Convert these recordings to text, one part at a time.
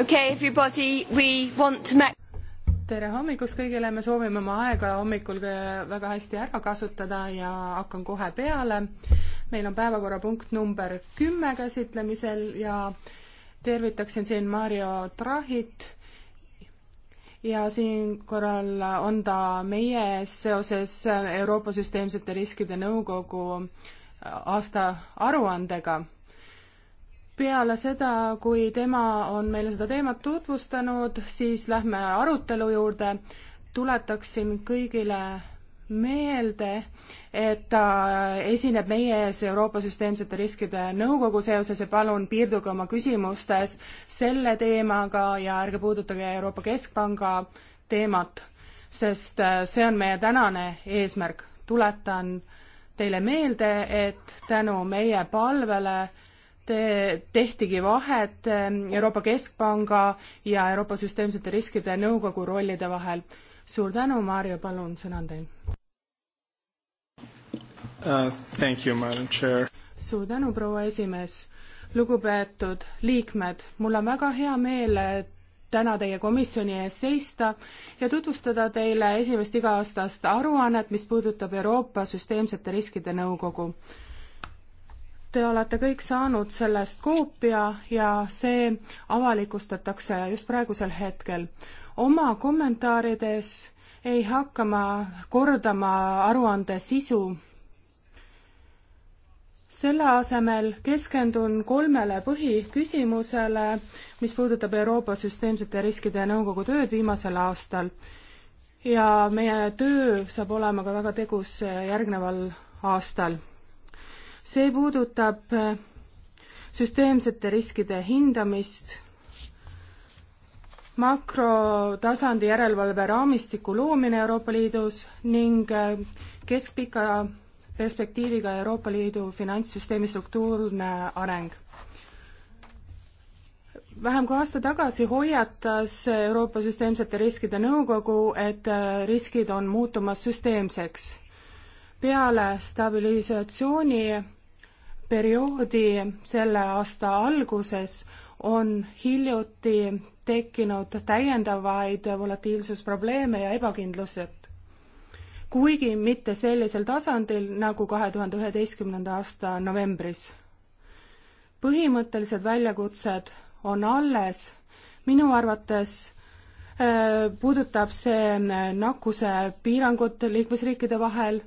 okay, everybody, we want to make tere hommikust kõigile, me soovime oma aega hommikul väga hästi ära kasutada ja hakkan kohe peale. meil on päevakorrapunkt number kümme käsitlemisel ja tervitaksin siin Mario Trahit ja siinkorral on ta meie ees seoses Euroopa Süsteemsete Riskide Nõukogu aasta aruandega peale seda, kui tema on meile seda teemat tutvustanud, siis lähme arutelu juurde. tuletaksin kõigile meelde, et ta esineb meie ees Euroopa Süsteemsete Riskide Nõukogu seoses ja palun piirduge oma küsimustes selle teemaga ja ärge puudutage Euroopa Keskpanga teemat, sest äh, see on meie tänane eesmärk. tuletan teile meelde, et tänu meie palvele te, tehtigi vahet ähm, Euroopa Keskpanga ja Euroopa Süsteemsete Riskide Nõukogu rollide vahel. suur tänu, Maarja, palun, sõna on teil uh,. Thank you, madam chair. suur tänu, proua esimees. lugupeetud liikmed, mul on väga hea meel, et täna teie komisjoni ees seista ja tutvustada teile esimest iga-aastast aruannet, mis puudutab Euroopa Süsteemsete Riskide Nõukogu Te olete kõik saanud sellest koopia ja see avalikustatakse just praegusel hetkel. oma kommentaarides ei hakka ma kordama aruande sisu. selle asemel keskendun kolmele põhiküsimusele, mis puudutab Euroopa Süsteemsete Riskide Nõukogu tööd viimasel aastal. ja meie töö saab olema ka väga tegus järgneval aastal see puudutab äh, süsteemsete riskide hindamist, makrotasandi järelevalve raamistiku loomine Euroopa Liidus ning äh, keskpika perspektiiviga Euroopa Liidu finantssüsteemi struktuurne areng. vähem kui aasta tagasi hoiatas Euroopa Süsteemsete Riskide Nõukogu, et äh, riskid on muutumas süsteemseks. peale stabilisatsiooni perioodi selle aasta alguses on hiljuti tekkinud täiendavaid volatiilsusprobleeme ja ebakindlused, kuigi mitte sellisel tasandil nagu kahe tuhande üheteistkümnenda aasta novembris. põhimõttelised väljakutsed on alles, minu arvates äh, puudutab see nakkuse piirangud liikmesriikide vahel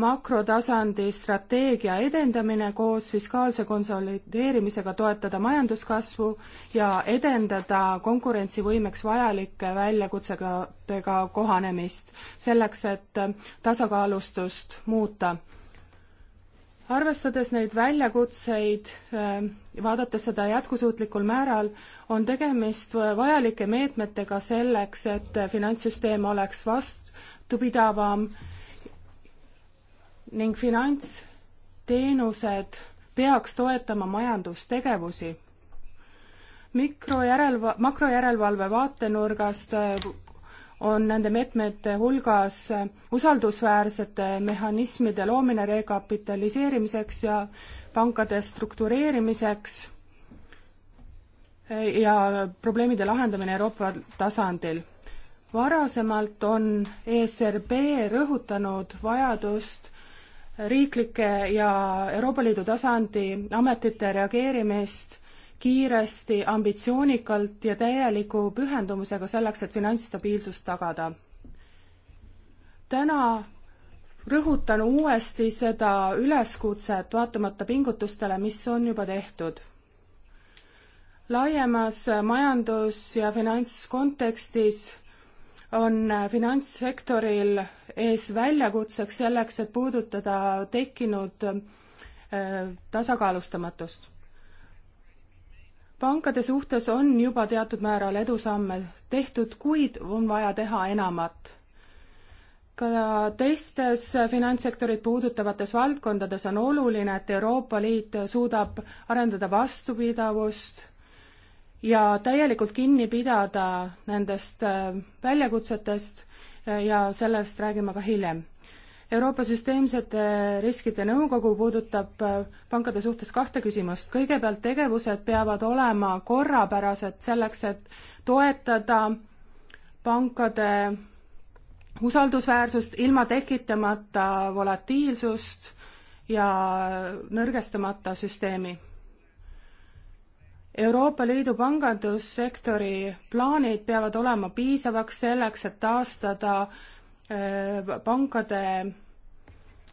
makrotasandi strateegia edendamine koos fiskaalse konsolideerimisega toetada majanduskasvu ja edendada konkurentsivõimeks vajalike väljakutsetega kohanemist, selleks et tasakaalustust muuta arvestades neid väljakutseid, äh, vaadates seda jätkusuutlikul määral, on tegemist vajalike meetmetega selleks, et finantssüsteem oleks vastupidavam ning finantsteenused peaks toetama majandustegevusi. mikrojärelva-, makrojärelevalve vaatenurgast äh, on nende meetmete hulgas äh, usaldusväärsete mehhanismide loomine rekapitaliseerimiseks ja pankade struktureerimiseks äh, ja probleemide lahendamine Euroopa tasandil varasemalt on ESRB rõhutanud vajadust riiklike ja Euroopa Liidu tasandi ametite reageerimist kiiresti, ambitsioonikalt ja täieliku pühendumusega selleks, et finantsstabiilsust tagada. täna rõhutan uuesti seda üleskutset, vaatamata pingutustele, mis on juba tehtud. laiemas majandus- ja finantskontekstis on finantssektoril ees väljakutseks selleks, et puudutada tekkinud äh, tasakaalustamatust. pankade suhtes on juba teatud määral edusamme tehtud, kuid on vaja teha enamat. ka teistes finantssektorit puudutavates valdkondades on oluline, et Euroopa Liit suudab arendada vastupidavust ja täielikult kinni pidada nendest äh, väljakutsetest ja sellest räägime ka hiljem. Euroopa Süsteemsete Riskide Nõukogu puudutab äh, pankade suhtes kahte küsimust. kõigepealt tegevused peavad olema korrapärased selleks, et toetada pankade usaldusväärsust ilma tekitamata volatiilsust ja nõrgestamata süsteemi Euroopa Liidu pangandussektori plaanid peavad olema piisavaks selleks, et taastada äh, pankade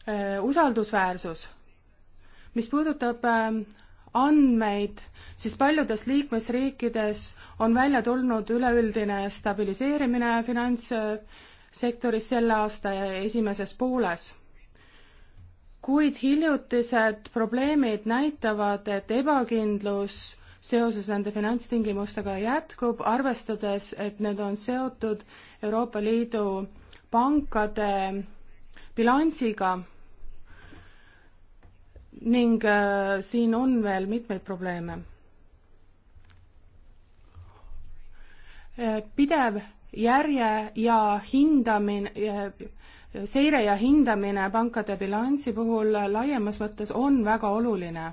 äh, usaldusväärsus. mis puudutab äh, andmeid, siis paljudes liikmesriikides on välja tulnud üleüldine stabiliseerimine finantssektoris selle aasta esimeses pooles. kuid hiljutised probleemid näitavad, et ebakindlus seoses nende finantstingimustega jätkub, arvestades, et need on seotud Euroopa Liidu pankade bilansiga ning äh, siin on veel mitmeid probleeme. Äh, pidev järje ja hindamine, äh, seire ja hindamine pankade bilansi puhul laiemas mõttes on väga oluline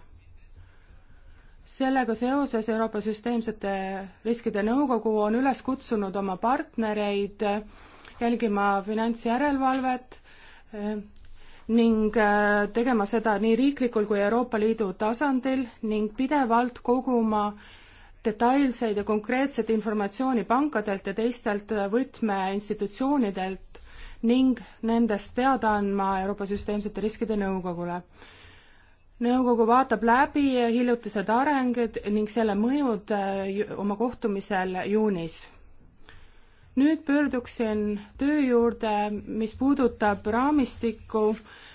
sellega seoses Euroopa Süsteemsete Riskide Nõukogu on üles kutsunud oma partnereid jälgima finantsjärelevalvet eh, ning eh, tegema seda nii riiklikul kui Euroopa Liidu tasandil ning pidevalt koguma detailseid ja konkreetset informatsiooni pankadelt ja teistelt võtmeinstitutsioonidelt ning nendest teada andma Euroopa Süsteemsete Riskide Nõukogule nõukogu vaatab läbi hiljutised arengud ning selle mõjud äh, oma kohtumisel juunis. nüüd pöörduksin töö juurde, mis puudutab raamistikku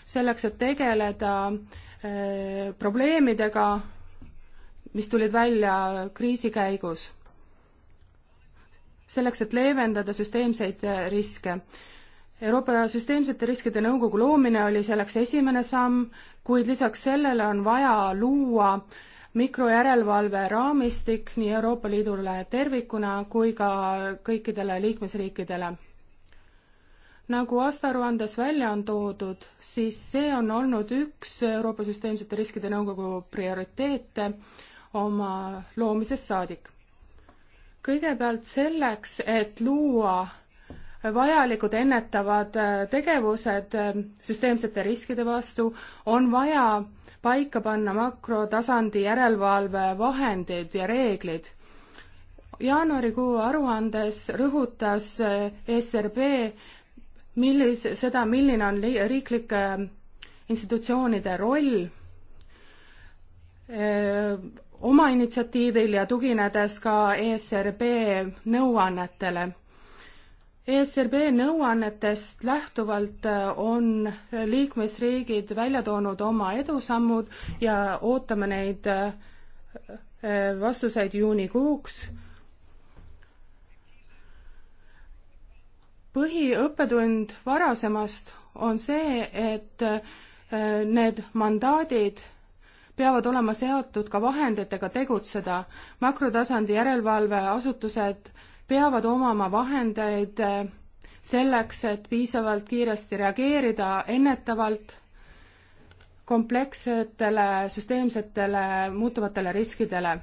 selleks, et tegeleda öö, äh, probleemidega, mis tulid välja kriisi käigus. selleks, et leevendada süsteemseid äh, riske Euroopa Süsteemsete Riskide Nõukogu loomine oli selleks esimene samm, kuid lisaks sellele on vaja luua mikrojärelevalve raamistik nii Euroopa Liidule tervikuna kui ka kõikidele liikmesriikidele. nagu aastaaruandes välja on toodud, siis see on olnud üks Euroopa Süsteemsete Riskide Nõukogu prioriteete oma loomisest saadik. kõigepealt selleks, et luua vajalikud ennetavad äh, tegevused äh, süsteemsete riskide vastu, on vaja paika panna makrotasandi järelevalvevahendid ja reeglid. jaanuarikuu aruandes rõhutas äh, SRB, millis-, seda, milline on li-, riiklike institutsioonide roll öö, oma initsiatiivil ja tuginedes ka ESRB nõuannetele ESRB nõuannetest lähtuvalt äh, on liikmesriigid välja toonud oma edusammud ja ootame neid äh, äh, vastuseid juunikuuks. põhiõppetund varasemast on see, et need mandaadid peavad olema seotud ka vahenditega tegutseda. makrotasandi järelevalveasutused peavad omama vahendeid äh, selleks, et piisavalt kiiresti reageerida ennetavalt komplekssetele süsteemsetele muutuvatele riskidele.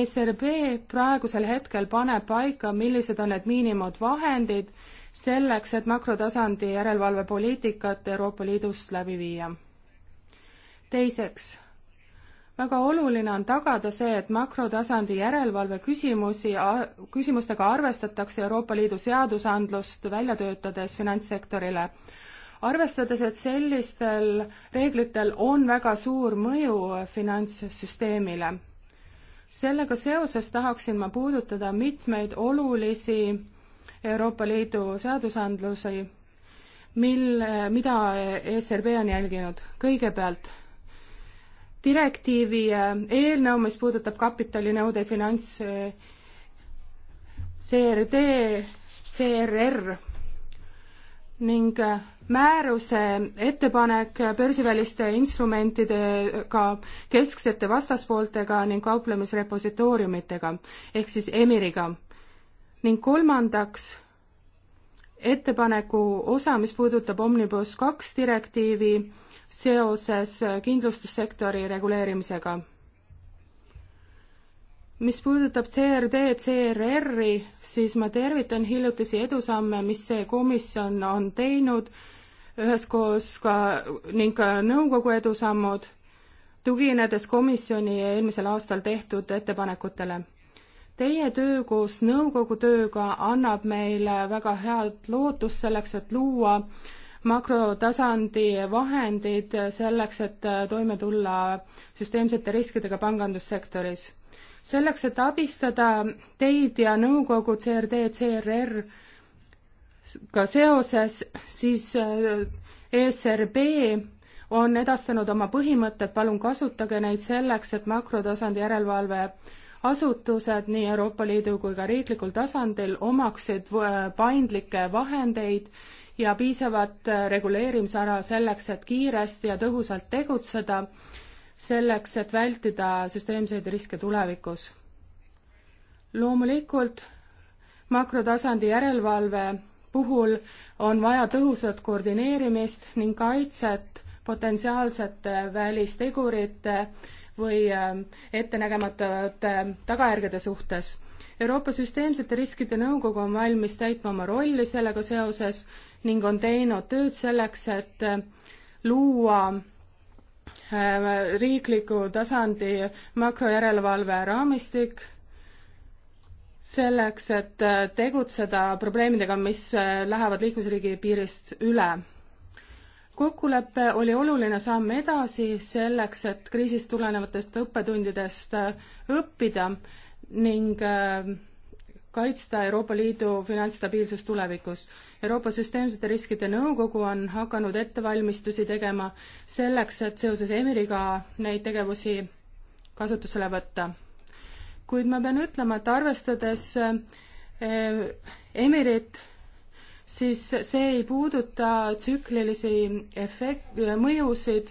ESRB praegusel hetkel paneb paika, millised on need miinimumvahendid selleks, et makrotasandi järelevalvepoliitikat Euroopa Liidus läbi viia. teiseks väga oluline on tagada see, et makrotasandi järelevalve küsimusi, küsimustega arvestatakse Euroopa Liidu seadusandlust välja töötades finantssektorile. arvestades, et sellistel reeglitel on väga suur mõju finantssüsteemile. sellega seoses tahaksin ma puudutada mitmeid olulisi Euroopa Liidu seadusandlusi, mil, mida ESRB on jälginud. kõigepealt direktiivi äh, eelnõu, mis puudutab kapitalinõude finants äh, CRD, CRR ning äh, määruse ettepanek börsiväliste instrumentidega, kesksete vastaspooltega ning kauplemisrepositooriumitega ehk siis EMIRiga. ning kolmandaks ettepaneku osa, mis puudutab Omnibus kaks direktiivi seoses kindlustussektori reguleerimisega. mis puudutab CRD, CRR-i, siis ma tervitan hiljutisi edusamme, mis see komisjon on teinud, üheskoos ka ning ka nõukogu edusammud, tuginedes komisjoni eelmisel aastal tehtud ettepanekutele Teie töö koos nõukogu tööga annab meile väga head lootust selleks, et luua makrotasandi vahendid selleks, et toime tulla süsteemsete riskidega pangandussektoris. selleks, et abistada teid ja nõukogu CRD, CRR-ga seoses, siis äh, ESRB on edastanud oma põhimõtted, palun kasutage neid selleks, et makrotasandi järelevalve asutused nii Euroopa Liidu kui ka riiklikul tasandil omaksid äh, paindlikke vahendeid ja piisavat äh, reguleerimisala selleks, et kiiresti ja tõhusalt tegutseda, selleks, et vältida süsteemseid riske tulevikus. loomulikult makrotasandi järelevalve puhul on vaja tõhusat koordineerimist ning kaitset potentsiaalsete välistegurite või ähm, ettenägematavate ähm, tagajärgede suhtes. Euroopa Süsteemsete Riskide Nõukogu on valmis täitma oma rolli sellega seoses ning on teinud tööd selleks, et äh, luua ähm, riikliku tasandi makrojärelevalve raamistik selleks, et äh, tegutseda probleemidega, mis äh, lähevad liikmesriigi piirist üle kokkulepe oli oluline samm edasi selleks, et kriisist tulenevatest õppetundidest äh, õppida ning äh, kaitsta Euroopa Liidu finantsstabiilsust tulevikus. Euroopa Süsteemsete Riskide Nõukogu on hakanud ettevalmistusi tegema selleks, et seoses Emiriga neid tegevusi kasutusele võtta. kuid ma pean ütlema, et arvestades äh, Emirit siis see ei puuduta tsüklilisi efekt-, mõjusid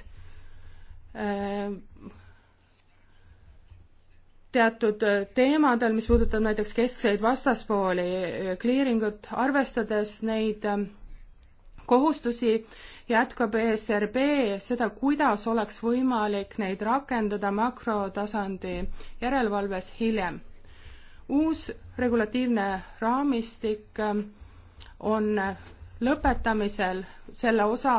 äh, teatud teemadel, mis puudutab näiteks keskseid vastaspooli, kliiringut, äh, arvestades neid äh, kohustusi, jätkab ESRB seda, kuidas oleks võimalik neid rakendada makrotasandi järelevalves hiljem. uus regulatiivne raamistik äh, on lõpetamisel, selle osa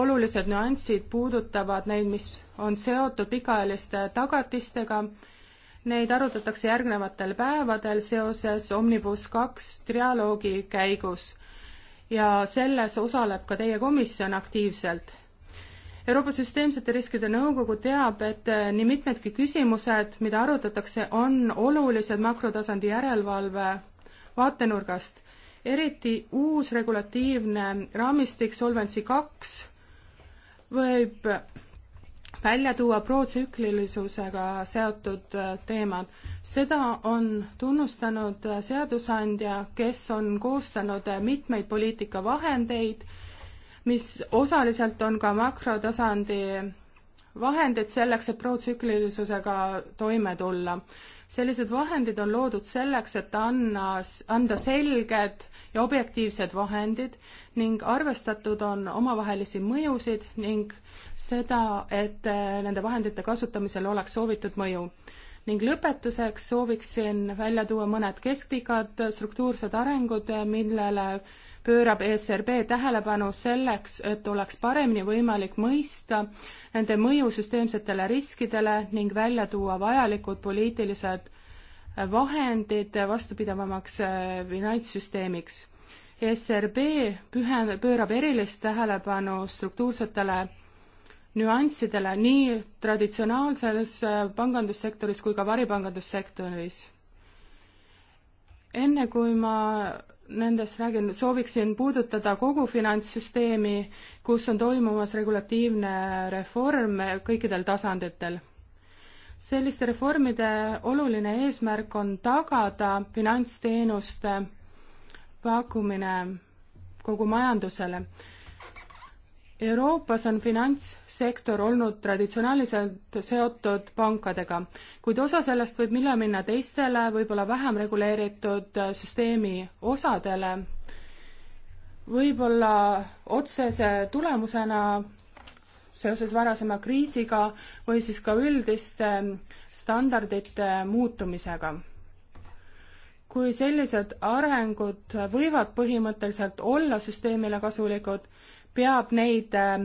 olulised nüansid puudutavad neid, mis on seotud pikaajaliste tagatistega, neid arutatakse järgnevatel päevadel seoses Omnibus kaks trialoogi käigus ja selles osaleb ka teie komisjon aktiivselt Euroopa Süsteemsete Riskide Nõukogu teab, et eh, nii mitmedki küsimused, mida arutatakse, on olulised makrotasandi järelevalve vaatenurgast eriti uus regulatiivne raamistik Solvency kaks võib välja tuua protsüklilisusega seotud äh, teemad. seda on tunnustanud äh, seadusandja, kes on koostanud äh, mitmeid poliitikavahendeid, mis osaliselt on ka makrotasandi vahendid selleks, et protsüklilisusega toime tulla sellised vahendid on loodud selleks, et anna, anda selged ja objektiivsed vahendid ning arvestatud on omavahelisi mõjusid ning seda, et äh, nende vahendite kasutamisel oleks soovitud mõju. ning lõpetuseks sooviksin välja tuua mõned keskpikad struktuursed arengud, millele pöörab ESRB tähelepanu selleks, et oleks paremini võimalik mõista nende mõju süsteemsetele riskidele ning välja tuua vajalikud poliitilised vahendid vastupidavamaks äh, finantssüsteemiks. ESRB pühe-, pöörab erilist tähelepanu struktuursetele nüanssidele nii traditsionaalses äh, pangandussektoris kui ka varipangandussektoris. enne kui ma nendest räägin, sooviksin puudutada kogu finantssüsteemi, kus on toimumas regulatiivne reform kõikidel tasanditel selliste reformide oluline eesmärk on tagada finantsteenuste pakkumine kogu majandusele. Euroopas on finantssektor olnud traditsionaalselt seotud pankadega, kuid osa sellest võib millal minna teistele, võib-olla vähem reguleeritud süsteemi osadele, võib-olla otsese tulemusena seoses varasema kriisiga või siis ka üldiste standardite muutumisega kui sellised arengud võivad põhimõtteliselt olla süsteemile kasulikud, peab neid ähm,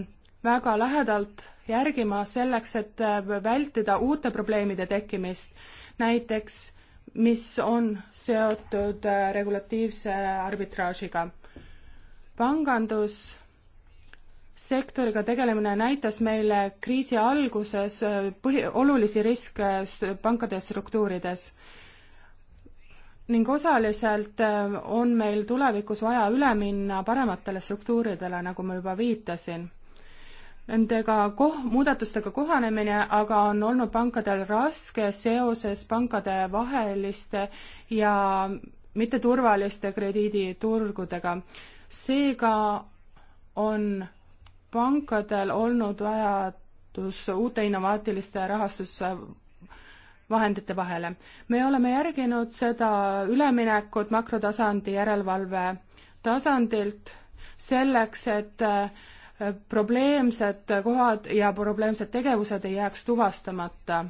väga lähedalt järgima selleks, et äh, vältida uute probleemide tekkimist, näiteks mis on seotud äh, regulatiivse arbitraažiga. pangandussektoriga tegelemine näitas meile kriisi alguses äh, põhi, olulisi riske pankade struktuurides ning osaliselt äh, on meil tulevikus vaja üle minna parematele struktuuridele, nagu ma juba viitasin. Nendega koh-, muudatustega kohanemine aga on olnud pankadel raske seoses pankade vaheliste ja mitteturvaliste krediiditurgudega. seega on pankadel olnud vajadus uute innovaatiliste rahastus vahendite vahele. me oleme järginud seda üleminekut makrotasandi järelevalve tasandilt selleks, et äh, probleemsed kohad ja probleemsed tegevused ei jääks tuvastamata.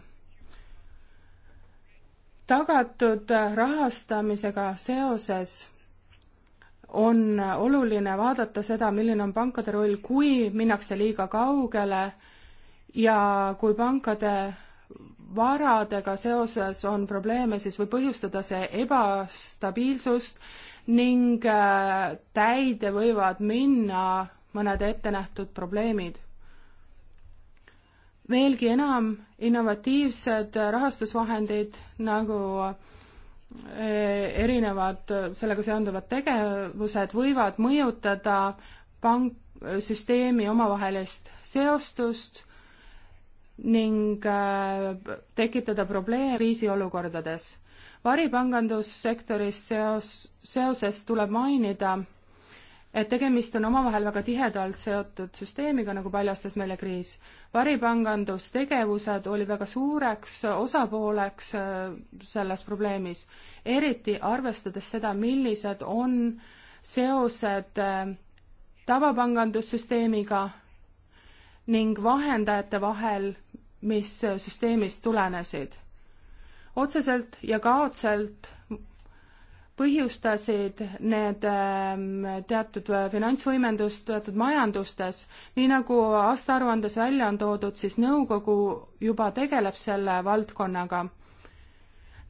tagatud rahastamisega seoses on oluline vaadata seda, milline on pankade roll, kui minnakse liiga kaugele ja kui pankade varadega seoses on probleeme, siis võib põhjustada see ebastabiilsust ning äh, täide võivad minna mõned ettenähtud probleemid. veelgi enam, innovatiivsed rahastusvahendid nagu äh, erinevad sellega seonduvad tegevused võivad mõjutada pank, süsteemi omavahelist seostust ning äh, tekitada probleeme kriisiolukordades. varipangandussektoris seos, seoses tuleb mainida, et tegemist on omavahel väga tihedalt seotud süsteemiga, nagu paljastas meile kriis. varipangandustegevused olid väga suureks osapooleks äh, selles probleemis, eriti arvestades seda, millised on seosed äh, tavapangandussüsteemiga ning vahendajate vahel mis äh, süsteemist tulenesid. otseselt ja kaudselt põhjustasid need ähm, teatud äh, finantsvõimendust teatud majandustes, nii nagu aastaaruandes välja on toodud, siis nõukogu juba tegeleb selle valdkonnaga.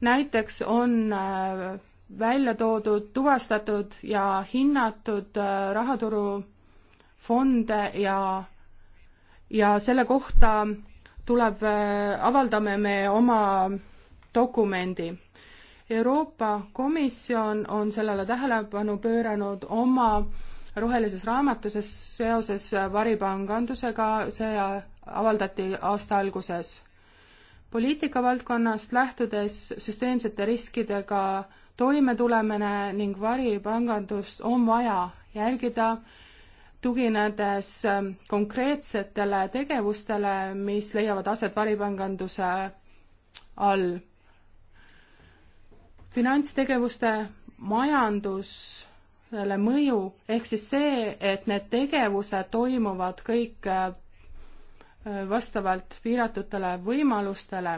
näiteks on äh, välja toodud, tuvastatud ja hinnatud rahaturufonde ja, ja selle kohta tuleb, äh, avaldame me oma dokumendi. Euroopa Komisjon on sellele tähelepanu pööranud oma rohelises raamatuses seoses varipangandusega, see avaldati aasta alguses. poliitikavaldkonnast lähtudes süsteemsete riskidega toimetulemine ning varipangandust on vaja jälgida tuginedes ähm, konkreetsetele tegevustele, mis leiavad aset varipanganduse all. finantstegevuste majandusele mõju ehk siis see, et need tegevused toimuvad kõik äh, vastavalt piiratutele võimalustele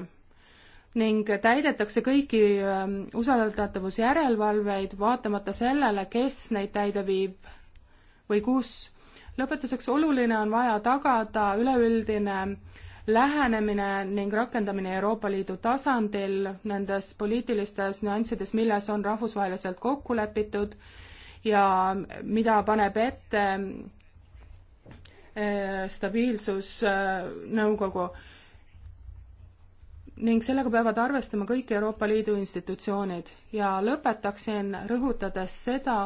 ning täidetakse kõiki ähm, usaldatavusjärelevalveid, vaatamata sellele, kes neid täide viib või kus. lõpetuseks oluline on vaja tagada üleüldine lähenemine ning rakendamine Euroopa Liidu tasandil nendes poliitilistes nüanssides, milles on rahvusvaheliselt kokku lepitud ja mida paneb ette äh, stabiilsusnõukogu. ning sellega peavad arvestama kõik Euroopa Liidu institutsioonid ja lõpetaksin rõhutades seda,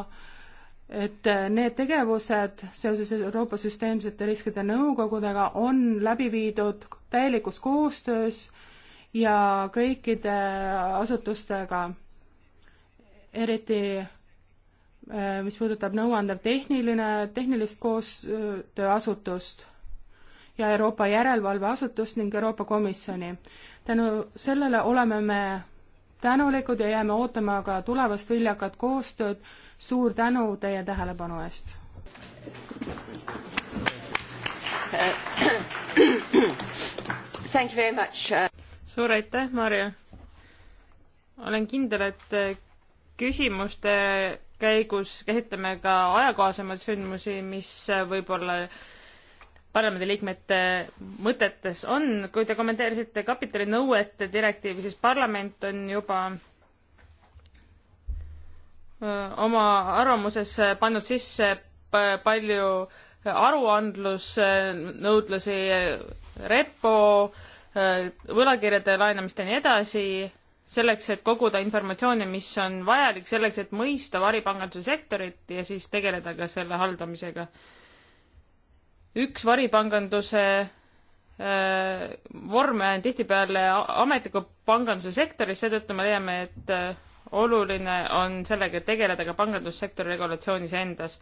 et need tegevused seoses Euroopa süsteemsete riskide nõukogudega on läbi viidud täielikus koostöös ja kõikide asutustega, eriti äh, mis puudutab nõuandev tehniline, tehnilist koostööasutust ja Euroopa järelevalveasutust ning Euroopa Komisjoni. tänu sellele oleme me tänulikud ja jääme ootama ka tulevast viljakat koostööd suur tänu teie tähelepanu eest! Uh, suur aitäh, Marju! olen kindel, et äh, küsimuste käigus käsitleme ka ajakohasemaid sündmusi, mis äh, võib-olla parlamendiliikmete mõtetes on. kui te kommenteerisite kapitalinõuete direktiivi, siis parlament on juba oma arvamuses pannud sisse palju aruandlusnõudlusi, repo, võlakirjade laenamist ja nii edasi, selleks, et koguda informatsiooni, mis on vajalik selleks, et mõista varipanganduse sektorit ja siis tegeleda ka selle haldamisega. üks varipanganduse vorme on tihtipeale ametliku panganduse sektoris, seetõttu me leiame, et oluline on sellega tegeleda ka pangandussektori regulatsioonis endas.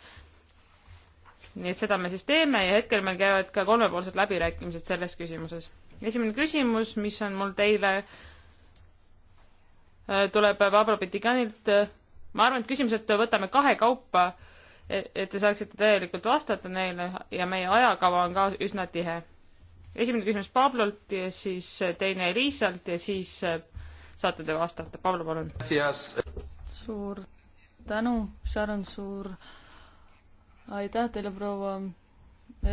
nii et seda me siis teeme ja hetkel meil käivad ka kolmepoolsed läbirääkimised selles küsimuses. esimene küsimus, mis on mul teile, äh, tuleb Pablo Pitiganilt. ma arvan, et küsimused võtame kahe kaupa, e-, et te saaksite täielikult vastata neile ja meie ajakava on ka üsna tihe. esimene küsimus Pablolt ja siis teine Elisalt ja siis äh, saate te vastata. Pablo, palun. suur tänu, Sharon, suur aitäh teile, proua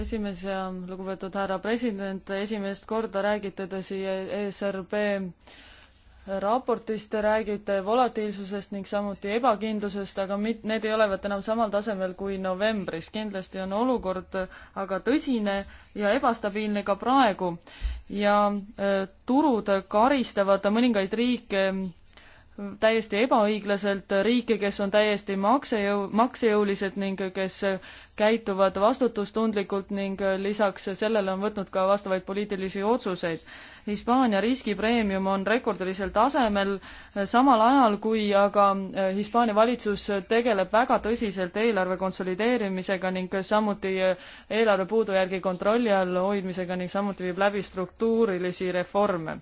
esimees ja lugupeetud härra president. esimest korda räägite te siia ESRB raportis te räägite volatiilsusest ning samuti ebakindlusest, aga mit-, need ei olevat enam samal tasemel kui novembris. kindlasti on olukord aga tõsine ja ebastabiilne ka praegu ja äh, turud karistavad mõningaid riike täiesti ebaõiglaselt riike, kes on täiesti maksejõu, maksejõulised ning kes käituvad vastutustundlikult ning lisaks sellele on võtnud ka vastavaid poliitilisi otsuseid. Hispaania riskipreemium on rekordilisel tasemel, samal ajal kui aga Hispaania valitsus tegeleb väga tõsiselt eelarve konsolideerimisega ning samuti eelarve puudujärgi kontrolli all hoidmisega ning samuti viib läbi struktuurilisi reforme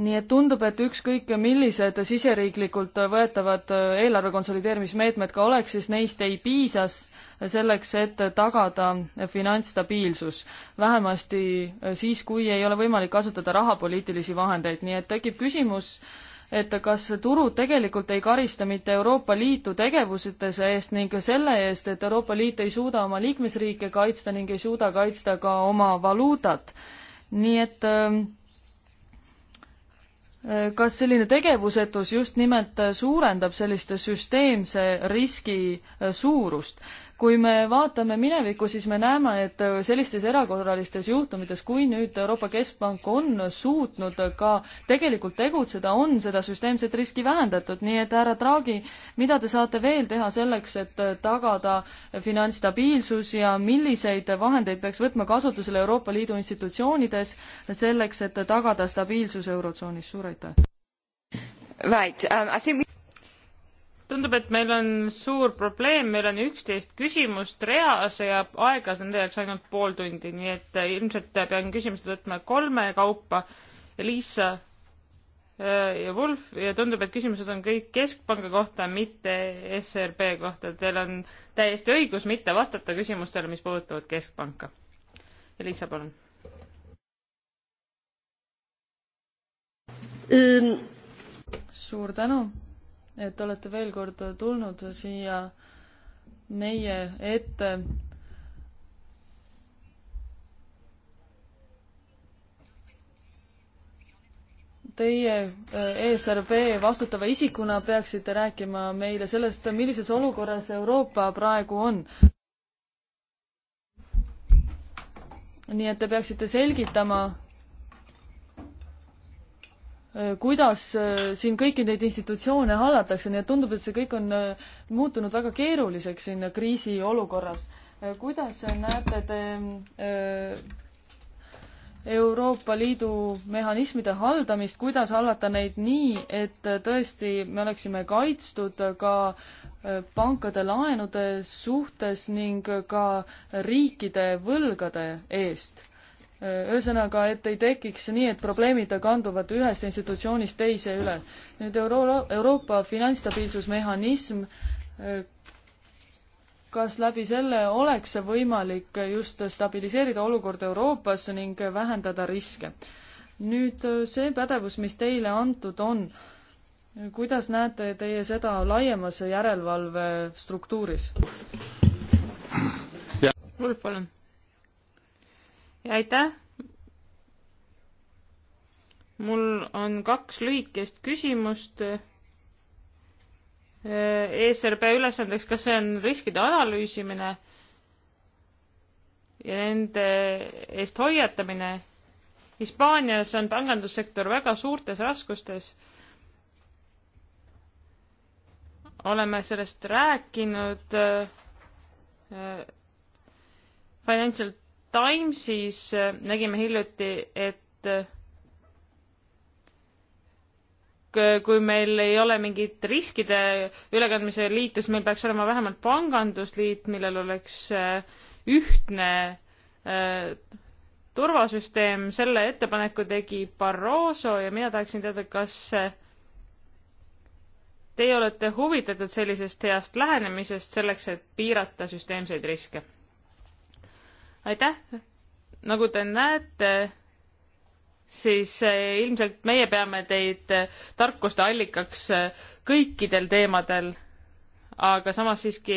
nii et tundub, et ükskõik millised siseriiklikult võetavad äh, eelarve konsolideerimismeetmed ka oleks, siis neist ei piisa selleks, et tagada finantsstabiilsus. vähemasti äh, siis, kui ei ole võimalik kasutada rahapoliitilisi vahendeid, nii et tekib küsimus, et kas turud tegelikult ei karista mitte Euroopa Liitu tegevusitese eest ning selle eest, et Euroopa Liit ei suuda oma liikmesriike kaitsta ning ei suuda kaitsta ka oma valuutat. nii et äh, kas selline tegevusetus just nimelt suurendab selliste süsteemse riski äh, suurust? kui me vaatame minevikku, siis me näeme, et sellistes erakorralistes juhtumites, kui nüüd Euroopa Keskpank on suutnud ka tegelikult tegutseda, on seda süsteemset riski vähendatud, nii et härra Draghi, mida te saate veel teha selleks, et tagada finantsstabiilsus ja milliseid vahendeid peaks võtma kasutusele Euroopa Liidu institutsioonides selleks, et tagada stabiilsus Eurotsoonis, suur aitäh! Right um,, I think we tundub, et meil on suur probleem, meil on üksteist küsimust reas ja aega on tegelikult ainult pool tundi, nii et äh, ilmselt pean küsimused võtma kolme kaupa. Liisa äh, ja Wolf ja tundub, et küsimused on kõik Keskpanga kohta, mitte SRB kohta. Teil on täiesti õigus mitte vastata küsimustele, mis puudutavad Keskpanka. Liisa, palun. suur tänu et olete veel kord tulnud siia meie ette. Teie ESRB eh, e vastutava isikuna peaksite rääkima meile sellest, millises olukorras Euroopa praegu on. nii et te peaksite selgitama Äh, kuidas äh, siin kõiki neid institutsioone hallatakse, nii et tundub, et see kõik on äh, muutunud väga keeruliseks siin kriisiolukorras. kuidas näete te Euroopa Liidu mehhanismide haldamist, kuidas hallata neid nii, et tõesti me oleksime kaitstud ka pankade laenude suhtes ning ka riikide võlgade eest? ühesõnaga, et ei tekiks nii, et probleemid kanduvad ühest institutsioonist teise üle. nüüd Euro-, Euroopa finantsstabiilsusmehhanism, kas läbi selle oleks võimalik just stabiliseerida olukorda Euroopas ning vähendada riske? nüüd see pädevus, mis teile antud on, kuidas näete teie seda laiemas järelevalve struktuuris? Ulf, palun aitäh! mul on kaks lühikest küsimust. Äh, ESRB ülesandeks, kas see on riskide analüüsimine ja nende eest hoiatamine? Hispaanias on pangandussektor väga suurtes raskustes. oleme sellest rääkinud äh, äh, Financial Timesis äh, nägime hiljuti, et äh, kui meil ei ole mingit riskide ülekandmise liitu, siis meil peaks olema vähemalt pangandusliit, millel oleks äh, ühtne turvasüsteem, selle ettepaneku tegi Barroso ja mina tahaksin teada, kas teie olete huvitatud sellisest heast lähenemisest selleks, et piirata süsteemseid riske aitäh! nagu te näete, siis eh, ilmselt meie peame teid eh, tarkuste allikaks eh, kõikidel teemadel, aga samas siiski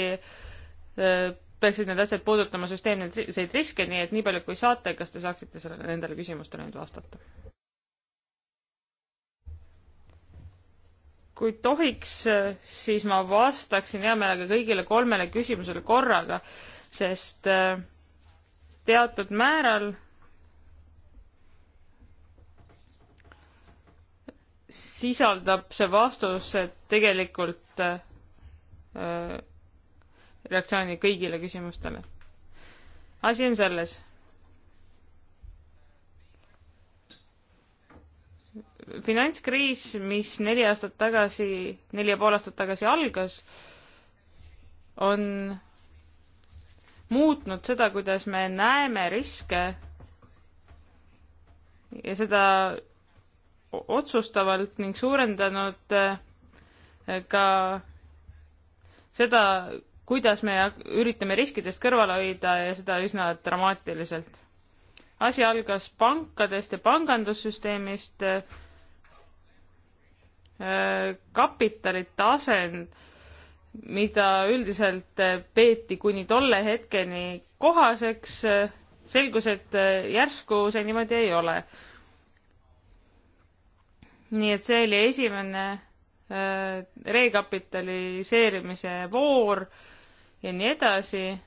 peaksid need asjad puudutama süsteemseid riske, nii et nii palju kui saate, kas te saaksite sellele, nendele küsimustele nüüd vastata? kui tohiks, siis ma vastaksin hea meelega kõigile kolmele küsimusele korraga, sest äh, teatud määral sisaldab see vastus tegelikult äh, reaktsiooni kõigile küsimustele. asi on selles. finantskriis, mis neli aastat tagasi, neli ja pool aastat tagasi algas, on muutnud seda, kuidas me näeme riske ja seda otsustavalt ning suurendanud eh, ka seda, kuidas me üritame riskidest kõrvale hoida ja seda üsna dramaatiliselt. asi algas pankadest ja pangandussüsteemist, eh, kapitali tasand mida üldiselt peeti kuni tolle hetkeni kohaseks, selgus, et järsku see niimoodi ei ole. nii et see oli esimene äh, rekapitaliseerimise voor ja nii edasi.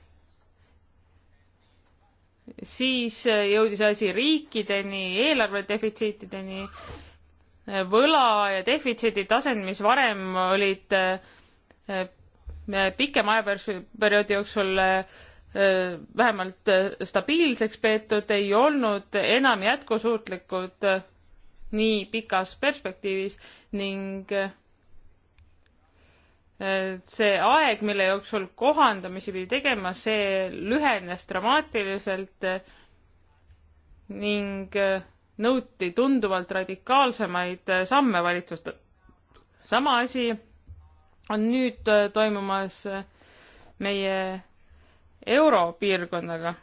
siis jõudis asi riikideni, eelarvedefitsiitideni, võla ja defitsiidi tasand, mis varem olid äh, pikema ajaperioodi jooksul äh, vähemalt äh, stabiilseks peetud, ei olnud enam jätkusuutlikud äh, nii pikas perspektiivis ning see aeg, mille jooksul kohandamisi pidi tegema, see lühenes dramaatiliselt ning nõuti tunduvalt radikaalsemaid samme valitsust. sama asi on nüüd äh, toimumas äh, meie europiirkonnaga.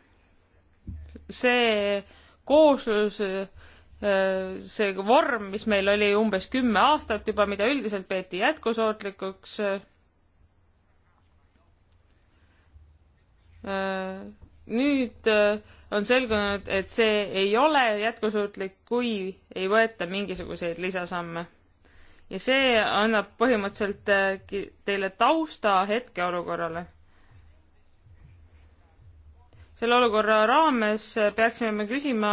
see kooslus, äh, see vorm, mis meil oli umbes kümme aastat juba, mida üldiselt peeti jätkusootlikuks, nüüd on selgunud, et see ei ole jätkusuutlik, kui ei võeta mingisuguseid lisasamme ja see annab põhimõtteliselt äh, teile tausta hetkeolukorrale. selle olukorra raames äh, peaksime me küsima,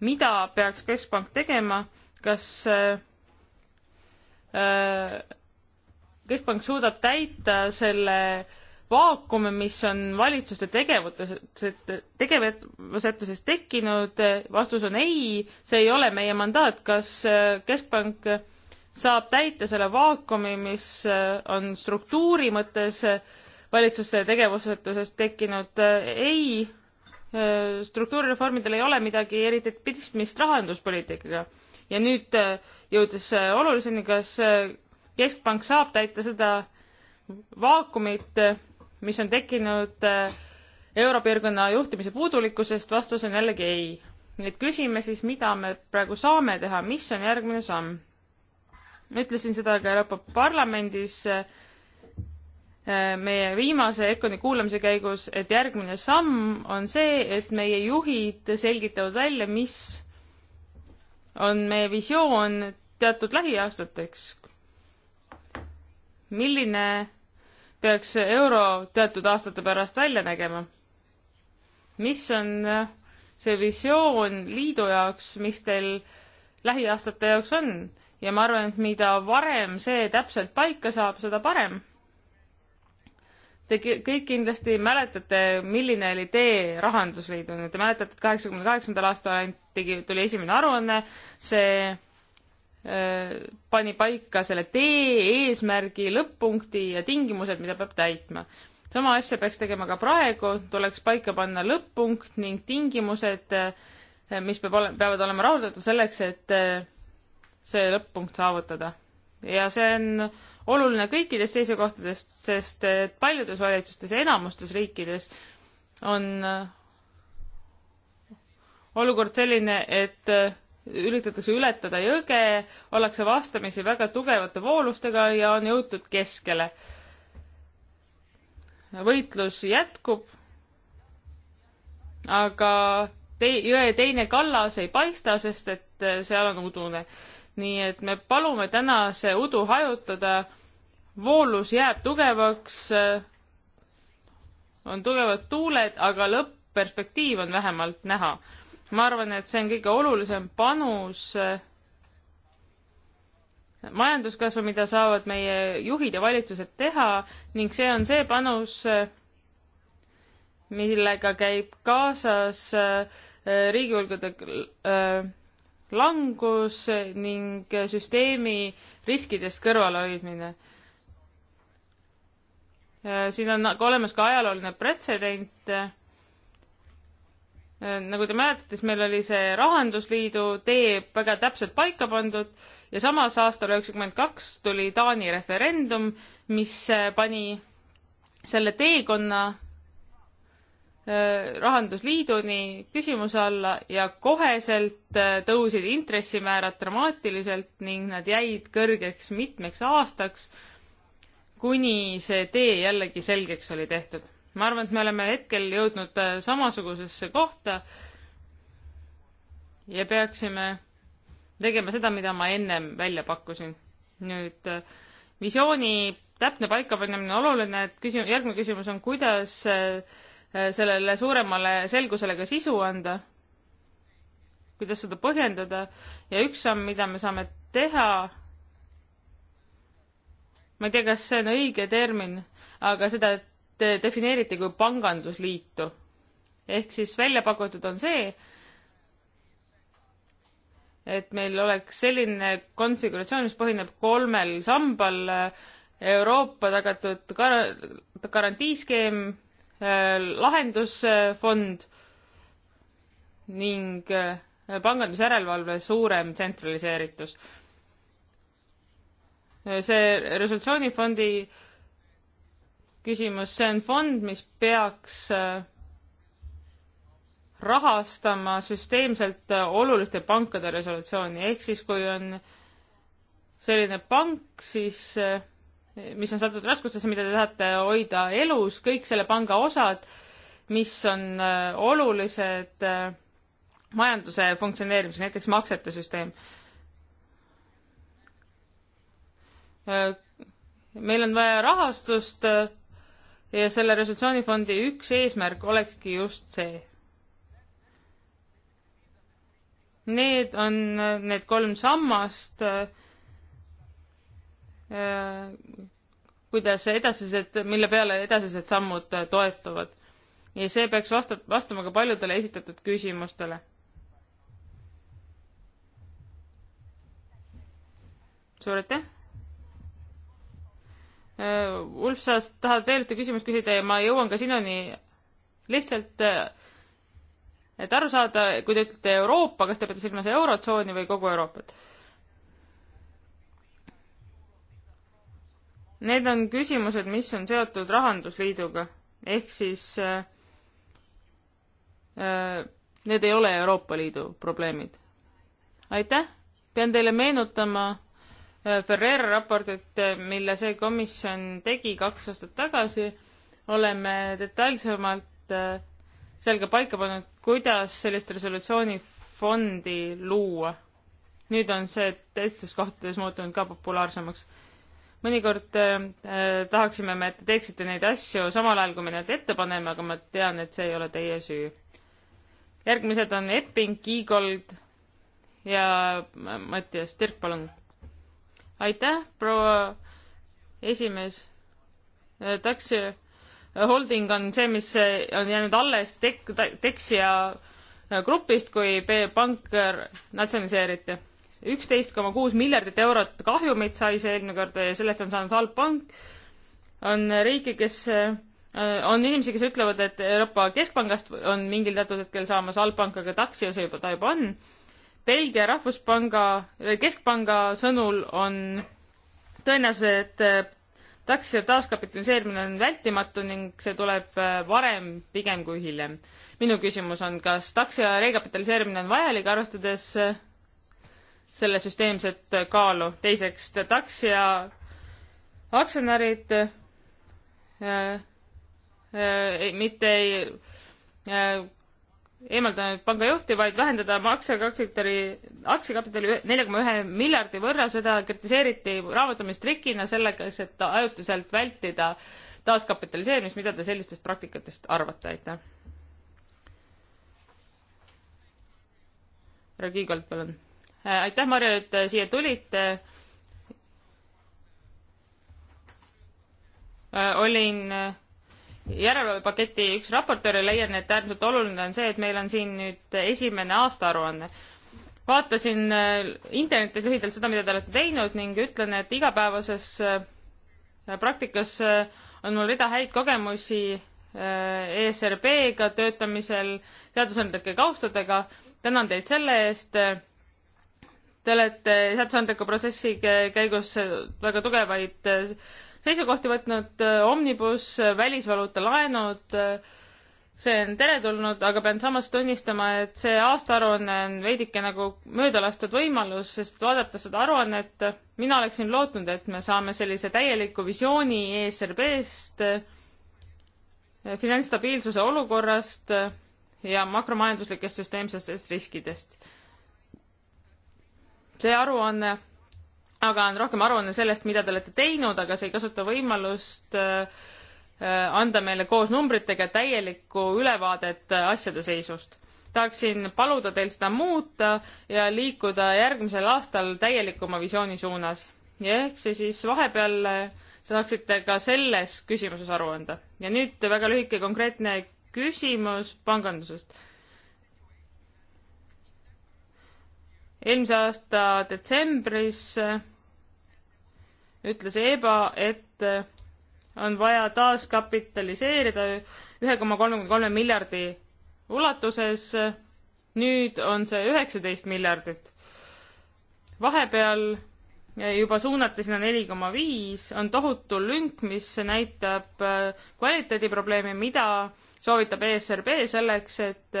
mida peaks keskpank tegema, kas äh, keskpank suudab täita selle vaakume, mis on valitsuste tegevutes, tegevusetuses tekkinud, vastus on ei, see ei ole meie mandaat, kas Keskpank saab täita selle vaakumi, mis äh, on struktuuri mõttes äh, valitsuste tegevusetusest tekkinud. Äh, ei, struktuurireformidel ei ole midagi eriti pistmist rahanduspoliitikaga. ja nüüd jõudes oluliseni, kas keskpank saab täita seda vaakumit, mis on tekkinud europiirkonna juhtimise puudulikkusest, vastus on jällegi ei. nii et küsime siis, mida me praegu saame teha, mis on järgmine samm ütlesin seda ka Euroopa Parlamendis äh, meie viimase EKONi kuulamise käigus, et järgmine samm on see, et meie juhid selgitavad välja, mis on meie visioon teatud lähiaastateks. milline peaks euro teatud aastate pärast välja nägema? mis on äh, see visioon liidu jaoks, mis teil lähiaastate jaoks on? ja ma arvan, et mida varem see täpselt paika saab, seda parem. Te kõik kindlasti mäletate, milline oli tee Rahandusliiduni, te mäletate, et kaheksakümne kaheksandal aastal anti, tuli esimene aruanne, see äh, pani paika selle tee, eesmärgi, lõpp-punkti ja tingimused, mida peab täitma. sama asja peaks tegema ka praegu, tuleks paika panna lõpp-punkt ning tingimused, äh, mis peab ole, peavad olema rahuldatud selleks, et äh, see lõpp-punkt saavutada. ja see on oluline kõikidest seisukohtadest, sest paljudes valitsustes, enamustes riikides on äh, olukord selline, et äh, üritatakse ületada jõge, ollakse vastamisi väga tugevate voolustega ja on jõutud keskele. võitlus jätkub, aga te jõe teine kallas ei paista, sest et äh, seal on udune nagu nii et me palume täna see udu hajutada, voolus jääb tugevaks, on tugevad tuuled, aga lõpp-perspektiiv on vähemalt näha. ma arvan, et see on kõige olulisem panus majanduskasvu, mida saavad meie juhid ja valitsused teha ning see on see panus, millega käib kaasas äh, riigivõlgade äh, langus ning süsteemi riskidest kõrvalhoidmine. siin on olemas ka ajalooline pretsedent. nagu te mäletate, siis meil oli see Rahandusliidu tee väga täpselt paika pandud ja samas aastal üheksakümmend kaks tuli Taani referendum, mis pani selle teekonna Äh, rahandusliiduni küsimuse alla ja koheselt äh, tõusid intressimäärad dramaatiliselt ning nad jäid kõrgeks mitmeks aastaks, kuni see tee jällegi selgeks oli tehtud. ma arvan, et me oleme hetkel jõudnud äh, samasugusesse kohta ja peaksime tegema seda, mida ma ennem välja pakkusin. nüüd visiooni täpne paikapanemine on oluline, et küsimus, järgmine küsimus on, kuidas äh, Äh, sellele suuremale selgusele ka sisu anda, kuidas seda põhjendada ja üks samm, mida me saame teha, ma ei tea, kas see on õige termin, aga seda te defineeriti kui pangandusliitu. ehk siis välja pakutud on see, et meil oleks selline konfiguratsioon, mis põhineb kolmel sambal Euroopa tagatud gar-, garantiiskeem, Äh, lahendusfond ning äh, pangandusjärelevalve suurem tsentraliseeritus. Äh, see resolutsioonifondi küsimus, see on fond, mis peaks rahastama süsteemselt oluliste pankade resolutsiooni, ehk siis kui on selline pank, siis mis on sattunud raskustesse, mida te tahate hoida elus, kõik selle panga osad, mis on äh, olulised äh, majanduse funktsioneerimiseks, näiteks maksete süsteem. Äh, meil on vaja rahastust ja selle resolutsioonifondi üks eesmärk olekski just see. Need on need kolm sammast Äh, kuidas edasised, mille peale edasised sammud äh, toetuvad. ja see peaks vasta-, vastama ka paljudele esitatud küsimustele. suur aitäh! Äh, Ulf, sa tahad veel ühte küsimust küsida ja ma jõuan ka sinuni lihtsalt, et aru saada, kui te ütlete Euroopa, kas te peate silmas Eurotsooni või kogu Euroopat? Need on küsimused, mis on seotud Rahandusliiduga, ehk siis äh, äh, need ei ole Euroopa Liidu probleemid. aitäh, pean teile meenutama äh, Ferrer raportit, äh, mille see komisjon tegi kaks aastat tagasi, oleme detailsemalt äh, seal ka paika pannud, kuidas sellist resolutsioonifondi luua. nüüd on see teistes kohtades muutunud ka populaarsemaks mõnikord äh, tahaksime me, et te teeksite neid asju samal ajal, kui me need ette paneme, aga ma tean, et see ei ole teie süü. järgmised on Epping, Kiigold ja Mattias Tirk, palun. aitäh, proua esimees. Äh, Tax Holding on see, mis äh, on jäänud alles tek-, Texia grupist, kui B pank natsionaliseeriti äh, üksteist koma kuus miljardit eurot kahjumit sai see eelmine kord ja sellest on saanud halb pank. on riike, kes, äh, on inimesi, kes ütlevad, et Euroopa Keskpangast on mingil teatud hetkel saamas halb pank, aga taksi ja see juba, ta juba on. Belgia rahvuspanga, äh, keskpanga sõnul on tõenäoliselt, et äh, taksi taaskapitaliseerimine on vältimatu ning see tuleb varem pigem kui hiljem. minu küsimus on, kas taksi rekapitaliseerimine on vajalik, arvestades selle süsteemset kaalu. teiseks, TAX ja aktsionärid äh, äh, mitte ei äh, eemaldada nüüd pangajuhti, vaid vähendada aktsiakapitali, aktsiakapitali nelja koma ühe miljardi võrra, seda kritiseeriti raamatumistrikina sellekas, et ajutiselt vältida taaskapitaliseerimist, mida te sellistest praktikatest arvate, aitäh? härra Kiigolt, palun Äh, aitäh, Marju, et äh, siia tulite. Äh, olin järelevalvepaketi üks raportöör ja leian, et äärmiselt oluline on see, et meil on siin nüüd esimene aastaaruanne. vaatasin internetis lühidalt seda, mida te olete teinud ning ütlen, et igapäevases praktikas on mul rida häid kogemusi ESRB-ga töötamisel, seadusandlike kaustadega. tänan teid selle eest Te olete seadusandliku protsessi käigus väga tugevaid äh, seisukohti võtnud, äh, omnibus, äh, välisvaluuta laenud, see on teretulnud, aga pean samas tunnistama, et see aastaaruanne on veidike nagu möödalastud võimalus, sest vaadates seda aruannet, mina oleksin lootnud, et me saame sellise täieliku visiooni ESRB-st, finantsstabiilsuse olukorrast ja makromajanduslikest süsteemsetest riskidest see aruanne aga on rohkem aruanne sellest, mida te olete teinud, aga see ei kasuta võimalust äh, äh, anda meile koos numbritega täielikku ülevaadet äh, asjade seisust. tahaksin paluda teil seda muuta ja liikuda järgmisel aastal täielikuma visiooni suunas. ja ehk see siis vahepeal saaksite ka selles küsimuses aru anda. ja nüüd väga lühike konkreetne küsimus pangandusest eelmise aasta detsembris äh, ütles EBA, et äh, on vaja taaskapitaliseerida ühe koma kolmekümne kolme miljardi ulatuses. Äh, nüüd on see üheksateist miljardit. vahepeal juba suunati sinna neli koma viis, on tohutu lünk, mis näitab kvaliteediprobleemi, mida soovitab ESRB selleks, et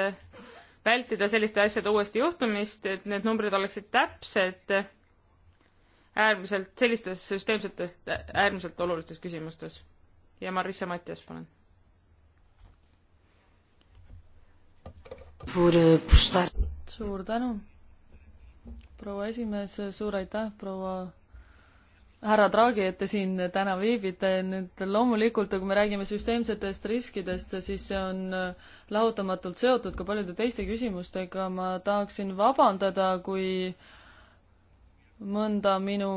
vältida selliste asjade uuesti juhtumist, et need numbrid oleksid täpsed äärmiselt sellistes süsteemsetes, äärmiselt olulistes küsimustes. ja Marissa Mattias, palun. Eh, suur tänu, proua esimees, suur aitäh, proua härra Draghi, et te siin täna viibite, nüüd loomulikult, kui me räägime süsteemsetest riskidest, siis see on äh, lahutamatult seotud ka paljude teiste küsimustega, ma tahaksin vabandada, kui mõnda minu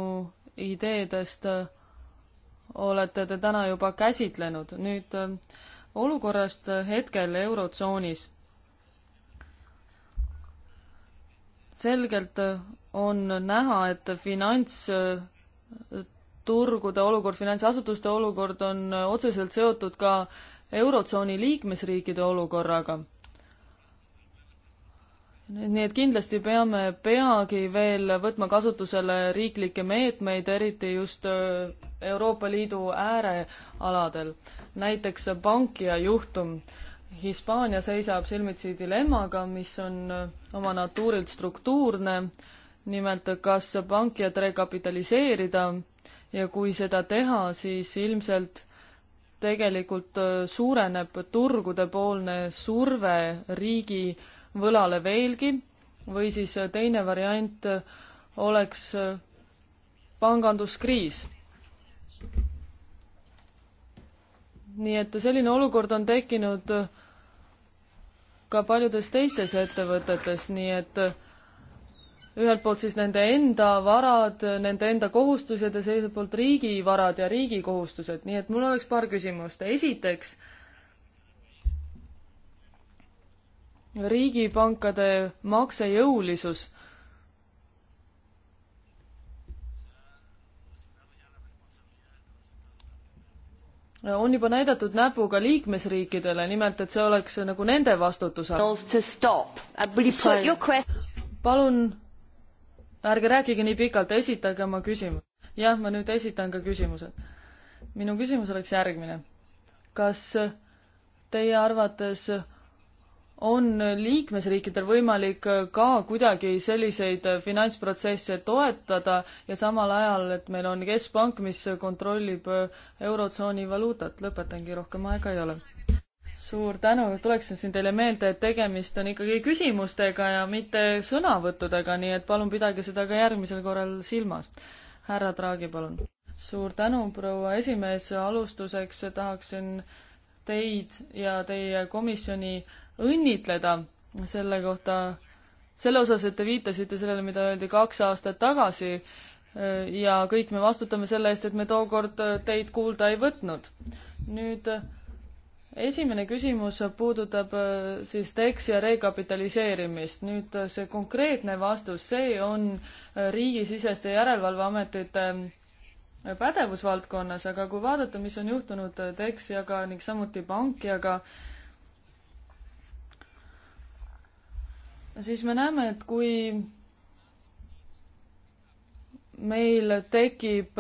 ideedest äh, olete te täna juba käsitlenud. nüüd äh, olukorrast hetkel Eurotsoonis. selgelt on näha, et finants turgude olukord, finantsasutuste olukord on otseselt seotud ka Eurotsooni liikmesriikide olukorraga. nii et kindlasti peame peagi veel võtma kasutusele riiklikke meetmeid, eriti just äh, Euroopa Liidu äärealadel. näiteks Bankia juhtum. Hispaania seisab silmitsi dilemmaga, mis on äh, oma natuurilt struktuurne nimelt kas pankijad rekapitaliseerida ja kui seda teha, siis ilmselt tegelikult äh, suureneb turgudepoolne surve riigi võlale veelgi või siis äh, teine variant äh, oleks panganduskriis. nii et selline olukord on tekkinud ka paljudes teistes ettevõtetes, nii et ühelt poolt siis nende enda varad, nende enda kohustused ja teiselt poolt riigi varad ja riigi kohustused, nii et mul oleks paar küsimust. esiteks, riigipankade maksejõulisus. on juba näidatud näpuga liikmesriikidele, nimelt et see oleks nagu nende vastutus. Uh, palun ärge rääkige nii pikalt, esitage oma küsimus. jah, ma nüüd esitan ka küsimused. minu küsimus oleks järgmine. kas teie arvates on liikmesriikidel võimalik ka kuidagi selliseid finantsprotsesse toetada ja samal ajal, et meil on keskpank, mis kontrollib Eurotsooni valuutat, lõpetangi, rohkem aega ei ole suur tänu, tuleksin siin teile meelde, et tegemist on ikkagi küsimustega ja mitte sõnavõttudega, nii et palun pidage seda ka järgmisel korral silmas. härra Draagi, palun. suur tänu, proua esimees, alustuseks tahaksin teid ja teie komisjoni õnnitleda selle kohta, selle osas, et te viitasite sellele, mida öeldi kaks aastat tagasi ja kõik me vastutame selle eest, et me tookord teid kuulda ei võtnud. nüüd esimene küsimus puudutab äh, siis TEX ja rekapitaliseerimist. nüüd äh, see konkreetne vastus, see on äh, riigisiseste järelevalveametite pädevusvaldkonnas, aga kui vaadata, mis on juhtunud TEX-iga ning samuti Bankiaga, siis me näeme, et kui meil tekib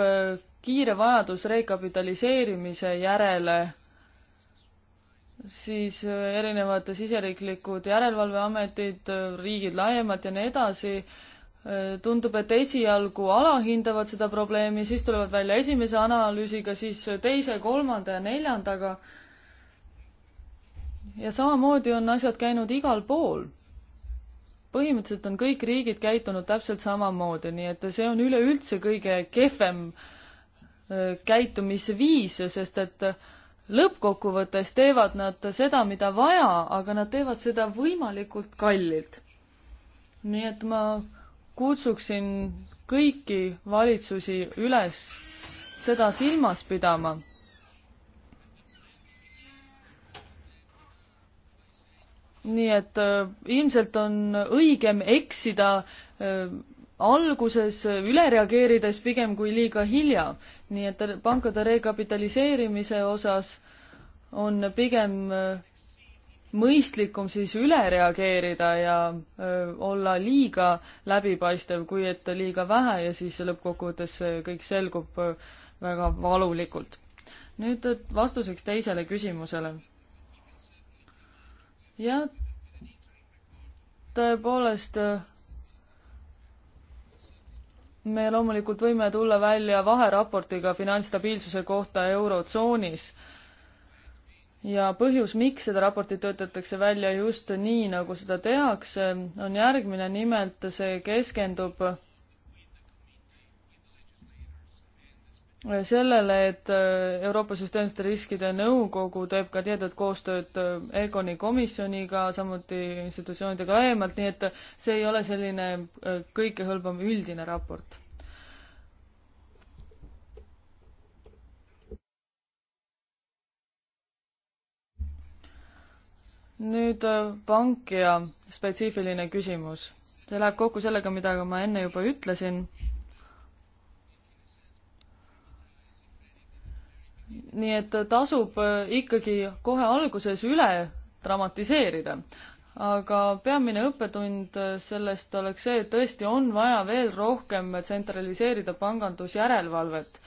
kiire vajadus rekapitaliseerimise järele siis äh, erinevad siseriiklikud järelevalveametid, äh, riigid laiemalt ja nii edasi, äh, tundub, et esialgu alahindavad seda probleemi, siis tulevad välja esimese analüüsiga, siis teise, kolmanda ja neljandaga. ja samamoodi on asjad käinud igal pool. põhimõtteliselt on kõik riigid käitunud täpselt samamoodi, nii et see on üleüldse kõige kehvem käitumisviis, sest et äh, lõppkokkuvõttes teevad nad seda, mida vaja, aga nad teevad seda võimalikult kallilt. nii et ma kutsuksin kõiki valitsusi üles seda silmas pidama. nii et äh, ilmselt on õigem eksida äh, alguses üle reageerides pigem kui liiga hilja. nii et pankade rekapitaliseerimise osas on pigem äh, mõistlikum siis üle reageerida ja öö, äh, olla liiga läbipaistev, kui et liiga vähe ja siis lõppkokkuvõttes kõik selgub öö, äh, väga valulikult. nüüd vastuseks teisele küsimusele. jah, tõepoolest öö, me loomulikult võime tulla välja vaheraportiga finantsstabiilsuse kohta Eurotsoonis. ja põhjus, miks seda raportit töötatakse välja just nii, nagu seda tehakse, on järgmine, nimelt see keskendub sellele, et äh, Euroopa Süsteemsete Riskide Nõukogu teeb ka tihedat koostööd äh, EGONi komisjoniga, samuti institutsioonidega laiemalt, nii et see ei ole selline äh, kõikehõlmav üldine raport. nüüd pankija spetsiifiline küsimus. see läheb kokku sellega, mida ma enne juba ütlesin nii et tasub äh, ikkagi kohe alguses üle dramatiseerida. aga peamine õppetund äh, sellest oleks see, et tõesti on vaja veel rohkem tsentraliseerida pangandusjärelevalvet.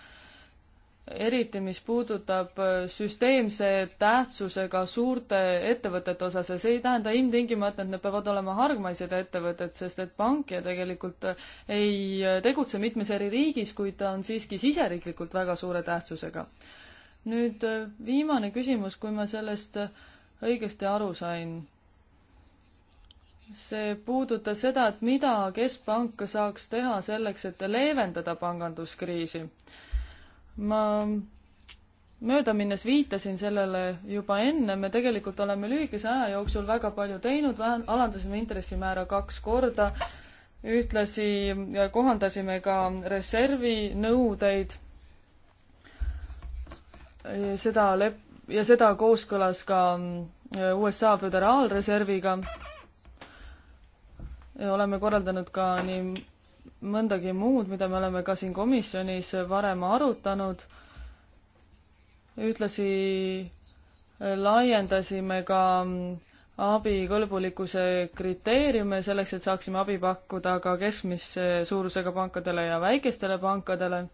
eriti, mis puudutab äh, süsteemse tähtsusega suurte ettevõtete osas ja see ei tähenda ilmtingimata, et need peavad olema hargmaised ettevõtted, sest et pank ja tegelikult ei tegutse mitmes eri riigis, kuid ta on siiski siseriiklikult väga suure tähtsusega nüüd äh, viimane küsimus, kui ma sellest äh, õigesti aru sain. see puudutas seda, et mida keskpank saaks teha selleks, et leevendada panganduskriisi. ma möödaminnes viitasin sellele juba enne, me tegelikult oleme lühikese aja jooksul väga palju teinud, alandasime intressimäära kaks korda, ühtlasi kohandasime ka reservi nõudeid seda lep- ja seda kooskõlas ka mm, USA Föderaalreserviga. oleme korraldanud ka nii mõndagi muud, mida me oleme ka siin komisjonis varem arutanud. ühtlasi laiendasime ka mm, abikõlbulikkuse kriteeriume selleks, et saaksime abi pakkuda ka keskmise suurusega pankadele ja väikestele pankadele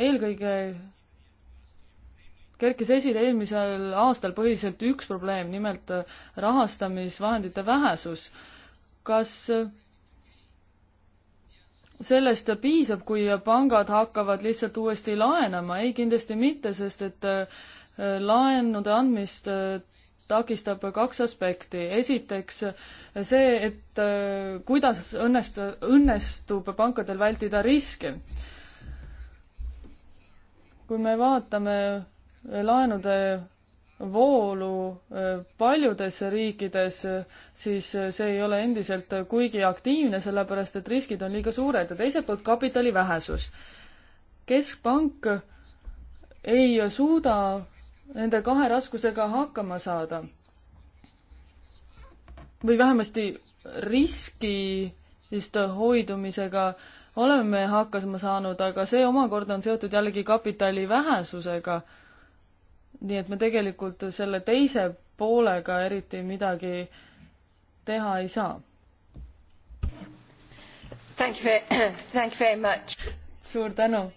eelkõige kerkis esile eelmisel aastal põhiliselt üks probleem, nimelt äh, rahastamisvahendite vähesus. kas äh, sellest piisab, kui pangad hakkavad lihtsalt uuesti laenama? ei, kindlasti mitte, sest et äh, laenude andmist takistab kaks aspekti. esiteks see, et kuidas õnnest-, õnnestub pankadel vältida riske kui me vaatame eh, laenude voolu eh, paljudes riikides, eh, siis see ei ole endiselt kuigi aktiivne, sellepärast et riskid on liiga suured ja teiselt poolt kapitali vähesus. keskpank ei suuda nende kahe raskusega hakkama saada. või vähemasti riskist hoidumisega oleme hakkama saanud, aga see omakorda on seotud jällegi kapitali vähesusega. nii et me tegelikult selle teise poolega eriti midagi teha ei saa. suur tänu!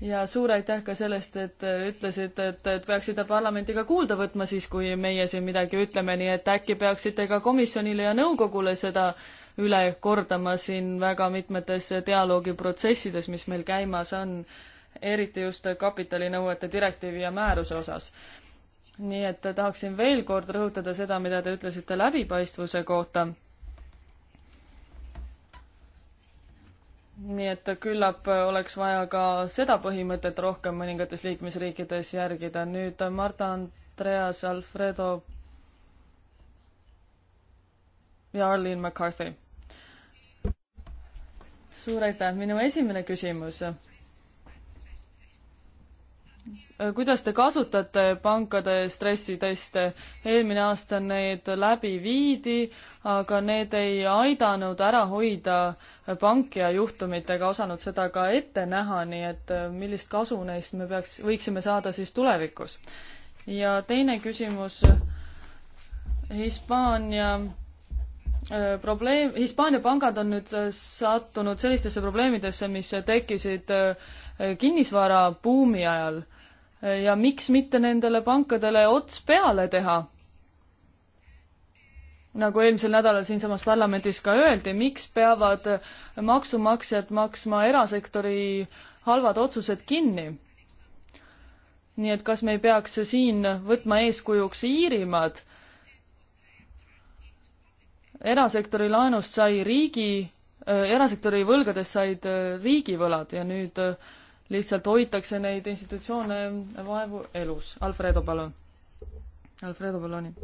ja suur aitäh ka sellest, et ütlesite, et, et peaksite parlamenti ka kuulda võtma siis, kui meie siin midagi ütleme, nii et äkki peaksite ka komisjonile ja nõukogule seda äh, üle kordama siin väga mitmetes dialoogiprotsessides, mis meil käimas on, eriti just kapitalinõuete direktiivi ja määruse osas nii et tahaksin veel kord rõhutada seda, mida te ütlesite läbipaistvuse kohta. nii et küllap oleks vaja ka seda põhimõtet rohkem mõningates liikmesriikides järgida. nüüd Marta Andreas, Alfredo ja Arlene McCarthy suur aitäh, minu esimene küsimus. kuidas te kasutate pankade stressiteste? eelmine aasta need läbi viidi, aga need ei aidanud ära hoida pankija juhtumit ega osanud seda ka ette näha, nii et äh, millist kasu neist me peaks, võiksime saada siis tulevikus? ja teine küsimus Hispaania Äh, probleem, Hispaania pangad on nüüd äh, sattunud sellistesse probleemidesse, mis tekkisid äh, kinnisvarabuumi ajal. ja miks mitte nendele pankadele ots peale teha? nagu eelmisel nädalal siinsamas parlamendis ka öeldi, miks peavad maksumaksjad maksma erasektori halvad otsused kinni? nii et kas me ei peaks siin võtma eeskujuks Iirimaad, erasektori laenust sai riigi, äh, erasektori võlgadest said äh, riigivõlad ja nüüd äh, lihtsalt hoitakse neid institutsioone vaevu elus. Alfredo, palun. Alfredo Belloni.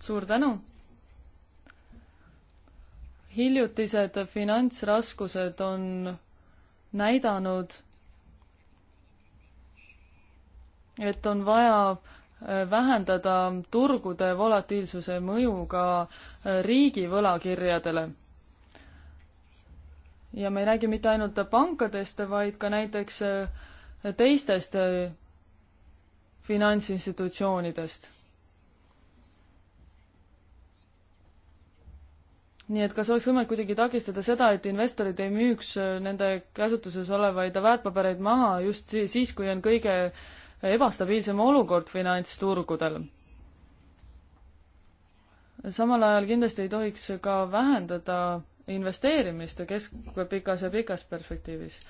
suur tänu! hiljutised finantsraskused on näidanud, et on vaja äh, vähendada turgude volatiilsuse mõju ka äh, riigi võlakirjadele. ja me ei räägi mitte ainult pankadest, vaid ka näiteks äh, teistest finantsinstitutsioonidest. nii et kas oleks võimalik kuidagi takistada seda, et investorid ei müüks nende käsutuses olevaid väärtpabereid maha just siis, kui on kõige äh, ebastabiilsem olukord finantsturgudel. samal ajal kindlasti ei tohiks ka vähendada investeerimist kesk-, pikas ja pikas perspektiivis.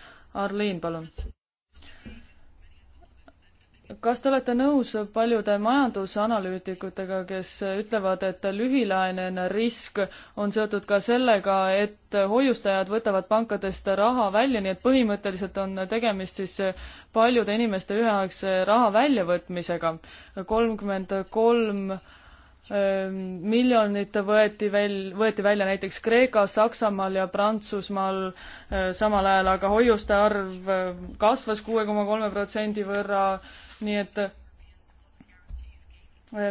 Arliin, palun! kas te olete nõus paljude majandusanalüütikutega, kes ütlevad, et lühilaenene risk on seotud ka sellega, et hoiustajad võtavad pankadest raha välja, nii et põhimõtteliselt on tegemist siis paljude inimeste üheaegse raha väljavõtmisega. kolmkümmend kolm ähm, miljonit võeti veel, võeti välja näiteks Kreekas, Saksamaal ja Prantsusmaal, äh, samal ajal aga hoiuste arv äh, kasvas kuue koma kolme protsendi võrra nii et eh,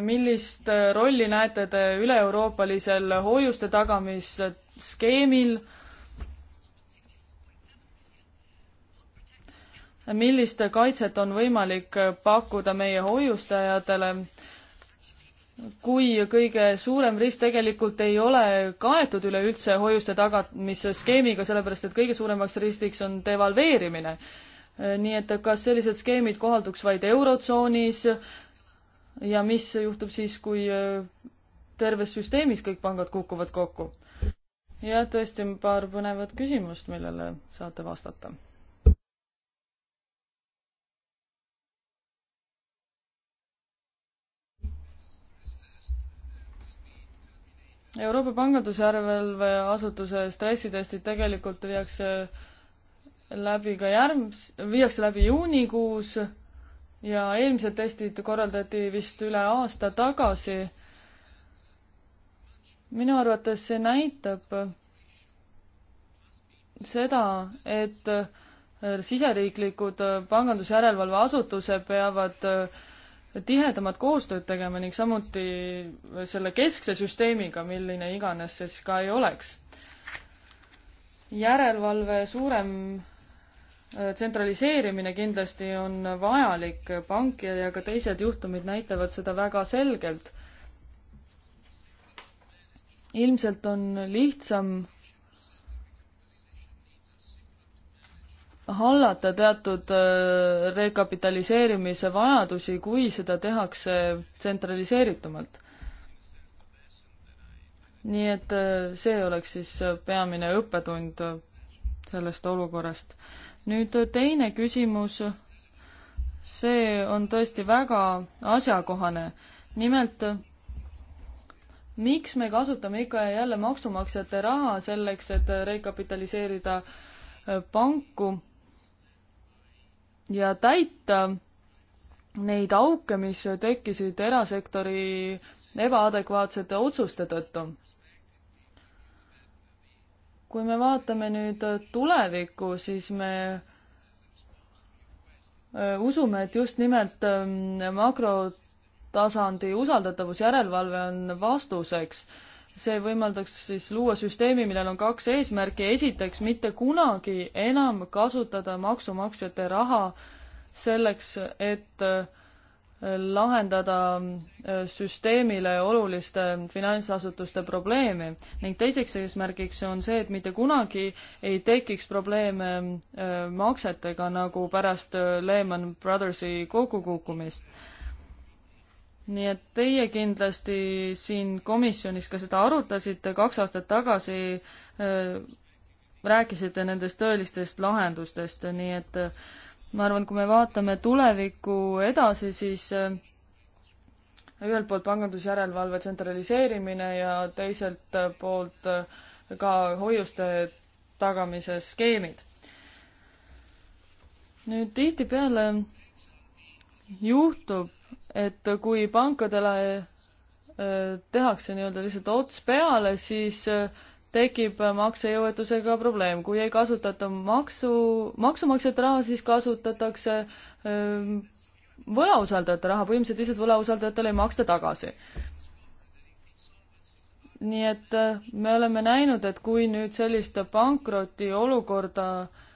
millist eh, rolli näete te üle-euroopalisel hoiuste tagamisskeemil? millist kaitset on võimalik pakkuda meie hoiustajatele, kui kõige suurem risk tegelikult ei ole kaetud üleüldse hoiuste tagamisskeemiga, sellepärast et kõige suuremaks riskiks on devalveerimine Äh, nii et kas sellised skeemid kohalduks vaid Eurotsoonis ja mis juhtub siis, kui äh, terves süsteemis kõik pangad kukuvad kokku? jah, tõesti paar põnevat küsimust, millele saate vastata. Euroopa Pangandusjärelevalve asutuse stressitestid tegelikult viiakse äh, läbi ka järgmis-, viiakse läbi juunikuus ja eelmised testid korraldati vist üle aasta tagasi. minu arvates see näitab seda, et siseriiklikud pangandusjärelevalveasutuse peavad tihedamat koostööd tegema ning samuti selle keskse süsteemiga, milline iganes see siis ka ei oleks. järelevalve suurem tsentraliseerimine kindlasti on vajalik, pank ja ka teised juhtumid näitavad seda väga selgelt. ilmselt on lihtsam hallata teatud äh, rekapitaliseerimise vajadusi, kui seda tehakse tsentraliseeritumalt. nii et äh, see oleks siis äh, peamine õppetund sellest olukorrast nüüd äh, teine küsimus, see on tõesti väga asjakohane. nimelt, äh, miks me kasutame ikka ja jälle maksumaksjate raha selleks, et äh, rekapitaliseerida panku ja täita neid auke, mis tekkisid erasektori ebaadekvaatsete otsuste tõttu kui me vaatame nüüd äh, tulevikku, siis me äh, usume, et just nimelt ähm, makrotasandi usaldatavusjärelevalve on vastuseks. see võimaldaks siis luua süsteemi, millel on kaks eesmärki. esiteks, mitte kunagi enam kasutada maksumaksjate raha selleks, et äh, lahendada äh, süsteemile oluliste finantsasutuste probleemi ning teiseks eesmärgiks on see, et mitte kunagi ei tekiks probleeme äh, maksetega, nagu pärast äh, Lehman Brothersi kokkukukkumist. nii et teie kindlasti siin komisjonis ka seda arutasite, kaks aastat tagasi rääkisite nendest tõelistest lahendustest, nii et äh, ma arvan, kui me vaatame tulevikku edasi, siis äh, ühelt poolt pangandusjärelevalve tsentraliseerimine ja teiselt äh, poolt äh, ka hoiuste tagamise skeemid. nüüd tihtipeale juhtub, et kui pankadele tehakse nii-öelda lihtsalt ots peale, siis äh, tekib maksejõuetusega probleem, kui ei kasutata maksu, maksumaksjate raha, siis kasutatakse ähm, võlausaldajate raha, põhimõtteliselt lihtsalt võlausaldajatele ei maksta tagasi. nii et äh, me oleme näinud, et kui nüüd sellist pankrotiolukorda äh,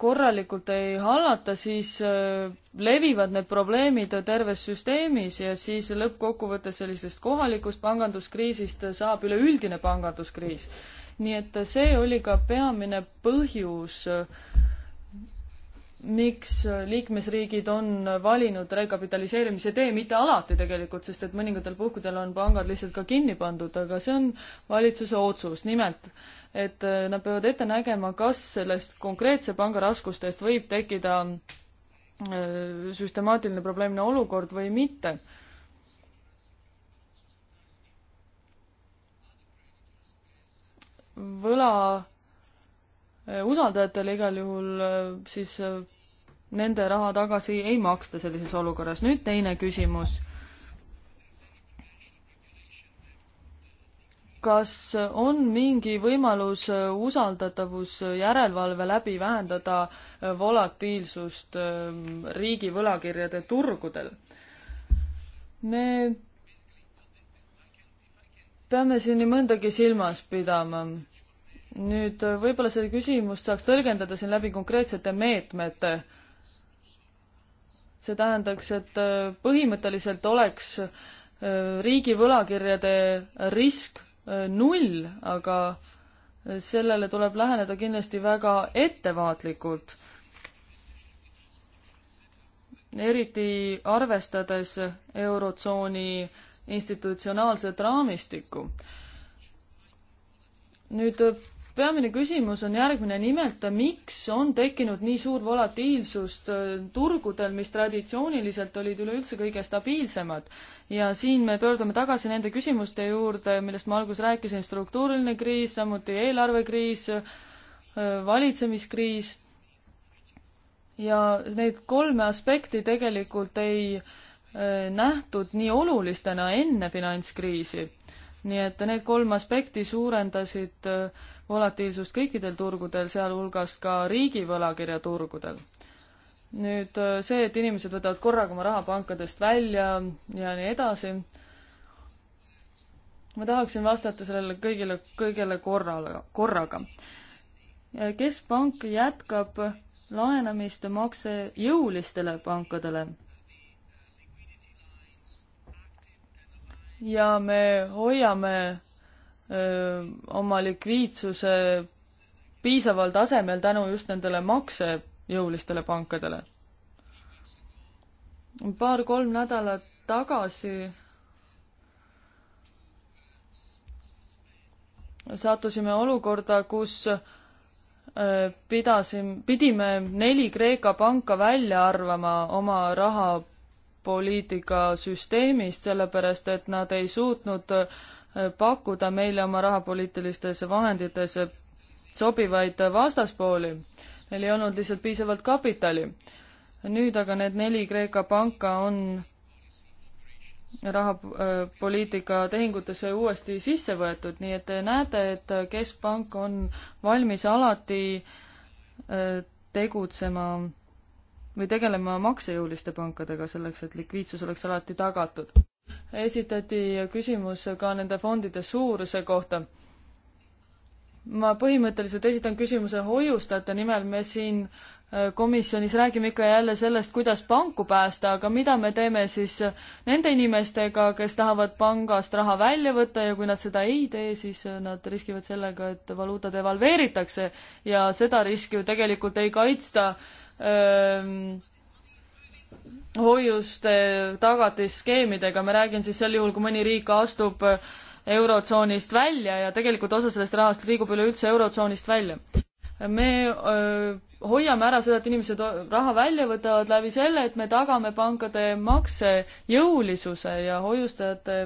korralikult ei hallata, siis äh, levivad need probleemid terves süsteemis ja siis lõppkokkuvõttes sellisest kohalikust panganduskriisist saab üleüldine panganduskriis. nii et see oli ka peamine põhjus, miks liikmesriigid on valinud rekapitaliseerimise tee, mitte alati tegelikult, sest et mõningatel puhkudel on pangad lihtsalt ka kinni pandud, aga see on valitsuse otsus, nimelt äh, et äh, nad peavad ette nägema, kas sellest konkreetse panga raskustest võib tekkida äh, süstemaatiline probleemne olukord või mitte. võla äh, usaldajatele igal juhul siis nende raha tagasi ei maksta sellises olukorras. nüüd teine küsimus kas on mingi võimalus usaldatavusjärelevalve läbi vähendada äh, volatiilsust äh, riigi võlakirjade turgudel? me peame siin nii mõndagi silmas pidama. nüüd äh, võib-olla seda küsimust saaks tõlgendada siin läbi konkreetsete meetmete. see tähendaks, et põhimõtteliselt oleks riigi võlakirjade risk Äh, null, aga äh, sellele tuleb läheneda kindlasti väga ettevaatlikult. eriti arvestades Eurotsooni institutsionaalset raamistikku. nüüd peamine küsimus on järgmine, nimelt miks on tekkinud nii suur volatiilsust äh, turgudel, mis traditsiooniliselt olid üleüldse kõige stabiilsemad. ja siin me pöördume tagasi nende küsimuste juurde, millest ma alguses rääkisin, struktuuriline kriis, samuti eelarvekriis, äh, valitsemiskriis ja neid kolme aspekti tegelikult ei äh, nähtud nii olulistena enne finantskriisi. nii et need kolm aspekti suurendasid äh, volatiilsust kõikidel turgudel, sealhulgas ka riigi võlakirjaturgudel. nüüd äh, see, et inimesed võtavad korraga oma raha pankadest välja ja nii edasi, ma tahaksin vastata sellele kõigile, kõigele korraga, korraga. keskpank jätkab laenamist makse jõulistele pankadele. ja me hoiame oma likviidsuse piisaval tasemel tänu just nendele maksejõulistele pankadele. paar-kolm nädalat tagasi sattusime olukorda, kus pidasin, pidime neli Kreeka panka välja arvama oma rahapoliitika süsteemist, sellepärast et nad ei suutnud Äh, pakkuda meile oma rahapoliitilistes vahendites sobivaid äh, vastaspooli. Neil ei olnud lihtsalt piisavalt kapitali. nüüd aga need neli Kreeka panka on rahapoliitika äh, tehingutesse uuesti sisse võetud, nii et te näete, et keskpank on valmis alati tegutsema või tegelema maksejõuliste pankadega selleks, et likviidsus oleks alati tagatud esitati küsimus ka nende fondide suuruse kohta. ma põhimõtteliselt esitan küsimuse hoiustajate nimel, me siin äh, komisjonis räägime ikka ja jälle sellest, kuidas panku päästa, aga mida me teeme siis nende inimestega, kes tahavad pangast raha välja võtta ja kui nad seda ei tee, siis äh, nad riskivad sellega, et valuuta devalveeritakse ja seda riski ju tegelikult ei kaitsta öö, ähm, hoiuste tagatisskeemidega, ma räägin siis sel juhul, kui mõni riik astub eurotsoonist välja ja tegelikult osa sellest rahast liigub üleüldse eurotsoonist välja. me öö, hoiame ära seda, et inimesed raha välja võtavad läbi selle, et me tagame pankade maksejõulisuse ja hoiustajate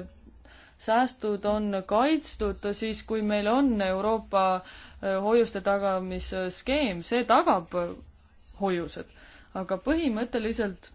säästud on kaitstud siis, kui meil on Euroopa hoiuste tagamisskeem, see tagab hoiused. aga põhimõtteliselt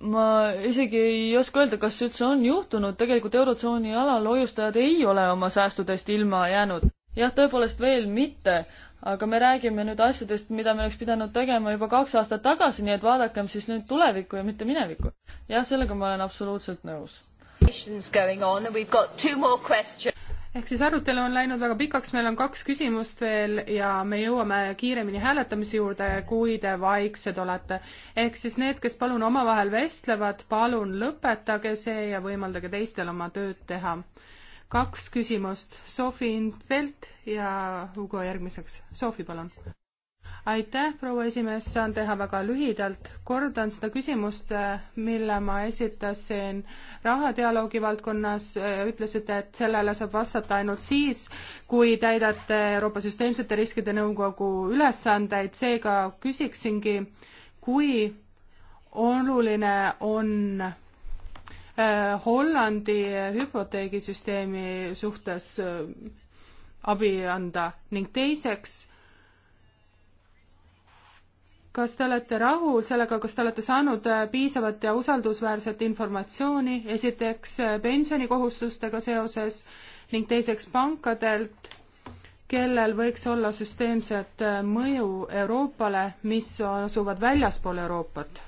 ma isegi ei oska öelda, kas üldse on juhtunud, tegelikult Eurotsooni alal hoiustajad ei ole oma säästudest ilma jäänud. jah, tõepoolest veel mitte, aga me räägime nüüd asjadest, mida me oleks pidanud tegema juba kaks aastat tagasi, nii et vaadakem siis nüüd tulevikku ja mitte minevikku. jah, sellega ma olen absoluutselt nõus ehk siis arutelu on läinud väga pikaks, meil on kaks küsimust veel ja me jõuame kiiremini hääletamise juurde, kui te vaiksed olete. ehk siis need, kes palun omavahel vestlevad, palun lõpetage see ja võimaldage teistel oma tööd teha. kaks küsimust, Sofi Infelt ja Hugo järgmiseks. Sofi, palun aitäh, proua esimees, saan teha väga lühidalt. kordan seda küsimust, mille ma esitasin rahadialoogi valdkonnas. ütlesite, et sellele saab vastata ainult siis, kui täidate Euroopa Süsteemsete Riskide Nõukogu ülesandeid. seega küsiksingi, kui oluline on äh, Hollandi hüpoteegisüsteemi suhtes äh, abi anda ning teiseks kas te olete rahul sellega, kas te olete saanud äh, piisavat ja usaldusväärset informatsiooni, esiteks äh, pensionikohustustega seoses ning teiseks pankadelt, kellel võiks olla süsteemset äh, mõju Euroopale, mis asuvad väljaspool Euroopat?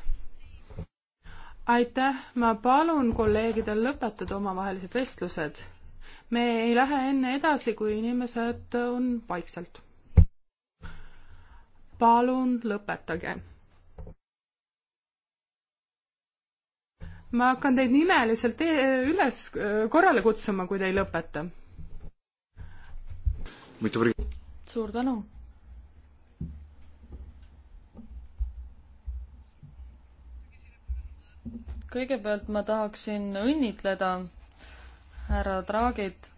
aitäh, ma palun kolleegidel lõpetada omavahelised vestlused. me ei lähe enne edasi, kui inimesed on vaikselt palun lõpetage. ma hakkan teid nimeliselt te üles e, korrale kutsuma, kui te ei lõpeta. suur tänu. kõigepealt ma tahaksin õnnitleda härra Draagit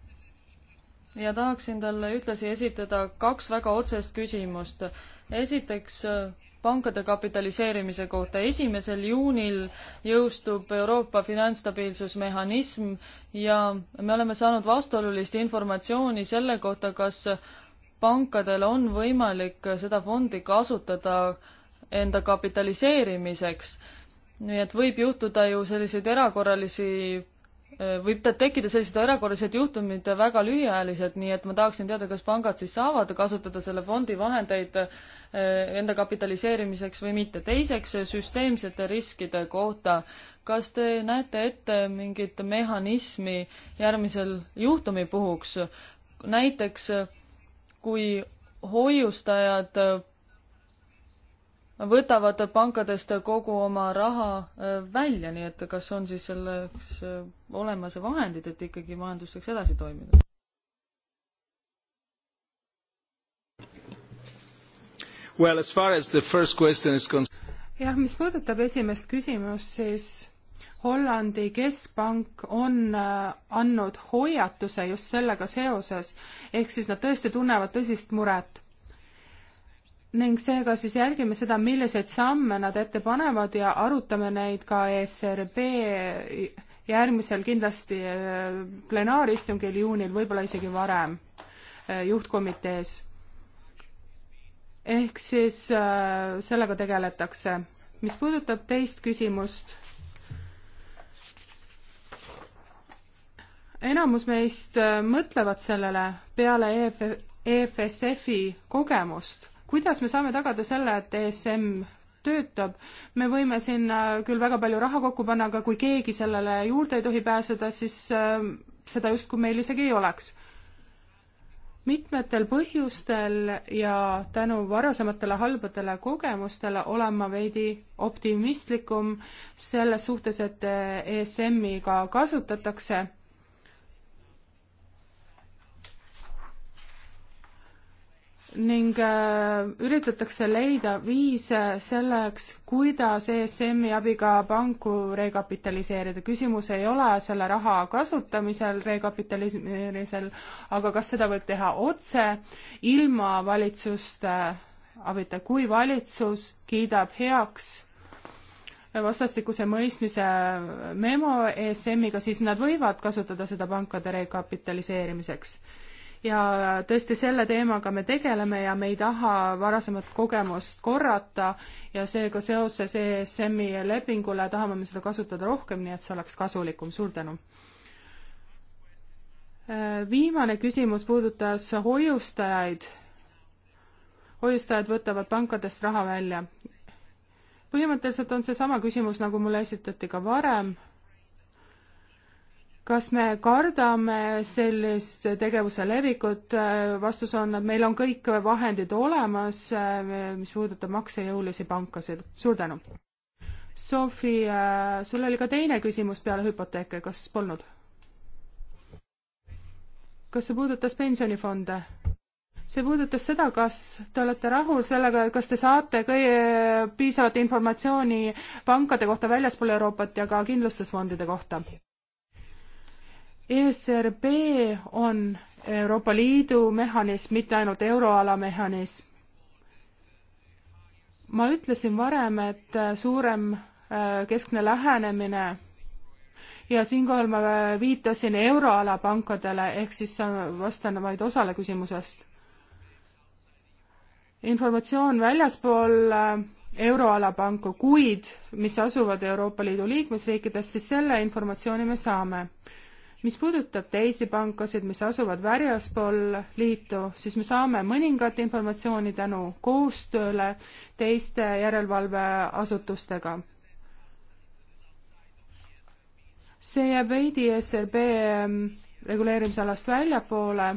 ja tahaksin talle ühtlasi esitada kaks väga otsest küsimust esiteks äh, pankade kapitaliseerimise kohta. esimesel juunil jõustub Euroopa finantsstabiilsusmehhanism ja me oleme saanud vastuolulist informatsiooni selle kohta, kas pankadel on võimalik seda fondi kasutada enda kapitaliseerimiseks. nii et võib juhtuda ju selliseid erakorralisi Äh, võib tekkida sellised erakorralised juhtumid, väga lühiajalised, nii et ma tahaksin teada, kas pangad siis saavad kasutada selle fondi vahendeid äh, enda kapitaliseerimiseks või mitte. teiseks, süsteemsete riskide kohta, kas te näete ette mingit mehhanismi järgmisel juhtumi puhuks, näiteks kui hoiustajad võtavad pankadest kogu oma raha äh, välja, nii et kas on siis selleks äh, olemas vahendid, et ikkagi majandus saaks edasi toimida? Well, as far as the first question is con-. jah, mis puudutab esimest küsimust, siis Hollandi keskpank on äh, andnud hoiatuse just sellega seoses, ehk siis nad tõesti tunnevad tõsist muret ning seega siis jälgime seda, milliseid samme nad ette panevad ja arutame neid ka ESRB järgmisel kindlasti äh, plenaaristungil juunil, võib-olla isegi varem äh, juhtkomitees. ehk siis äh, sellega tegeletakse. mis puudutab teist küsimust, enamus meist mõtlevad sellele peale EF, EFSF-i kogemust kuidas me saame tagada selle, et ESM töötab, me võime siin küll väga palju raha kokku panna, aga kui keegi sellele juurde ei tohi pääseda, siis äh, seda justkui meil isegi ei oleks. mitmetel põhjustel ja tänu varasematele halbadele kogemustele olen ma veidi optimistlikum selles suhtes, et ESM-i ka kasutatakse ning äh, üritatakse leida viise selleks, kuidas ESM-i abiga panku rekapitaliseerida. küsimus ei ole selle raha kasutamisel, rekapitaliseerimisel, aga kas seda võib teha otse, ilma valitsuste abita, kui valitsus kiidab heaks vastastikuse mõistmise memo ESM-iga, siis nad võivad kasutada seda pankade rekapitaliseerimiseks ja tõesti selle teemaga me tegeleme ja me ei taha varasemat kogemust korrata ja seega seoses ESM-i lepingule tahame me seda kasutada rohkem, nii et see oleks kasulikum, suur tänu! Viimane küsimus puudutas hoiustajaid. hoiustajad võtavad pankadest raha välja põhimõtteliselt on seesama küsimus, nagu mulle esitati ka varem, kas me kardame sellise tegevuse levikut, vastus on, et meil on kõik vahendid olemas, mis puudutab maksejõulisi pankasid. suur tänu! Sofi, sul oli ka teine küsimus peale hüpoteeke, kas polnud? kas see puudutas pensionifonde? see puudutas seda, kas te olete rahul sellega, kas te saate kõige piisavat informatsiooni pankade kohta väljaspool Euroopat ja ka kindlustusfondide kohta. ESRB on Euroopa Liidu mehhanism, mitte ainult euroala mehhanism. ma ütlesin varem, et äh, suurem äh, keskne lähenemine ja siinkohal ma äh, viitasin euroala pankadele, ehk siis vastan vaid osale küsimusest. informatsioon väljaspool euroala panku, kuid mis asuvad Euroopa Liidu liikmesriikides, siis selle informatsiooni me saame mis puudutab teisi pankasid, mis asuvad väljaspool liitu, siis me saame mõningat informatsiooni tänu koostööle teiste järelevalveasutustega. see jääb veidi SRB ähm, reguleerimisalast väljapoole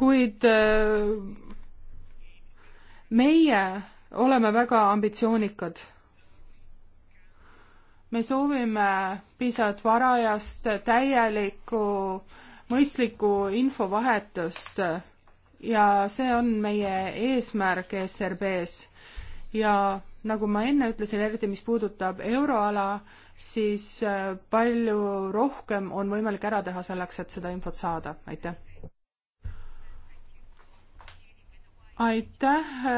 kuid äh, meie oleme väga ambitsioonikad me soovime piisavalt varajast täielikku mõistlikku infovahetust ja see on meie eesmärk e SRB-s. ja nagu ma enne ütlesin, eriti mis puudutab euroala, siis äh, palju rohkem on võimalik ära teha selleks, et seda infot saada, aitäh aitäh äh,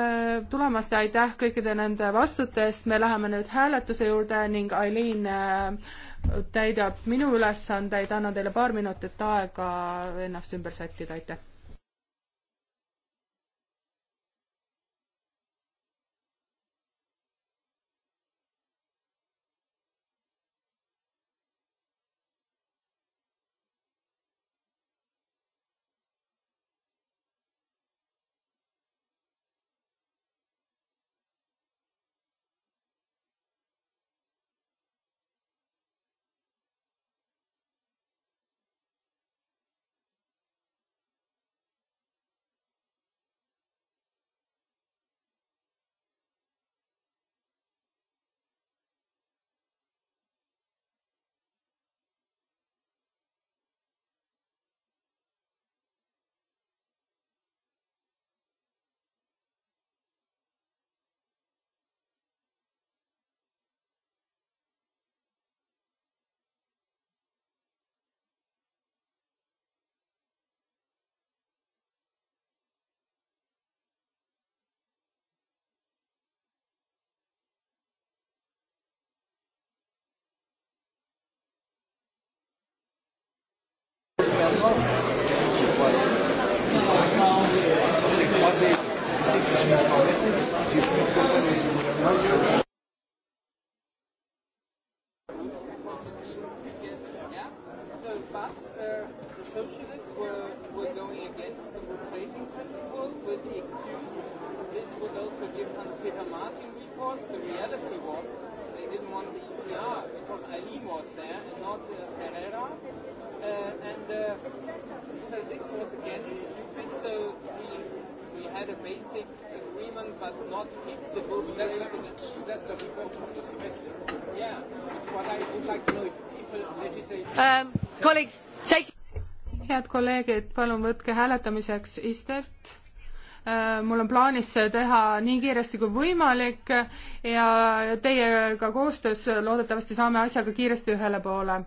tulemast ja aitäh kõikide nende vastute eest, me läheme nüüd hääletuse juurde ning Aileen äh, täidab minu ülesandeid, annan teile paar minutit aega ennast ümber sättida, aitäh! so this was against stupid, so we, we had a basic agreement but not fix the book. That's, not, that's the report of the semester. Yeah, but I would like to know if, if a legislative... Um, colleagues, take... head kolleegid, palun võtke hääletamiseks istet uh, mul on plaanis see teha nii kiiresti kui võimalik ja teiega koostöös loodetavasti saame asjaga kiiresti ühele poole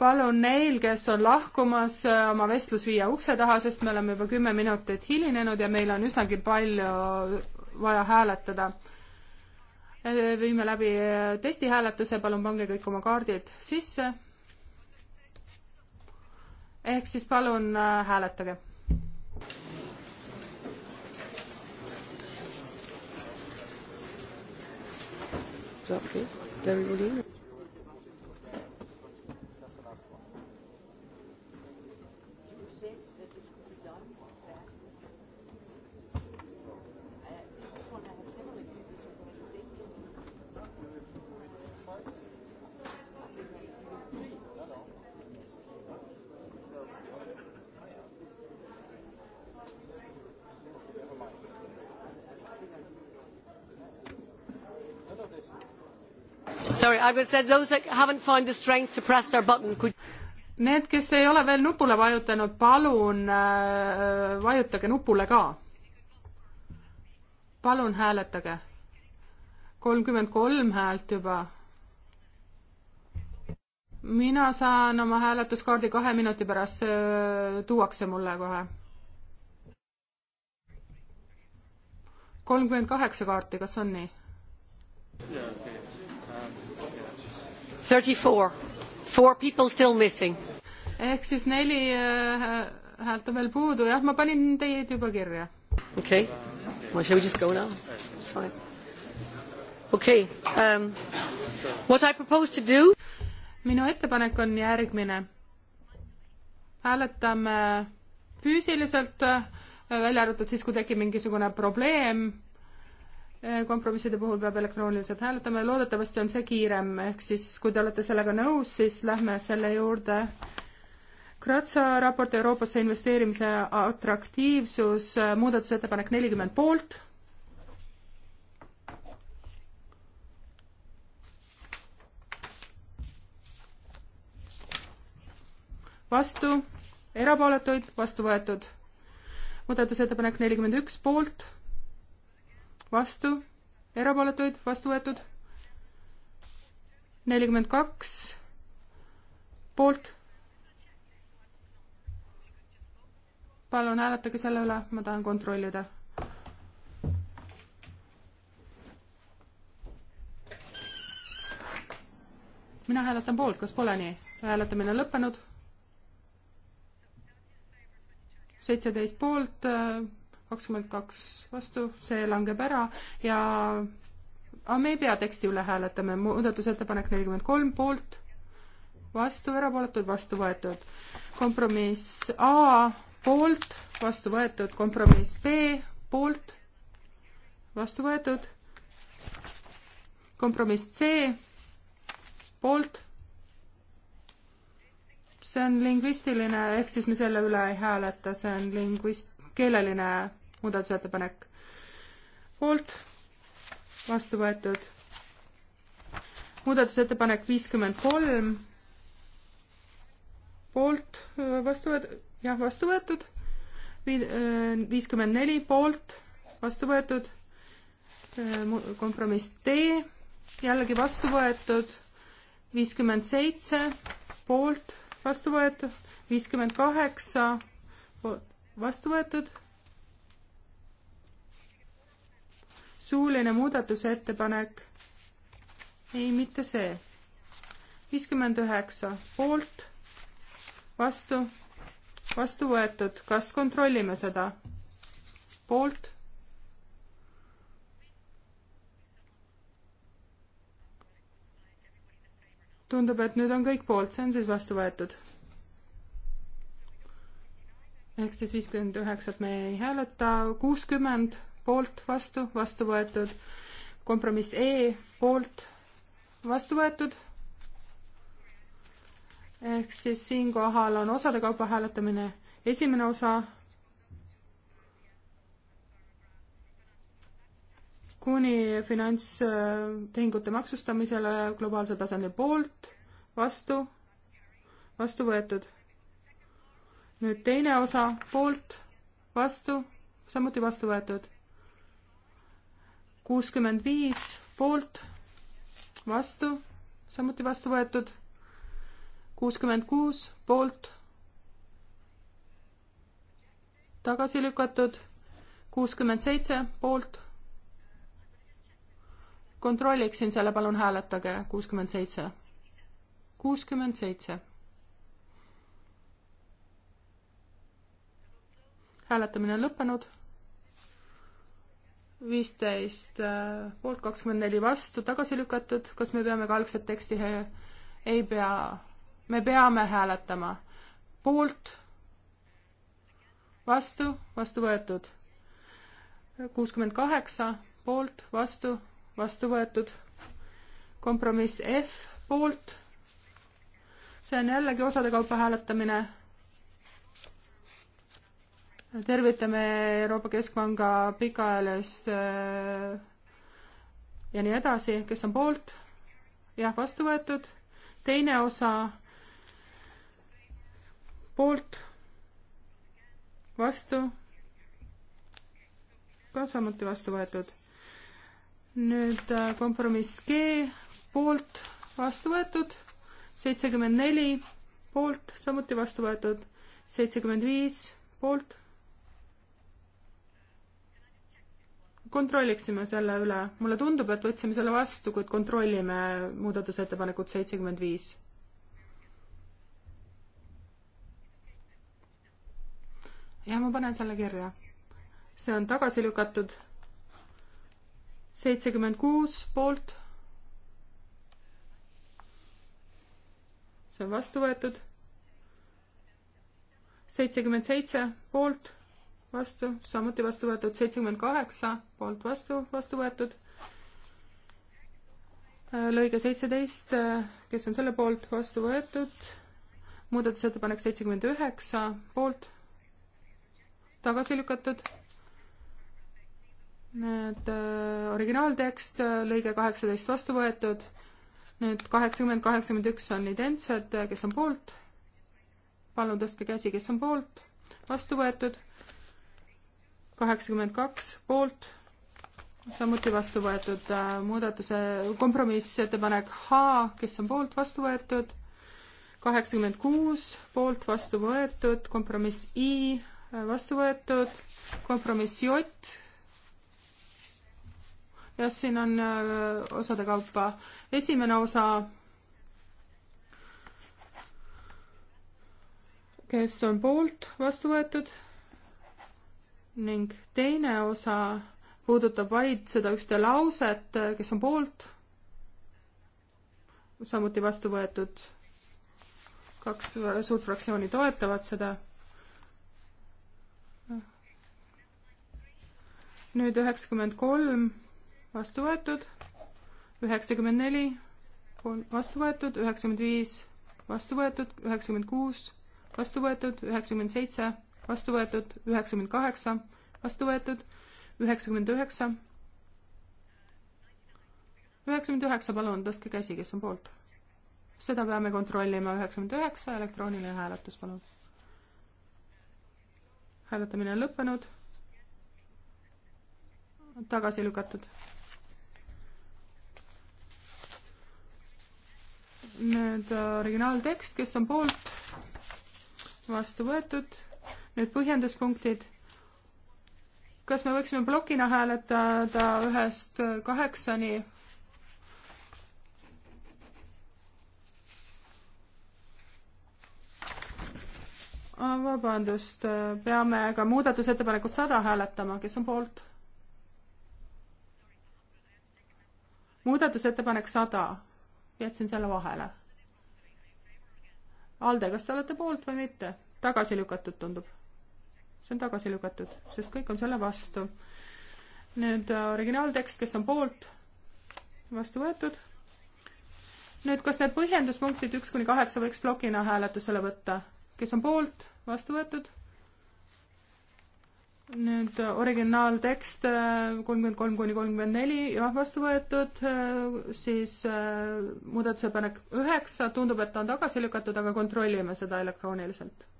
palun neil, kes on lahkumas, äh, oma vestlus viia ukse taha, sest me oleme juba kümme minutit hilinenud ja meil on üsnagi palju äh, vaja hääletada. Äh, viime läbi testihääletuse, palun pange kõik oma kaardid sisse. ehk siis palun hääletage Is that okay? Everybody? Sorry, I was said those that haven't found the strength to press their button could Need, kes ei ole veel nupule vajutanud, palun äh, vajutage nupule ka. palun hääletage. kolmkümmend kolm häält juba. mina saan oma hääletuskaardi kahe minuti pärast, see äh, tuuakse mulle kohe. kolmkümmend kaheksa kaarti, kas on nii? 34. Four people still missing. ehk siis neli äh, häält on veel puudu, jah, ma panin teid juba kirja. okei okay., well shall we just go now? It's fine. okei okay. um,, what I propose to do? minu ettepanek on järgmine. hääletame füüsiliselt, äh, välja arvatud siis, kui tekib mingisugune probleem Äh, kompromisside puhul peab elektrooniliselt hääletama ja loodetavasti on see kiirem, ehk siis kui te olete sellega nõus, siis lähme selle juurde. Kratsa raport Euroopasse investeerimise atraktiivsus, äh, muudatusettepanek nelikümmend poolt vastu, erapooletuid, vastu võetud. muudatusettepanek nelikümmend üks poolt, vastu, erapooletuid, vastu võetud. nelikümmend kaks poolt. palun hääletage selle üle, ma tahan kontrollida. mina hääletan poolt, kas pole nii? hääletamine on lõppenud. seitseteist poolt kakskümmend kaks vastu, see langeb ära ja aga me ei pea teksti üle hääletama, muudatusettepanek nelikümmend kolm poolt, vastu, erapooletud, vastu võetud. kompromiss A poolt, vastu võetud, kompromiss B poolt, vastu võetud, kompromiss C poolt, see on lingvistiline, ehk siis me selle üle ei hääleta, see on lingvist-, keeleline muudatusettepanek. poolt, vastu võetud. muudatusettepanek viiskümmend kolm, poolt, vastu võetud, jah, vastu võetud, äh, viiskümmend neli, poolt, vastu võetud, äh, kompromiss D, jällegi vastu võetud, viiskümmend seitse, poolt, vastu võetud, viiskümmend kaheksa, poolt, vastu võetud. suuline muudatusettepanek. ei, mitte see. viiskümmend üheksa poolt, vastu, vastu võetud. kas kontrollime seda? poolt tundub, et nüüd on kõik poolt, see on siis vastu võetud ehk siis viiskümmend üheksat me ei hääleta, kuuskümmend poolt, vastu, vastu võetud. kompromiss E poolt, vastu võetud. ehk siis siinkohal on osade kaupa hääletamine. esimene osa kuni finantstehingute maksustamisele globaalsel tasandil poolt, vastu, vastu võetud nüüd teine osa poolt, vastu, samuti vastu võetud. kuuskümmend viis poolt, vastu, samuti vastu võetud. kuuskümmend kuus poolt, tagasi lükatud. kuuskümmend seitse poolt. kontrolliksin selle, palun hääletage, kuuskümmend seitse. kuuskümmend seitse hääletamine on lõppenud. viisteist äh, poolt, kakskümmend neli vastu, tagasi lükatud. kas me peame ka algset teksti? ei pea. me peame hääletama poolt, vastu, vastu võetud. kuuskümmend kaheksa poolt, vastu, vastu võetud. kompromiss F poolt. see on jällegi osade kaupa hääletamine tervitame Euroopa Keskpanga pikaajalist äh, ja nii edasi, kes on poolt, jah, vastu võetud, teine osa poolt, vastu, ka samuti vastu võetud. nüüd äh, kompromiss G poolt vastu võetud, seitsekümmend neli poolt samuti vastu võetud, seitsekümmend viis poolt kontrolliksime selle üle. mulle tundub, et võtsime selle vastu, kuid kontrollime muudatusettepanekut seitsekümmend viis. jah, ma panen selle kirja. see on tagasi lükatud. seitsekümmend kuus poolt. see on vastu võetud. seitsekümmend seitse poolt vastu, samuti vastu võetud seitsekümmend kaheksa, poolt vastu, vastu võetud. Äh, lõige seitseteist, äh, kes on selle poolt, vastu võetud. muudatusettepanek seitsekümmend üheksa, poolt, tagasi lükatud. nüüd äh, originaaltekst, äh, lõige kaheksateist vastu võetud. nüüd kaheksakümmend, kaheksakümmend üks on identsed, kes on poolt? palun tõstke käsi, kes on poolt, vastu võetud kaheksakümmend kaks poolt, samuti vastu võetud äh, muudatuse kompromissettepanek H, kes on poolt vastu võetud, kaheksakümmend kuus poolt vastu võetud, kompromiss I äh, vastu võetud, kompromiss J. jah, siin on äh, osade kaupa esimene osa, kes on poolt vastu võetud ning teine osa puudutab vaid seda ühte lauset, kes on poolt, samuti vastu võetud kaks suurt fraktsiooni toetavad seda. nüüd üheksakümmend kolm vastu võetud, üheksakümmend neli vastu võetud, üheksakümmend viis vastu võetud, üheksakümmend kuus vastu võetud, üheksakümmend seitse vastu võetud, üheksakümmend kaheksa, vastu võetud, üheksakümmend üheksa, üheksakümmend üheksa, palun tõstke käsi, kes on poolt. seda peame kontrollima, üheksakümmend üheksa, elektrooniline hääletus, palun. hääletamine on lõppenud, tagasi lükatud nüüd äh, originaaltekst, kes on poolt, vastu võetud, nüüd põhjenduspunktid. kas me võiksime plokina hääletada ühest kaheksani? Ah, vabandust, peame ka muudatusettepanekut sada hääletama, kes on poolt? muudatusettepanek sada, jätsin selle vahele. Alde, kas te olete poolt või mitte? tagasi lükatud, tundub see on tagasi lükatud, sest kõik on selle vastu. nüüd äh, originaaltekst, kes on poolt, vastu võetud. nüüd, kas need põhjenduspunktid üks kuni kaheksa võiks plokina hääletusele võtta, kes on poolt, vastu võetud. nüüd äh, originaaltekst äh, kolmkümmend kolm kuni kolmkümmend neli, jah, vastu võetud, siis muudatusepanek üheksa, tundub, et ta on tagasi lükatud, aga kontrollime seda elektrooniliselt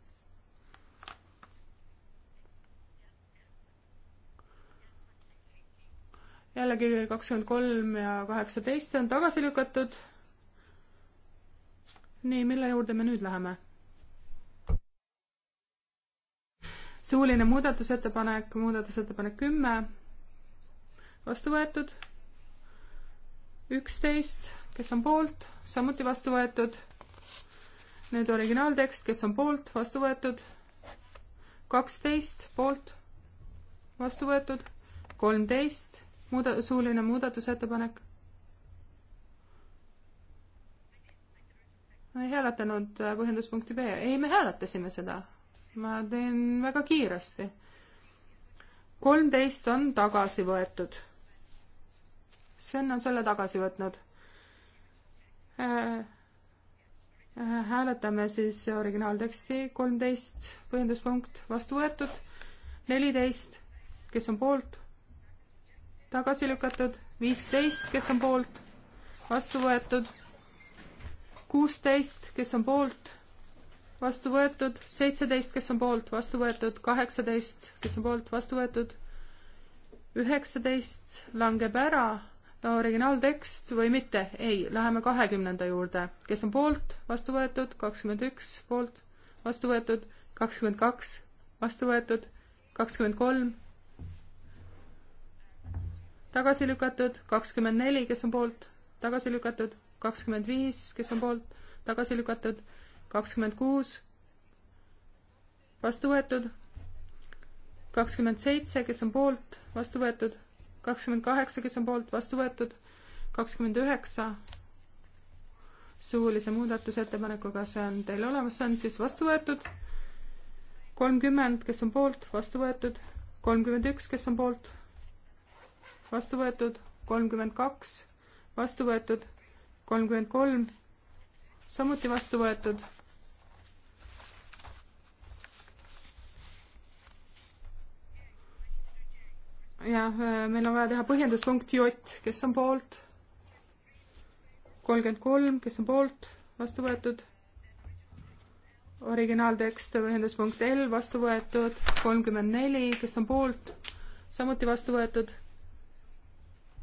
jällegi kakskümmend kolm ja kaheksateist on tagasi lükatud. nii, mille juurde me nüüd läheme? suuline muudatusettepanek, muudatusettepanek kümme, vastu võetud. üksteist, kes on poolt, samuti vastu võetud. nüüd originaaltekst, kes on poolt, vastu võetud. kaksteist, poolt, vastu võetud. kolmteist muuda-, suuline muudatusettepanek? ma ei hääletanud äh, põhjenduspunkti B, ei, me hääletasime seda. ma teen väga kiiresti. kolmteist on tagasi võetud. Sven on selle tagasi võtnud. Äh, äh, hääletame siis originaalteksti, kolmteist põhjenduspunkt vastu võetud, neliteist, kes on poolt tagasi lükatud, viisteist, kes on poolt, vastu võetud, kuusteist, kes on poolt, vastu võetud, seitseteist, kes on poolt, vastu võetud, kaheksateist, kes on poolt, vastu võetud, üheksateist langeb ära, originaaltekst või mitte, ei, läheme kahekümnenda juurde, kes on poolt, vastu võetud, kakskümmend üks, poolt, vastu võetud, kakskümmend kaks, vastu võetud, kakskümmend kolm tagasi lükatud, kakskümmend neli, kes on poolt, tagasi lükatud, kakskümmend viis, kes on poolt, tagasi lükatud, kakskümmend kuus, vastu võetud, kakskümmend seitse, kes on poolt, vastu võetud, kakskümmend kaheksa, kes on poolt, vastu võetud, kakskümmend üheksa, suulise muudatusettepanekuga, see on teil olemas, see on siis vastu võetud, kolmkümmend, kes on poolt, vastu võetud, kolmkümmend üks, kes on poolt, vastu võetud, kolmkümmend kaks, vastu võetud, kolmkümmend kolm, samuti vastu võetud. jah, äh, meil on vaja teha põhjenduspunkt J, kes on poolt? kolmkümmend kolm, kes on poolt, vastu võetud originaaltekst ühenduspunkt L vastu võetud, kolmkümmend neli, kes on poolt, samuti vastu võetud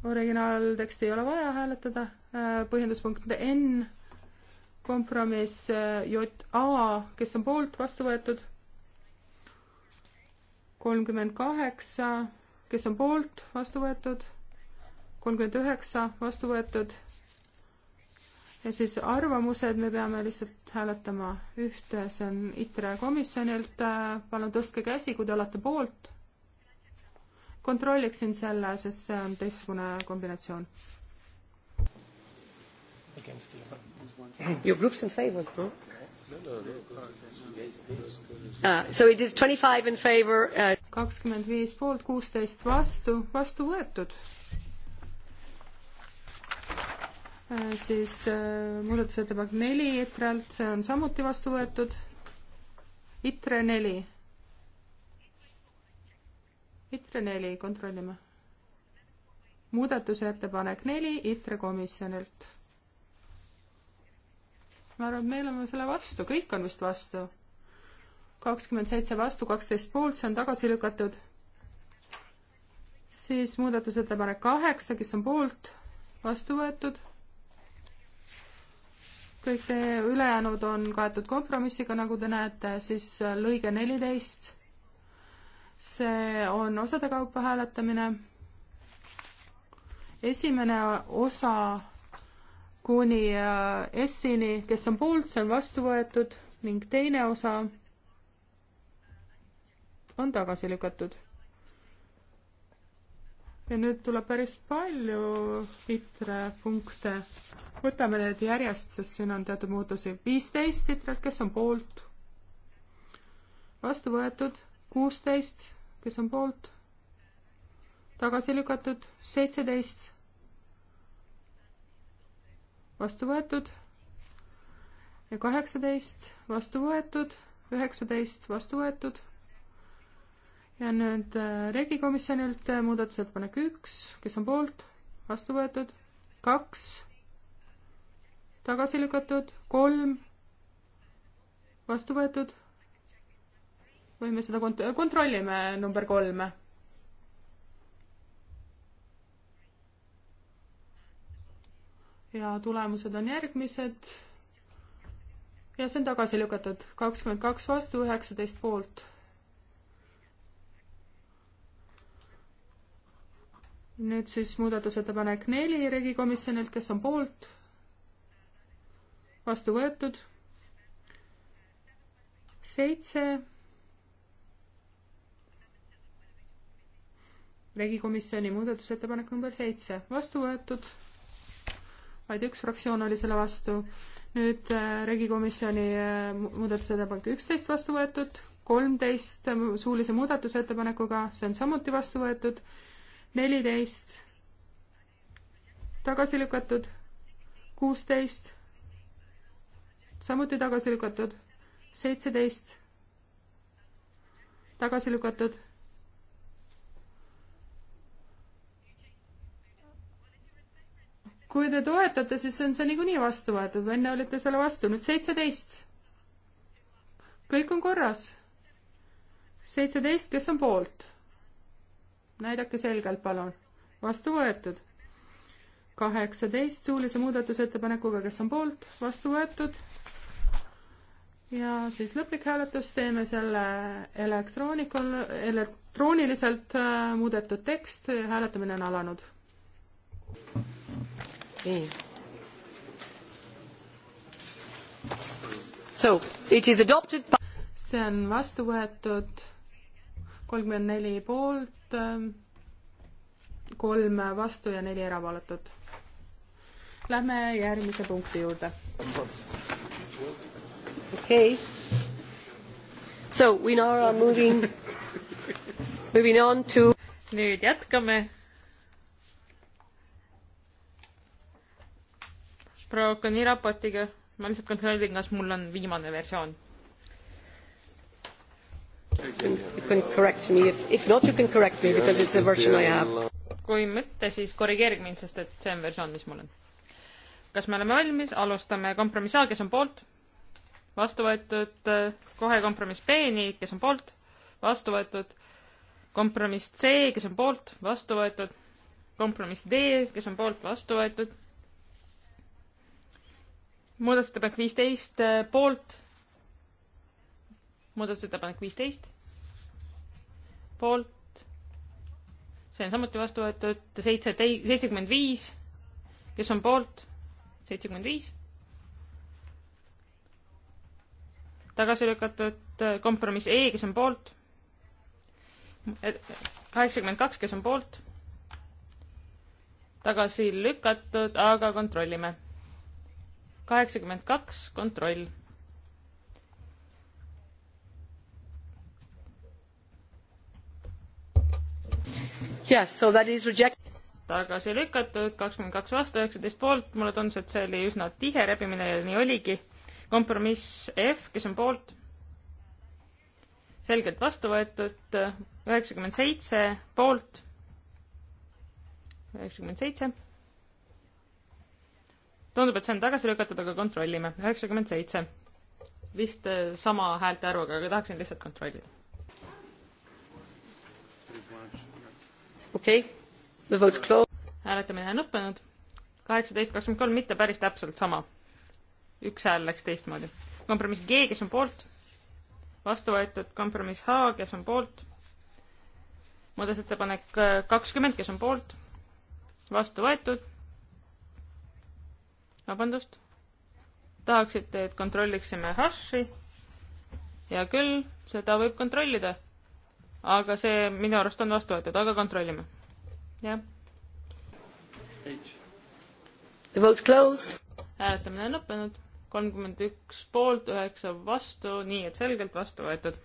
originaalteksti ei ole vaja hääletada, äh, põhjenduspunkt N, kompromiss äh, JA, kes on poolt, vastu võetud, kolmkümmend kaheksa, kes on poolt, vastu võetud, kolmkümmend üheksa, vastu võetud, ja siis arvamused, me peame lihtsalt hääletama ühte, see on ITRE komisjonilt, äh, palun tõstke käsi, kui te olete poolt kontrolliksin selle, sest see on teistsugune kombinatsioon. Your group's in favor, no? Uh, uh, kakskümmend viis poolt, kuusteist vastu, vastu võetud. Äh, siis äh, muudatusettepanek neli EKRE-lt, see on samuti vastu võetud. ITRE neli ITRE neli, kontrollime. muudatusettepanek neli ITRE komisjonilt. ma arvan, et me oleme selle vastu, kõik on vist vastu. kakskümmend seitse vastu, kaksteist poolt, see on tagasi lükatud. siis muudatusettepanek kaheksa, kes on poolt, vastu võetud. kõik ülejäänud on kaetud kompromissiga, nagu te näete, siis lõige neliteist see on osade kaupa hääletamine. esimene osa kuni äh, S-ini, kes on poolt, see on vastu võetud ning teine osa on tagasi lükatud. ja nüüd tuleb päris palju ITRE punkte. võtame need järjest, sest siin on teatud muutusi. viisteist ITRE-t, kes on poolt? vastu võetud kuusteist, kes on poolt, tagasi lükatud, seitseteist, vastu võetud ja kaheksateist, vastu võetud, üheksateist, vastu võetud. ja nüüd äh, regikomisjonilt äh, muudatusettepanek üks, kes on poolt, vastu võetud, kaks, tagasi lükatud, kolm, vastu võetud või me seda kont-, kontrollime number kolme. ja tulemused on järgmised. ja see on tagasi lükatud, kakskümmend kaks vastu, üheksateist poolt. nüüd siis muudatusettepanek neli regikomisjonilt, kes on poolt? vastu võetud. seitse regikomisjoni muudatusettepanek number seitse, vastu võetud, vaid üks fraktsioon oli selle vastu. nüüd äh, regikomisjoni äh, muudatusettepanek üksteist vastu võetud, kolmteist äh, suulise muudatusettepanekuga, see on samuti vastu võetud, neliteist tagasi lükatud, kuusteist samuti tagasi lükatud, seitseteist tagasi lükatud, kui te toetate, siis on see niikuinii vastu võetud, enne olite selle vastu, nüüd seitseteist. kõik on korras. seitseteist, kes on poolt? näidake selgelt, palun. vastu võetud. kaheksateist suulise muudatusettepanekuga, kes on poolt, vastu võetud. ja siis lõplik hääletus, teeme selle elektroonikul, elektrooniliselt äh, muudetud tekst, hääletamine on alanud. Okay. So it is adopted by see on vastu võetud kolmkümmend neli poolt, kolm vastu ja neli erapooletut. Lähme järgmise punkti juurde. okei okay.. So we now are moving, moving on to nüüd jätkame proua Okani raportiga, ma lihtsalt kontrollin, kas mul on viimane versioon. You can correct me if, if not you can correct me because it's the version I have. kui mitte, siis korrigeerige mind, sest et see on versioon, mis mul on. kas me oleme valmis, alustame kompromiss A, kes on poolt? vastu võetud eh, kohe kompromiss B-ni, kes on poolt, vastu võetud kompromiss C, kes on poolt, vastu võetud kompromiss D, kes on poolt, vastu võetud muudatusettepanek viisteist äh, poolt. muudatusettepanek viisteist poolt. see on samuti vastu võetud seitse, seitsekümmend viis. kes on poolt? seitsekümmend viis. tagasi lükatud äh, kompromiss E, kes on poolt? kaheksakümmend kaks, kes on poolt? tagasi lükatud, aga kontrollime kaheksakümmend kaks, kontroll. Yes, so that is reject-. tagasi lükatud, kakskümmend kaks vastu, üheksateist poolt, mulle tundus, et see oli üsna tihe rebimine ja nii oligi. kompromiss F, kes on poolt? selgelt vastu võetud, üheksakümmend seitse poolt, üheksakümmend seitse tundub, et see on tagasi lükatud, aga kontrollime. üheksakümmend seitse. vist äh, sama häälte arvuga, aga tahaksin lihtsalt kontrollida. okei okay., the vote's closed. hääletamine on lõppenud. kaheksateist, kakskümmend kolm, mitte päris täpselt sama. üks hääl läks teistmoodi. kompromiss G, kes on poolt, vastu võetud kompromiss H, kes on poolt, muudatusettepanek äh, kakskümmend, kes on poolt, vastu võetud vabandust, tahaksite, et kontrolliksime hashi? hea küll, seda võib kontrollida. aga see minu arust on vastu võetud, aga kontrollime. jah. The vote closed. hääletamine on lõppenud, kolmkümmend üks poolt, üheksa vastu, nii et selgelt vastu võetud.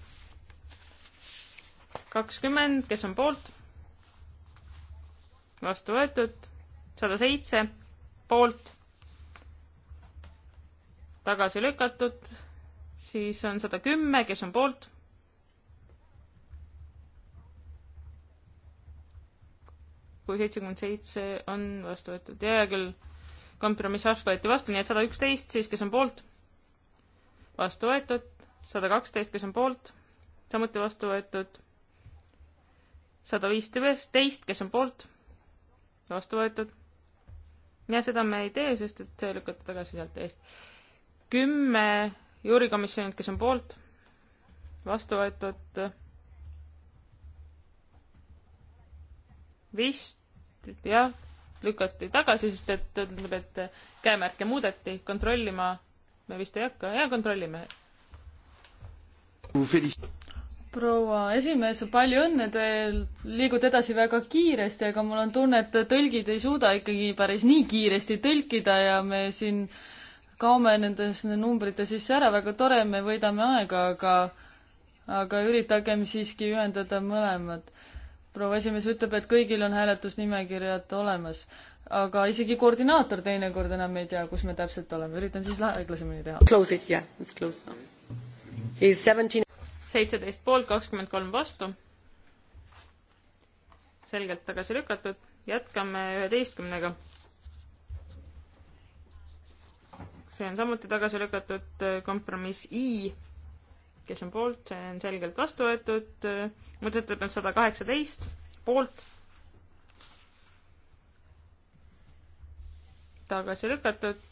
kakskümmend, kes on poolt? vastu võetud, sada seitse poolt tagasi lükatud, siis on sada kümme, kes on poolt. kui seitsekümmend seitse on vastu võetud, hea küll, kompromiss H võeti vastu, nii et sada üksteist siis, kes on poolt, vastu võetud, sada kaksteist, kes on poolt, samuti vastu võetud, sada viisteist, kes on poolt, vastu võetud ja seda me ei tee, sest et see lükati tagasi sealt eest kümme juurikomisjonilt, kes on poolt, vastu võetud vist jah, lükati tagasi, sest et tundub, et käemärke muudeti, kontrollima me vist ei hakka, jaa, kontrollime. proua esimees, palju õnne, te liigute edasi väga kiiresti, aga mul on tunne, et tõlgid ei suuda ikkagi päris nii kiiresti tõlkida ja me siin äh, kaome nendes numbrite sisse ära, väga tore, me võidame aega, aga aga üritagem siiski ühendada mõlemad. proua esimees ütleb, et kõigil on hääletusnimekirjad olemas, aga isegi koordinaator teinekord enam ei tea, kus me täpselt oleme, üritan siis aeglasemini teha. Close it, yeah, let's close. He is seventeen. seitseteist poolt, kakskümmend kolm vastu. selgelt tagasi lükatud, jätkame üheteistkümnega see on samuti tagasi lükatud, äh, kompromiss I, kes on poolt, see on selgelt vastu võetud, äh, muudatusettepanek sada kaheksateist, poolt, tagasi lükatud,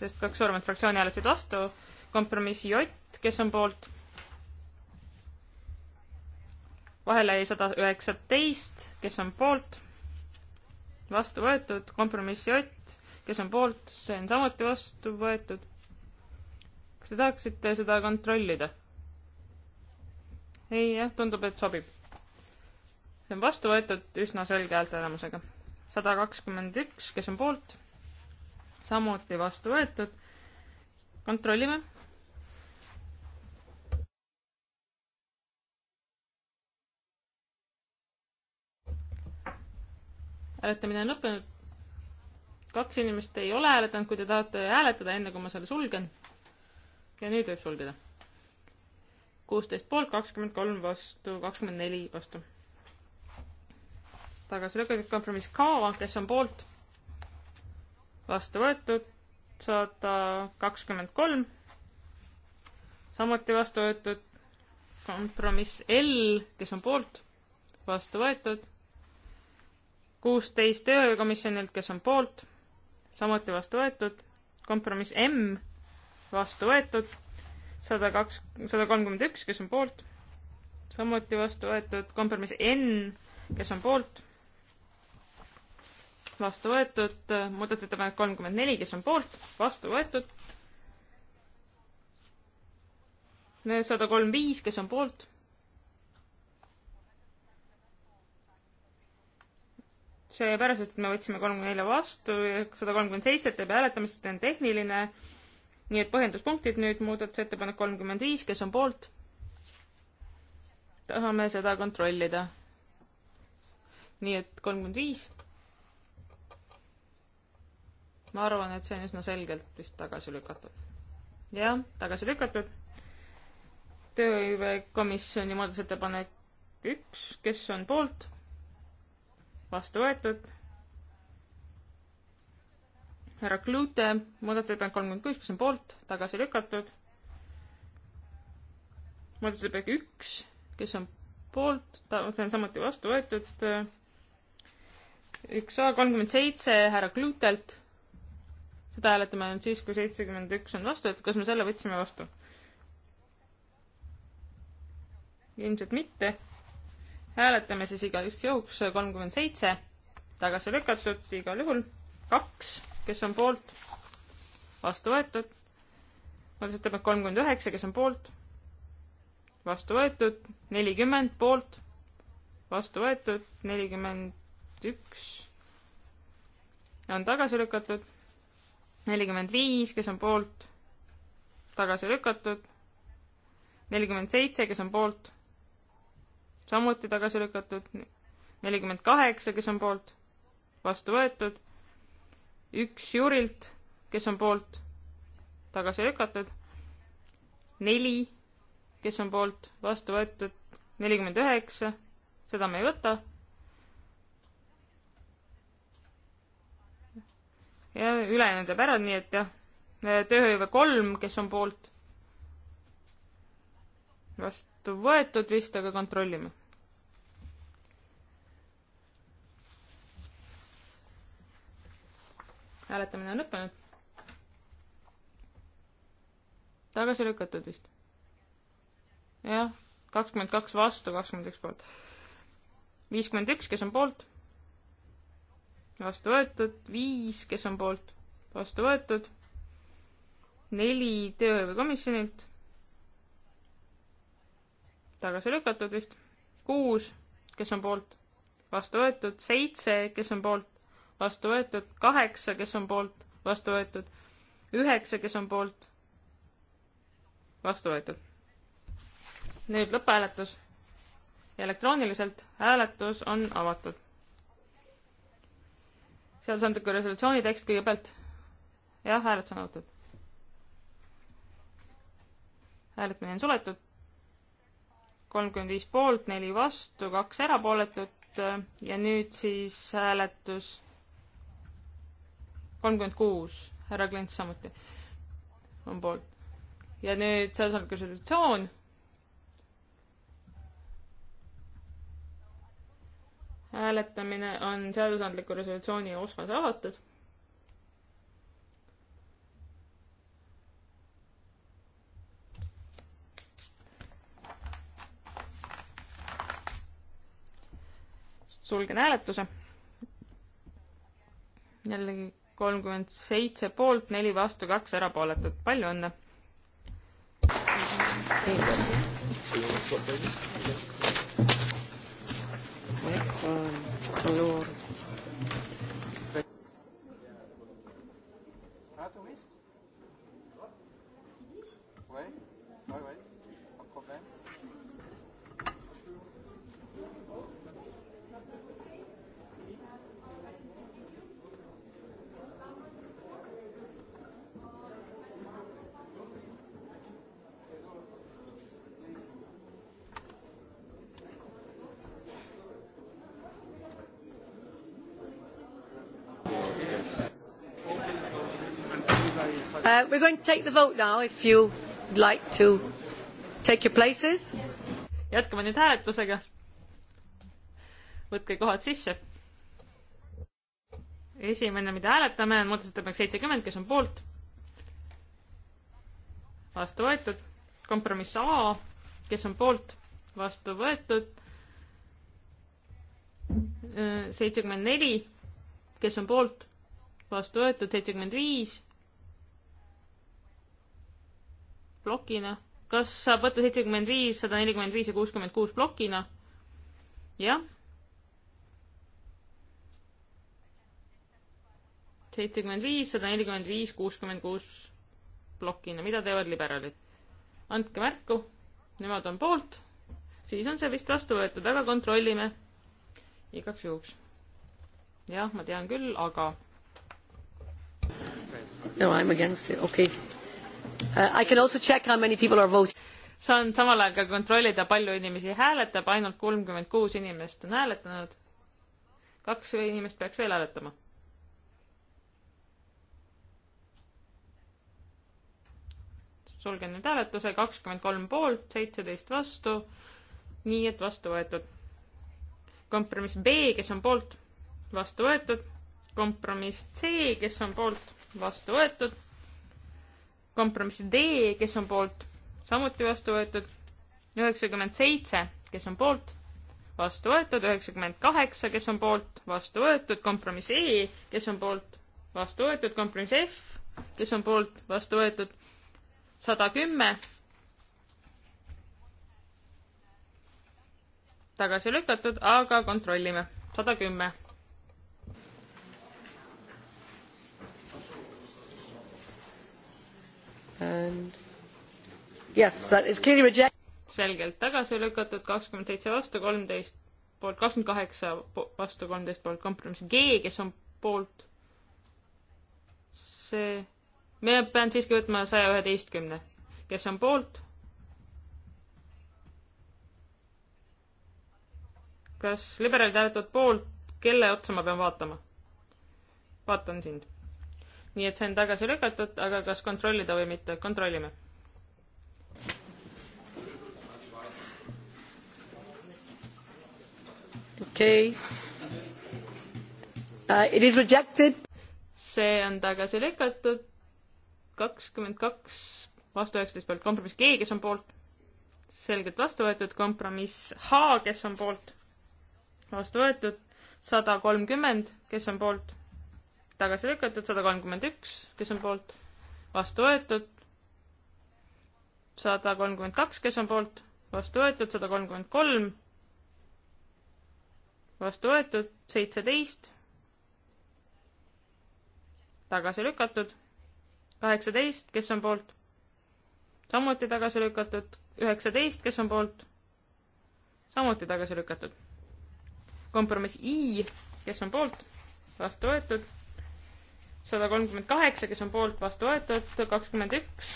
sest kaks suuremat fraktsiooni hääletasid vastu, kompromiss J, kes on poolt, vahele jäi sada üheksateist, kes on poolt, vastu võetud, kompromiss J kes on poolt, see on samuti vastu võetud. kas te tahaksite seda kontrollida? ei jah, tundub, et sobib. see on vastu võetud üsna selge häälteenamusega. sada kakskümmend üks, kes on poolt, samuti vastu võetud. kontrollime. hääletamine on lõppenud kaks inimest ei ole hääletanud, kui te tahate hääletada, enne kui ma selle sulgen. ja nüüd võib sulgeda. kuusteist poolt, kakskümmend kolm vastu, kakskümmend neli vastu. tagasi lükatud kompromiss K, kes on poolt? vastu võetud, sada kakskümmend kolm. samuti vastu võetud kompromiss L, kes on poolt, vastu võetud kuusteist töökomisjonilt, kes on poolt, samuti vastu võetud, kompromiss M vastu võetud, sada kaks, sada kolmkümmend üks, kes on poolt, samuti vastu võetud, kompromiss N, kes on poolt, vastu võetud, muudatusettepanek kolmkümmend neli, kes on poolt, vastu võetud, sada kolm viis, kes on poolt seepärast, sest me võtsime kolmkümmend nelja vastu, sada kolmkümmend seitse teeb hääletamist, see on tehniline. nii et põhjenduspunktid nüüd muudatusettepanek kolmkümmend viis, kes on poolt? tahame seda kontrollida. nii et kolmkümmend viis. ma arvan, et see on üsna selgelt vist tagasi lükatud. jah, tagasi lükatud. tööhõivekomisjoni muudatusettepanek üks, kes on poolt? vastu võetud. härra Klute, muudatusettepanek kolmkümmend kuus, kes on poolt, tagasi lükatud. muudatusettepanek üks, kes on poolt, ta on samuti vastu võetud. üks A kolmkümmend seitse härra Klutelt. seda hääletame nüüd siis, kui seitsekümmend üks on vastu võetud, kas me selle võtsime vastu? ilmselt mitte hääletame siis igaks juhuks kolmkümmend seitse, tagasi lükatud igal juhul, kaks, kes on poolt, vastu võetud, muudatusettepanek kolmkümmend üheksa, kes on poolt, vastu võetud, nelikümmend poolt, vastu võetud, nelikümmend üks on tagasi lükatud, nelikümmend viis, kes on poolt, tagasi lükatud, nelikümmend seitse, kes on poolt samuti tagasi lükatud, nelikümmend kaheksa, kes on poolt, vastu võetud, üks Jürilt, kes on poolt, tagasi lükatud, neli, kes on poolt, vastu võetud, nelikümmend üheksa, seda me ei võta. ja ülejäänud jääb ära, nii et jah, tööhõive kolm, kes on poolt, vastu võetud vist, aga kontrollime hääletamine on lõppenud. tagasi lükatud vist. jah, kakskümmend kaks vastu, kakskümmend üks poolt. viiskümmend üks, kes on poolt? vastu võetud, viis, kes on poolt? vastu võetud, neli tööhõivekomisjonilt, tagasi lükatud vist, kuus, kes on poolt? vastu võetud, seitse, kes on poolt? vastu võetud, kaheksa, kes on poolt, vastu võetud, üheksa, kes on poolt, vastu võetud. nüüd lõpphääletus. elektrooniliselt hääletus on avatud. seadusandliku resolutsiooni tekst kõigepealt. jah, hääletus on avatud. hääletamine on suletud. kolmkümmend viis poolt, neli vastu, kaks erapooletut ja nüüd siis hääletus kolmkümmend kuus, härra Klints samuti on poolt. ja nüüd selles on ka resolutsioon hääletamine on seadusandliku resolutsiooni osas avatud. sulgen hääletuse. jällegi kolmkümmend seitse poolt, neli vastu, kaks erapooletut. palju õnne! Thank you. Uh, we're going to take the vote now if you would like to take your places. jätkame nüüd hääletusega. võtke kohad sisse. esimene, mida hääletame, on muudatusettepanek seitsekümmend, kes on poolt? vastu võetud. kompromiss A, kes on poolt? vastu võetud. Äh, seitsekümmend neli, kes on poolt? vastu võetud. seitsekümmend viis plokina. kas saab võtta seitsekümmend viis, sada nelikümmend viis ja kuuskümmend kuus plokina? jah. seitsekümmend viis, sada nelikümmend viis, kuuskümmend kuus plokina, mida teevad liberaalid? andke märku, nemad on poolt, siis on see vist vastu võetud, aga kontrollime igaks juhuks. jah, ma tean küll, aga. no I am against, okei okay.. Uh, I can also check how many people are voting. saan samal ajal ka kontrollida, palju inimesi hääletab, ainult kolmkümmend kuus inimest on hääletanud. kaks inimest peaks veel hääletama. sulgen nüüd hääletuse, kakskümmend kolm poolt, seitseteist vastu, nii et vastu võetud. kompromiss B, kes on poolt, vastu võetud. kompromiss C, kes on poolt, vastu võetud kompromiss D, kes on poolt, samuti vastu võetud. üheksakümmend seitse, kes on poolt, vastu võetud. üheksakümmend kaheksa, kes on poolt, vastu võetud. kompromiss E, kes on poolt, vastu võetud. kompromiss F, kes on poolt, vastu võetud. sada kümme, tagasi lükatud, aga kontrollime. sada kümme And yes, that is clearly rejected. selgelt tagasi lükatud, kakskümmend seitse vastu, kolmteist poolt, kakskümmend kaheksa vastu, kolmteist poolt, kompromiss G, kes on poolt. see, ma pean siiski võtma saja üheteistkümne, kes on poolt. kas liberaalid hääletavad poolt, kelle otsa ma pean vaatama? vaatan sind nii et see on tagasi lükatud, aga kas kontrollida või mitte, kontrollime. okei okay. uh,. It is rejected. see on tagasi lükatud, kakskümmend kaks vastu üheksateist poolt, kompromiss G, kes on poolt, selgelt vastu võetud, kompromiss H, kes on poolt, vastu võetud, sada kolmkümmend, kes on poolt tagasi lükatud, sada kolmkümmend üks, kes on poolt, vastu võetud, sada kolmkümmend kaks, kes on poolt, vastu võetud, sada kolmkümmend kolm, vastu võetud, seitseteist, tagasi lükatud, kaheksateist, kes on poolt, samuti tagasi lükatud, üheksateist, kes on poolt, samuti tagasi lükatud. kompromiss I, kes on poolt, vastu võetud sada kolmkümmend kaheksa, kes on poolt, vastu võetud, kakskümmend üks.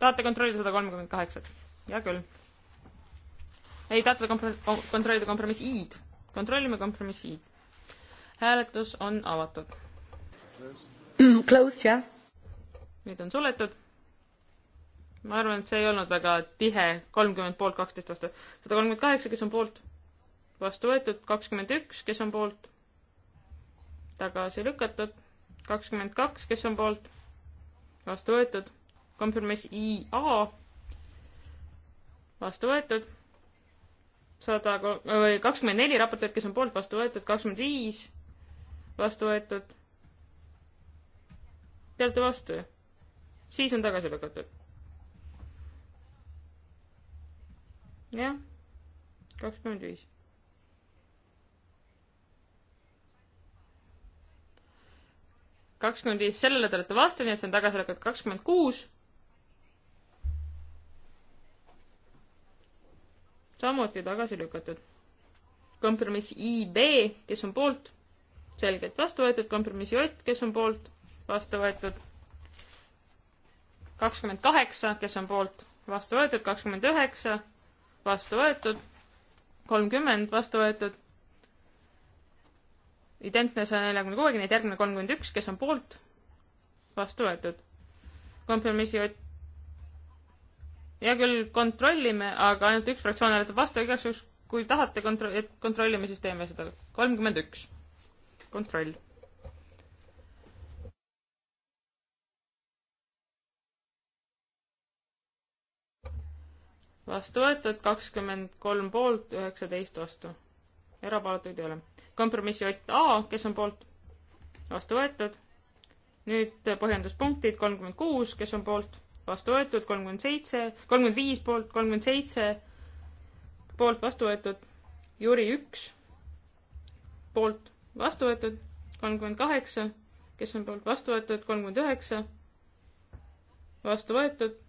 tahate kontrollida sada kolmkümmend kaheksat? hea küll. ei, tahate kompro-, kontrollida kompromiss I-d? kontrollime kompromiss I-d. hääletus on avatud. Closed, jah yeah.. nüüd on suletud. ma arvan, et see ei olnud väga tihe, kolmkümmend poolt, kaksteist vastu. sada kolmkümmend kaheksa, kes on poolt? vastu võetud, kakskümmend üks, kes on poolt? tagasi lükatud, kakskümmend kaks, kes on poolt, vastu võetud, kompromiss IA, vastu võetud, sada või kakskümmend neli raportit, kes on poolt, vastu võetud, kakskümmend viis, vastu võetud, te olete vastu ju, siis on tagasi lükatud. jah, kakskümmend viis kakskümmend viis, sellele te olete vastu, nii et see on tagasi lükatud kakskümmend kuus. samuti tagasi lükatud. kompromiss IB, kes on poolt, selgelt vastu võetud, kompromiss J, kes on poolt, vastu võetud. kakskümmend kaheksa, kes on poolt, vastu võetud, kakskümmend üheksa, vastu võetud, kolmkümmend, vastu võetud, identne saja neljakümne kuuekümne, et järgmine kolmkümmend üks, kes on poolt, vastu võetud. kompromissi ot-, hea küll, kontrollime, aga ainult üks fraktsioon hääletab vastu, igaks juhuks, kui tahate kontro-, et kontrollime, siis teeme seda. kolmkümmend üks, kontroll. vastu võetud, kakskümmend kolm poolt, üheksateist vastu erapooletuid ei ole. kompromissi Ott A, kes on poolt, vastu võetud. nüüd põhjenduspunktid kolmkümmend kuus, kes on poolt, vastu võetud, kolmkümmend seitse, kolmkümmend viis poolt, kolmkümmend seitse poolt vastu võetud, Jüri üks poolt vastu võetud, kolmkümmend kaheksa, kes on poolt vastu võetud, kolmkümmend üheksa vastu võetud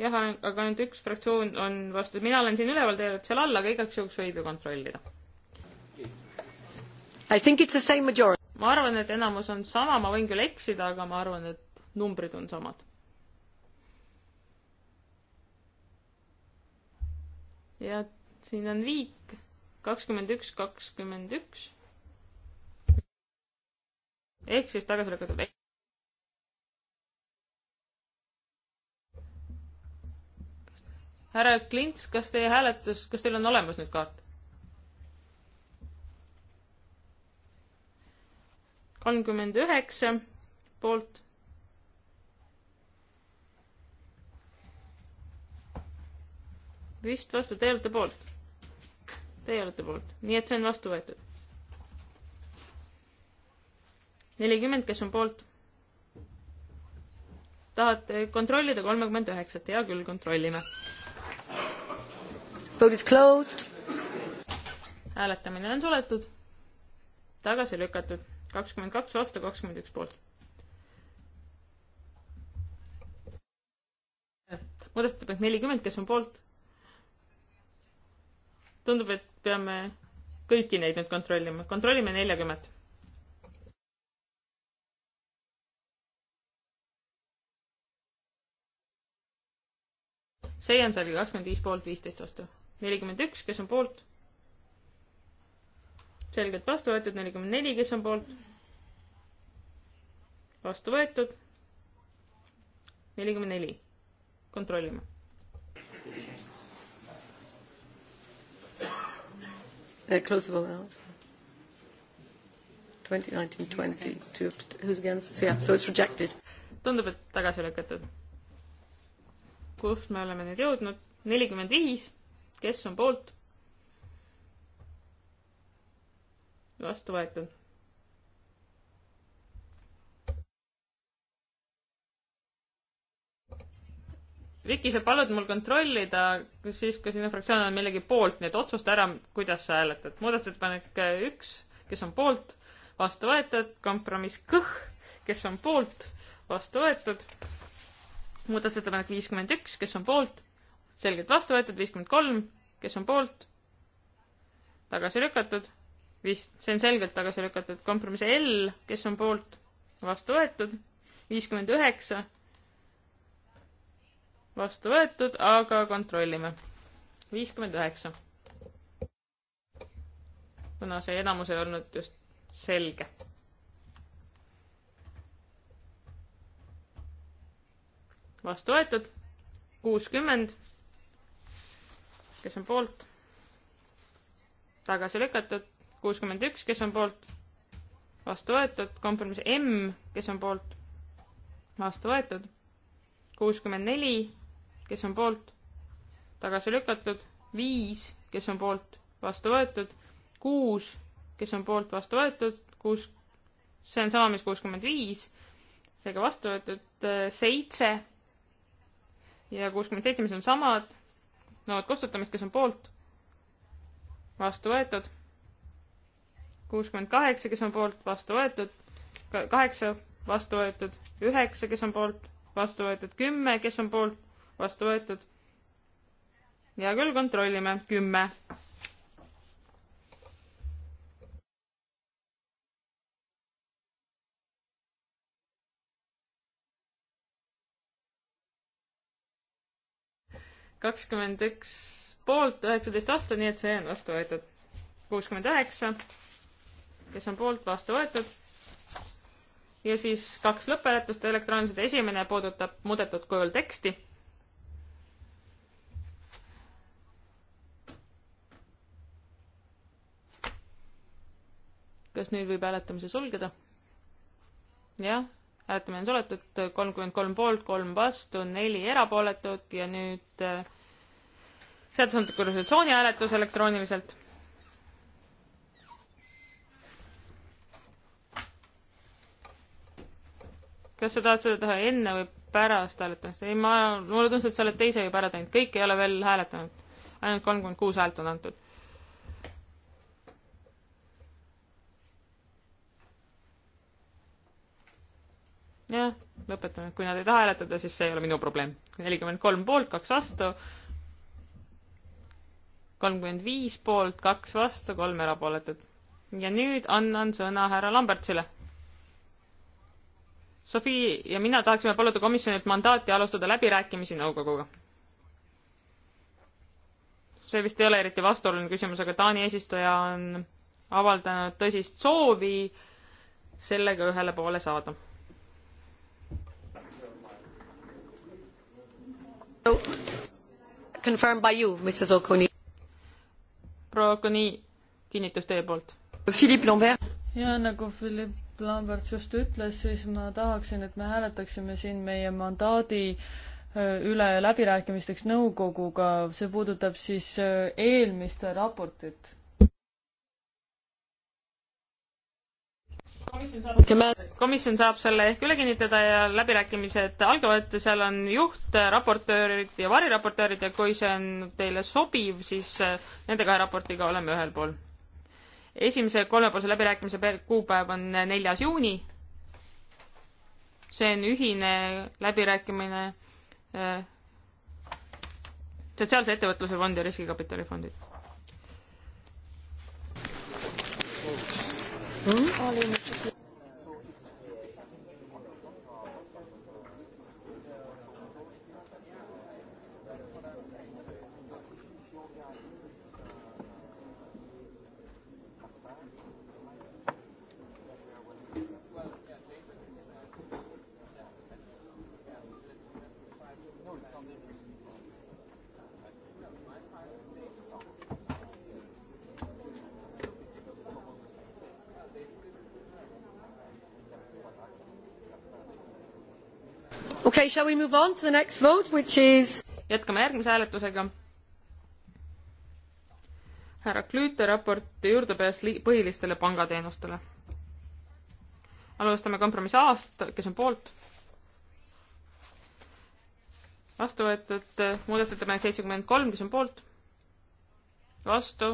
jah, aga ainult üks fraktsioon on vastu, mina olen siin üleval, teie olete seal all, aga igaks juhuks võib ju kontrollida. ma arvan, et enamus on sama, ma võin küll eksida, aga ma arvan, et numbrid on samad. ja siin on viik kakskümmend üks, kakskümmend üks. ehk siis tagasi lükatud härra Klints, kas teie hääletus, kas teil on olemas nüüd kaart? kolmkümmend üheksa poolt. vist vastu, teie olete poolt. Teie olete poolt, nii et see on vastu võetud. nelikümmend, kes on poolt? tahate kontrollida kolmekümmend üheksat, hea küll, kontrollime Vote is closed. hääletamine on suletud. tagasi lükatud. kakskümmend kaks vastu, kakskümmend üks poolt. muudatusettepanek nelikümmend, kes on poolt? tundub, et peame kõiki neid nüüd kontrollima. kontrollime neljakümmet. see on seal kakskümmend viis poolt, viisteist vastu nelikümmend üks, kes on poolt? selgelt vastu võetud, nelikümmend neli, kes on poolt? vastu võetud. nelikümmend neli. kontrollime. They're close of all rounds. 2019-20. Who's against? Yeah, so it's rejected. tundub, et tagasi lükatud. kus me oleme nüüd jõudnud? nelikümmend viis kes on poolt? vastu võetud. Viki, sa palud mul kontrollida siis, kui sinu fraktsioon on millegi poolt, nii et otsusta ära, kuidas sa hääletad. muudatusettepanek üks, kes on poolt, vastu võetud, kompromiss kõh, kes on poolt, vastu võetud. muudatusettepanek viiskümmend üks, kes on poolt selgelt vastu võetud, viiskümmend kolm, kes on poolt, tagasi lükatud, vist, see on selgelt tagasi lükatud, kompromiss L, kes on poolt, vastu võetud, viiskümmend üheksa, vastu võetud, aga kontrollime. viiskümmend üheksa. kuna see enamus ei olnud just selge. vastu võetud, kuuskümmend kes on poolt, tagasi lükatud, kuuskümmend üks, kes on poolt, vastu võetud, kompromiss M, kes on poolt, vastu võetud, kuuskümmend neli, kes on poolt, tagasi lükatud, viis, kes on poolt, vastu võetud, kuus, kes on poolt, vastu võetud, kuus, see on sama, mis kuuskümmend viis, seega vastu võetud seitse ja kuuskümmend seitse, mis on samad nõuavad kustutamist, kes on poolt? vastu võetud. kuuskümmend kaheksa, kes on poolt, vastu võetud. kaheksa, vastu võetud. üheksa, kes on poolt, vastu võetud. kümme, kes on poolt, vastu võetud. hea küll, kontrollime. kümme kakskümmend üks poolt, üheksateist vastu, nii et see on vastu võetud. kuuskümmend üheksa, kes on poolt, vastu võetud. ja siis kaks lõpphääletust elektrooniliselt, esimene puudutab muudetud kujul teksti. kas nüüd võib hääletamise sulgeda? jah hääletamine on suletud, kolmkümmend kolm poolt, kolm vastu, neli erapooletut ja nüüd äh, seadusandliku resolutsiooni hääletus elektrooniliselt kas sa tahad seda teha enne või pärast hääletamist? ei, ma, mulle tundus, et sa oled teise juba ära teinud, kõik ei ole veel hääletanud. ainult kolmkümmend kuus häält on antud. jah, lõpetame, kui nad ei taha hääletada, siis see ei ole minu probleem. nelikümmend kolm poolt, kaks vastu, kolmkümmend viis poolt, kaks vastu, kolm erapooletut. ja nüüd annan sõna härra Lambertsile. Sofi ja mina tahaksime paluda komisjonilt mandaati alustada läbirääkimisi nõukoguga see vist ei ole eriti vastuoluline küsimus, aga Taani eesistuja on avaldanud tõsist soovi sellega ühele poole saada Confirmed by you, Mrs Okuni. proua Okuni, kinnitus teie poolt. Philippe Lambert. ja nagu Philippe Lambert just ütles, siis ma tahaksin, et me hääletaksime siin meie mandaadi äh, üle läbirääkimisteks nõukoguga, see puudutab siis äh, eelmist raportit komisjon saab selle ehk üle kinnitada ja läbirääkimised algavad, seal on juht, raportöörid ja variraportöörid ja kui see on teile sobiv, siis äh, nende kahe raportiga oleme ühel pool. esimese kolmepoolse läbirääkimise kuupäev on neljas juuni. see on ühine läbirääkimine äh, sotsiaalse ettevõtluse fond ja riskikapitalifondid mm.. olime shall we move on to the next vote, which is jätkame järgmise hääletusega. härra Klüüte raporti juurdepääs põhilistele pangateenustele. alustame kompromissi A-st, kes on poolt? vastu võetud äh, muudatusettepanek seitsekümmend kolm, kes on poolt? vastu?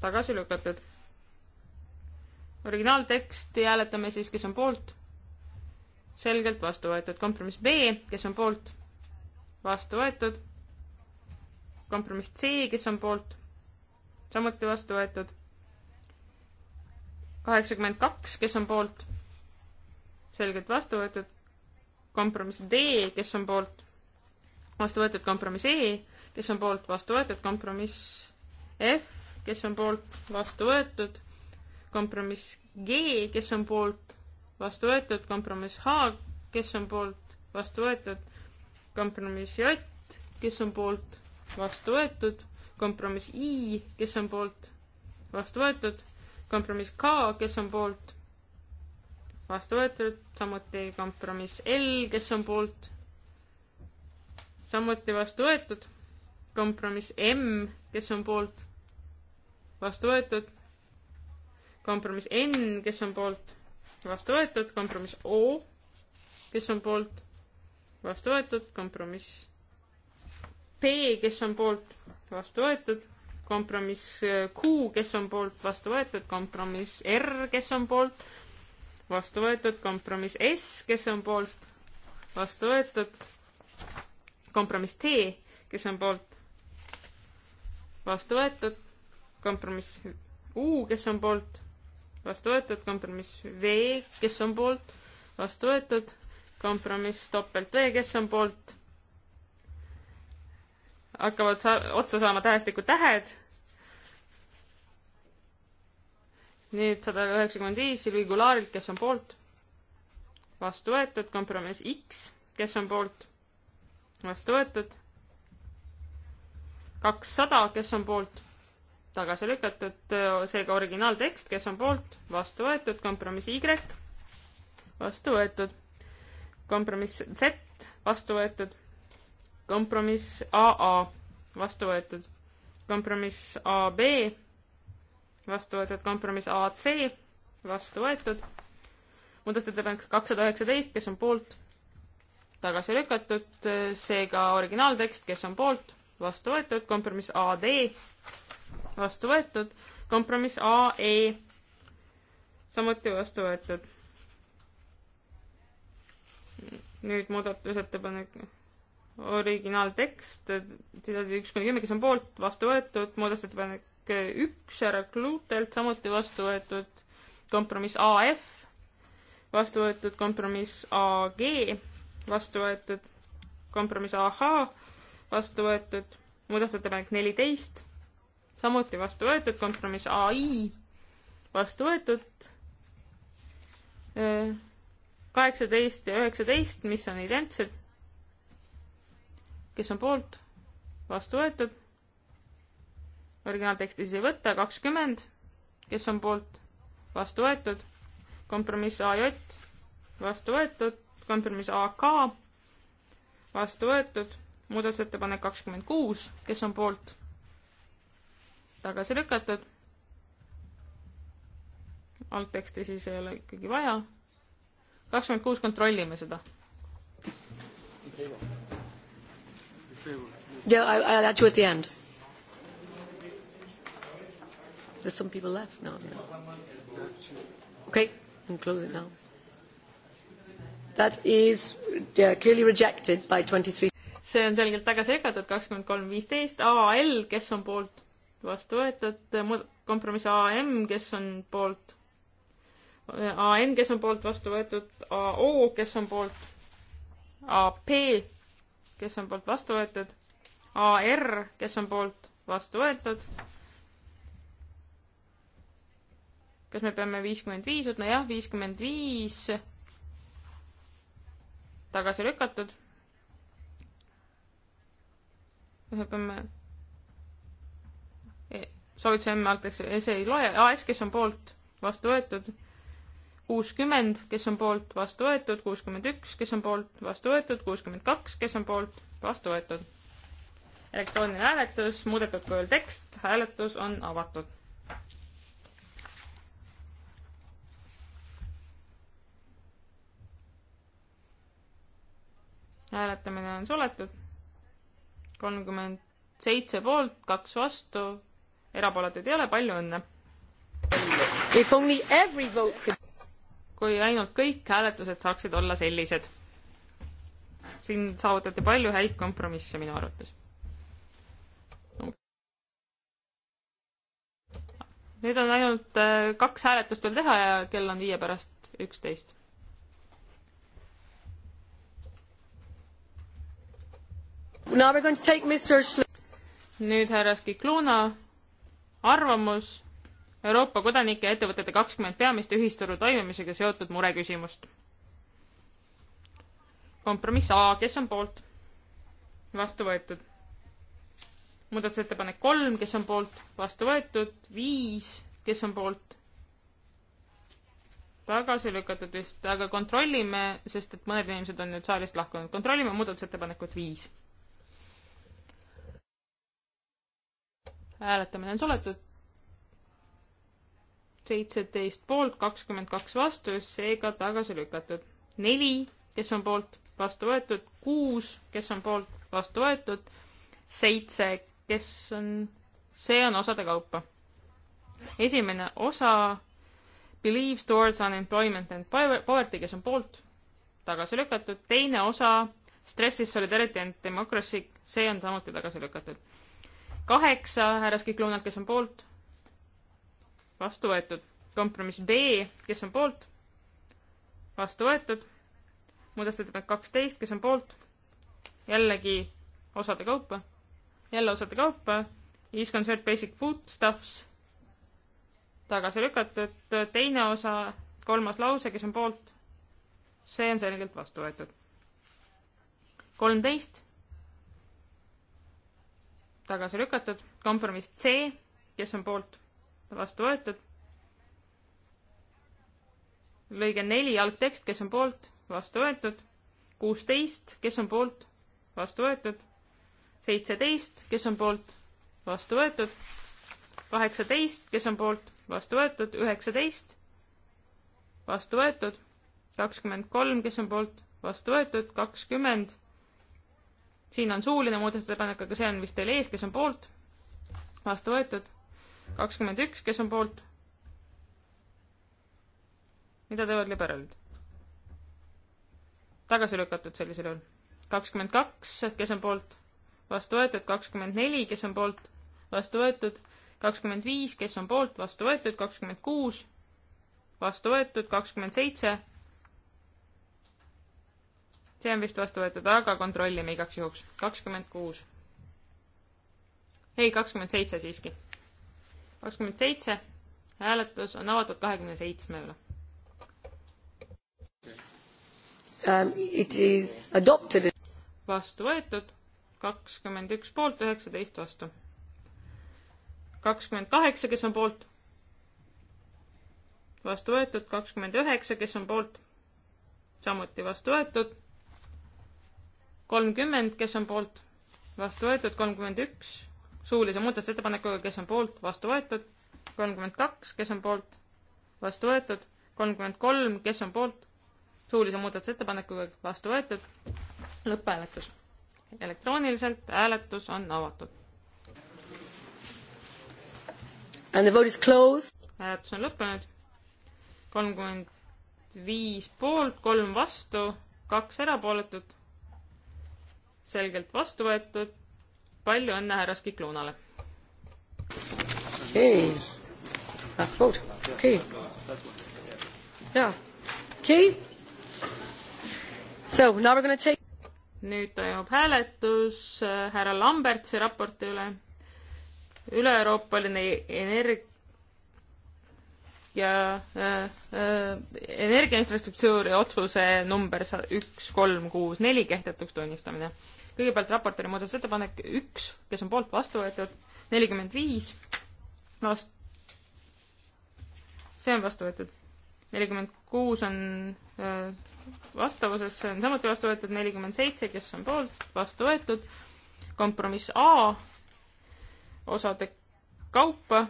tagasi lükatud. originaalteksti hääletame siis, kes on poolt selgelt vastu võetud. kompromiss B, kes on poolt, vastu võetud. kompromiss C, kes on poolt, samuti vastu võetud. kaheksakümmend kaks, kes on poolt, selgelt vastu võetud. kompromiss D, kes on poolt, vastu võetud. kompromiss E, kes on poolt, vastu võetud. kompromiss F, kes on poolt, vastu võetud. kompromiss G, kes on poolt vastu võetud, kompromiss H, kes on poolt, vastu võetud, kompromiss J, kes on poolt, vastu võetud, kompromiss I, kes on poolt, vastu võetud, kompromiss K, kes on poolt, vastu võetud, samuti kompromiss L, kes on poolt, samuti vastu võetud, kompromiss M, kes on poolt, vastu võetud, kompromiss N, kes on poolt vastu võetud, kompromiss O, kes on poolt, vastu võetud, kompromiss P, kes on poolt, vastu võetud, kompromiss Q, kes on poolt, vastu võetud, kompromiss R, kes on poolt, vastu võetud, kompromiss S, kes on poolt, vastu võetud, kompromiss T, kes on poolt, vastu võetud, kompromiss U, kes on poolt vastu võetud, kompromiss V, kes on poolt, vastu võetud, kompromiss topelt V, kes on poolt, hakkavad sa-, otsa saama tähestiku tähed, nüüd sada üheksakümmend viis Silvi Gulaarilt, kes on poolt, vastu võetud, kompromiss X, kes on poolt, vastu võetud, kakssada, kes on poolt tagasi lükatud, seega originaaltekst, kes on poolt, vastu võetud, kompromiss Y, vastu võetud, kompromiss Z, vastu võetud, kompromiss AA, vastu võetud, kompromiss AB, vastu võetud, kompromiss AC, vastu võetud, muudatusettepanek kakssada üheksateist, kes on poolt, tagasi lükatud, seega originaaltekst, kes on poolt, vastu võetud, kompromiss AD, vastu võetud, kompromiss AE samuti vastu võetud. nüüd muudatusettepanek, originaaltekst, tsitaadid üks kuni kümme, kes on poolt, vastu võetud, muudatusettepanek üks härra Klutelt, samuti vastu võetud kompromiss AF, vastu võetud kompromiss AG, vastu võetud kompromiss AH, vastu võetud muudatusettepanek neliteist samuti vastu võetud, kompromiss ai vastu võetud. kaheksateist ja üheksateist, mis on identsed. kes on poolt, vastu võetud. originaalteksti siis ei võta, kakskümmend, kes on poolt, vastu võetud. kompromiss aj, vastu võetud, kompromiss ak, vastu võetud muudatusettepanek kakskümmend kuus, kes on poolt tagasi lükatud. algteksti siis ei ole ikkagi vaja. kakskümmend kuus, kontrollime seda. Yeah, I, I had you at the end. There's some people left now. Yeah. Okay, I'm closing now. That is yeah, clearly rejected by 23 see on selgelt tagasi lükatud, kakskümmend kolm viisteist, AL, kes on poolt? vastu võetud, kompromiss AM, kes on poolt, AM, kes on poolt vastu võetud, AO, kes on poolt, AP, kes on poolt vastu võetud, AR, kes on poolt vastu võetud. kas me peame viiskümmend viis võtma, jah, viiskümmend viis tagasi lükatud. kas me peame soovituse M antakse, see ei loe, AS, kes on poolt, vastu võetud, kuuskümmend, kes on poolt, vastu võetud, kuuskümmend üks, kes on poolt, vastu võetud, kuuskümmend kaks, kes on poolt, vastu võetud. elektrooniline hääletus, muudetud kujul tekst, hääletus on avatud. hääletamine on suletud. kolmkümmend seitse poolt, kaks vastu, erapooletuid ei ole, palju õnne! kui ainult kõik hääletused saaksid olla sellised. siin saavutati palju häid kompromisse minu arvates. nüüd on ainult äh, kaks hääletust veel teha ja kell on viie pärast üksteist. nüüd härra Skikluna arvamus Euroopa kodanike ja ettevõtete kakskümmend peamist ühisturu toimimisega seotud mureküsimust. kompromiss A, kes on poolt? vastu võetud. muudatusettepanek kolm, kes on poolt? vastu võetud. viis, kes on poolt? tagasi lükatud vist, aga kontrollime, sest et mõned inimesed on nüüd saalist lahkunud. kontrollime muudatusettepanekut viis hääletamine on suletud. seitseteist poolt, kakskümmend kaks vastu, seega tagasi lükatud. neli, kes on poolt, vastu võetud, kuus, kes on poolt, vastu võetud, seitse, kes on, see on osade kaupa. esimene osa Believes towards unemployment and poverty, kes on poolt, tagasi lükatud, teine osa Stressis solidarity and democracy, see on samuti tagasi lükatud kaheksa härra Skiklunalt, kes on poolt, vastu võetud. kompromiss B, kes on poolt, vastu võetud. muudatusettepanek kaksteist, kes on poolt, jällegi osade kaupa, jälle osade kaupa, is concert basic foodstuffs, tagasi lükatud, teine osa, kolmas lause, kes on poolt, see on selgelt vastu võetud. kolmteist tagasi lükatud, kompromiss C, kes on poolt, vastu võetud. lõige neli, algtekst, kes on poolt, vastu võetud. kuusteist, kes on poolt, vastu võetud. seitseteist, kes on poolt, vastu võetud. kaheksateist, kes on poolt, vastu võetud. üheksateist, vastu võetud. kakskümmend kolm, kes on poolt, vastu võetud. kakskümmend siin on suuline muudatusettepanek, aga see on vist teil ees, kes on poolt, vastu võetud, kakskümmend üks, kes on poolt. mida teevad liberaalid? tagasi lükatud sellisel juhul. kakskümmend kaks, kes on poolt, vastu võetud, kakskümmend neli, kes on poolt, vastu võetud, kakskümmend viis, kes on poolt, vastu võetud, kakskümmend kuus, vastu võetud, kakskümmend seitse see on vist vastu võetud, aga kontrollime igaks juhuks. kakskümmend kuus. ei, kakskümmend seitse siiski. kakskümmend seitse, hääletus on avatud kahekümne seitsme üle. Um, vastu võetud, kakskümmend üks poolt, üheksateist vastu. kakskümmend kaheksa, kes on poolt? vastu võetud, kakskümmend üheksa, kes on poolt? samuti vastu võetud kolmkümmend, kes on poolt, vastu võetud, kolmkümmend üks suulise muudatusettepanekuga, kes on poolt, vastu võetud, kolmkümmend kaks, kes on poolt, vastu võetud, kolmkümmend kolm, kes on poolt, suulise muudatusettepanekuga, vastu võetud, lõpphääletus. elektrooniliselt hääletus on avatud. And the vote is closed. hääletus on lõppenud. kolmkümmend viis poolt, kolm vastu, kaks erapooletut selgelt vastu võetud. palju õnne härra Skikluunale. okei, that's good, okei okay.. jaa, okei okay.. So now we are gonna take nüüd toimub hääletus äh, härra Lambertsi raporti üle üle-euroopaline energ- ja äh, äh, energiainfrastruktuuri otsuse number sa-, üks, kolm, kuus, neli kehtetuks tunnistamine kõigepealt raportööri muudatusettepanek üks, kes on poolt vastu võetud, nelikümmend viis, vast-, see on vastu võetud. nelikümmend kuus on äh, vastavuses, see on samuti vastu võetud, nelikümmend seitse, kes on poolt, vastu võetud, kompromiss A osade kaupa,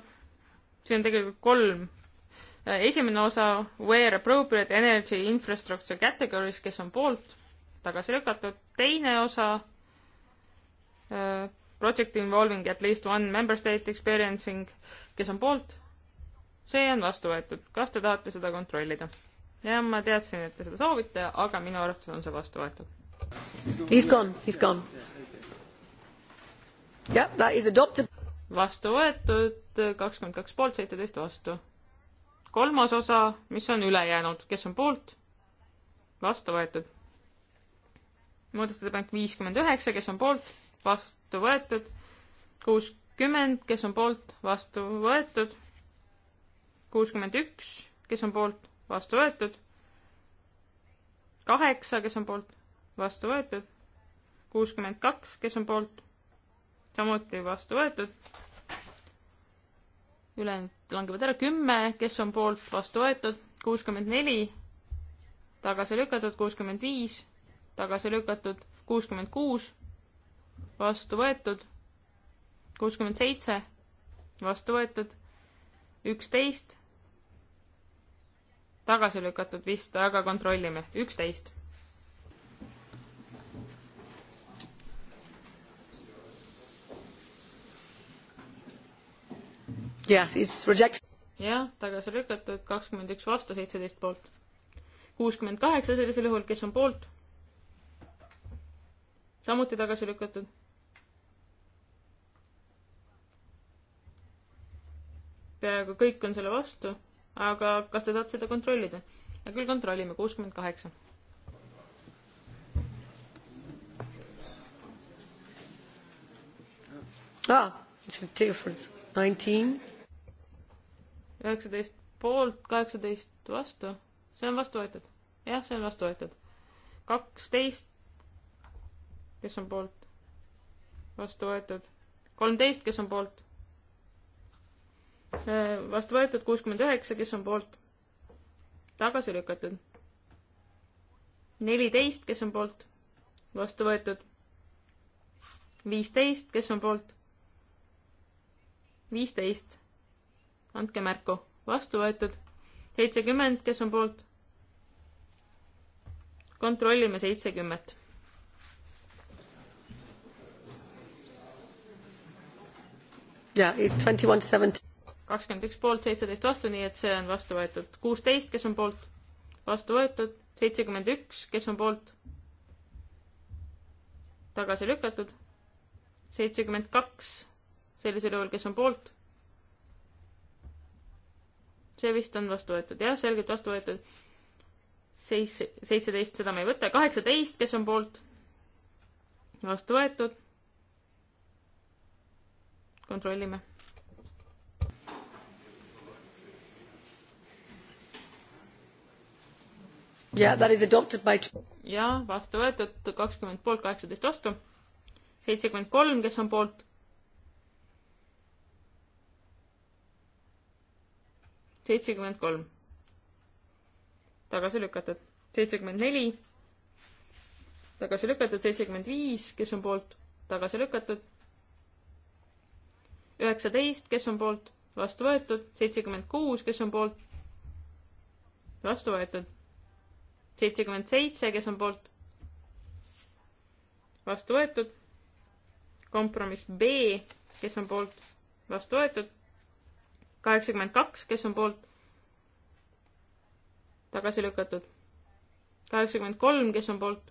siin on tegelikult kolm äh, esimene osa where appropriate energy infrastructure categories, kes on poolt, tagasi lükatud, teine osa Äh, project involving at least one member state experiencing, kes on poolt, see on vastu võetud. kas te tahate seda kontrollida? ja ma teadsin, et te seda soovite, aga minu arvates on see vastu võetud. He's gone, he's gone. jah, that is adopted. vastu võetud, kakskümmend kaks poolt, seitseteist vastu. kolmas osa, mis on üle jäänud, kes on poolt? vastu võetud. muudatusettepanek viiskümmend üheksa, kes on poolt? vastu võetud, kuuskümmend, kes on poolt, vastu võetud, kuuskümmend üks, kes on poolt, vastu võetud, kaheksa, kes on poolt, vastu võetud, kuuskümmend kaks, kes on poolt, samuti vastu võetud, ülejäänud langevad ära, kümme, kes on poolt, vastu võetud, kuuskümmend neli, tagasi lükatud, kuuskümmend viis, tagasi lükatud, kuuskümmend kuus, vastu võetud, kuuskümmend seitse, vastu võetud, üksteist, tagasi lükatud vist, aga kontrollime, üksteist. jah, tagasi lükatud, kakskümmend üks vastu, seitseteist poolt. kuuskümmend kaheksa sellisel juhul, kes on poolt? samuti tagasi lükatud peaaegu kõik on selle vastu, aga kas te tahate seda kontrollida? hea küll, kontrollime, kuuskümmend kaheksa. Ah, it's a difference. Nineteen. üheksateist poolt, kaheksateist vastu. see on vastu võetud. jah, see on vastu võetud. kaksteist, kes on poolt? vastu võetud. kolmteist, kes on poolt? vastu võetud kuuskümmend üheksa, kes on poolt? tagasi lükatud. neliteist, kes on poolt? vastu võetud. viisteist, kes on poolt? viisteist. andke märku, vastu võetud. seitsekümmend, kes on poolt? kontrollime seitsekümmet. Yeah, it's 21 to 17 kakskümmend üks poolt, seitseteist vastu, nii et see on vastu võetud. kuusteist, kes on poolt? vastu võetud. seitsekümmend üks, kes on poolt? tagasi lükatud. seitsekümmend kaks, sellisel juhul, kes on poolt? see vist on vastu võetud, jah, selgelt vastu võetud. seis-, seitseteist, seda me ei võta. kaheksateist, kes on poolt? vastu võetud kontrollime. ja vastu võetud kakskümmend poolt, kaheksateist vastu. seitsekümmend kolm, kes on poolt? seitsekümmend kolm. tagasi lükatud. seitsekümmend neli. tagasi lükatud. seitsekümmend viis, kes on poolt? tagasi lükatud. üheksateist, kes on poolt? vastu võetud. seitsekümmend kuus, kes on poolt? vastu võetud seitsekümmend seitse, kes on poolt? vastu võetud. kompromiss B, kes on poolt? vastu võetud. kaheksakümmend kaks, kes on poolt? tagasi lükatud. kaheksakümmend kolm, kes on poolt?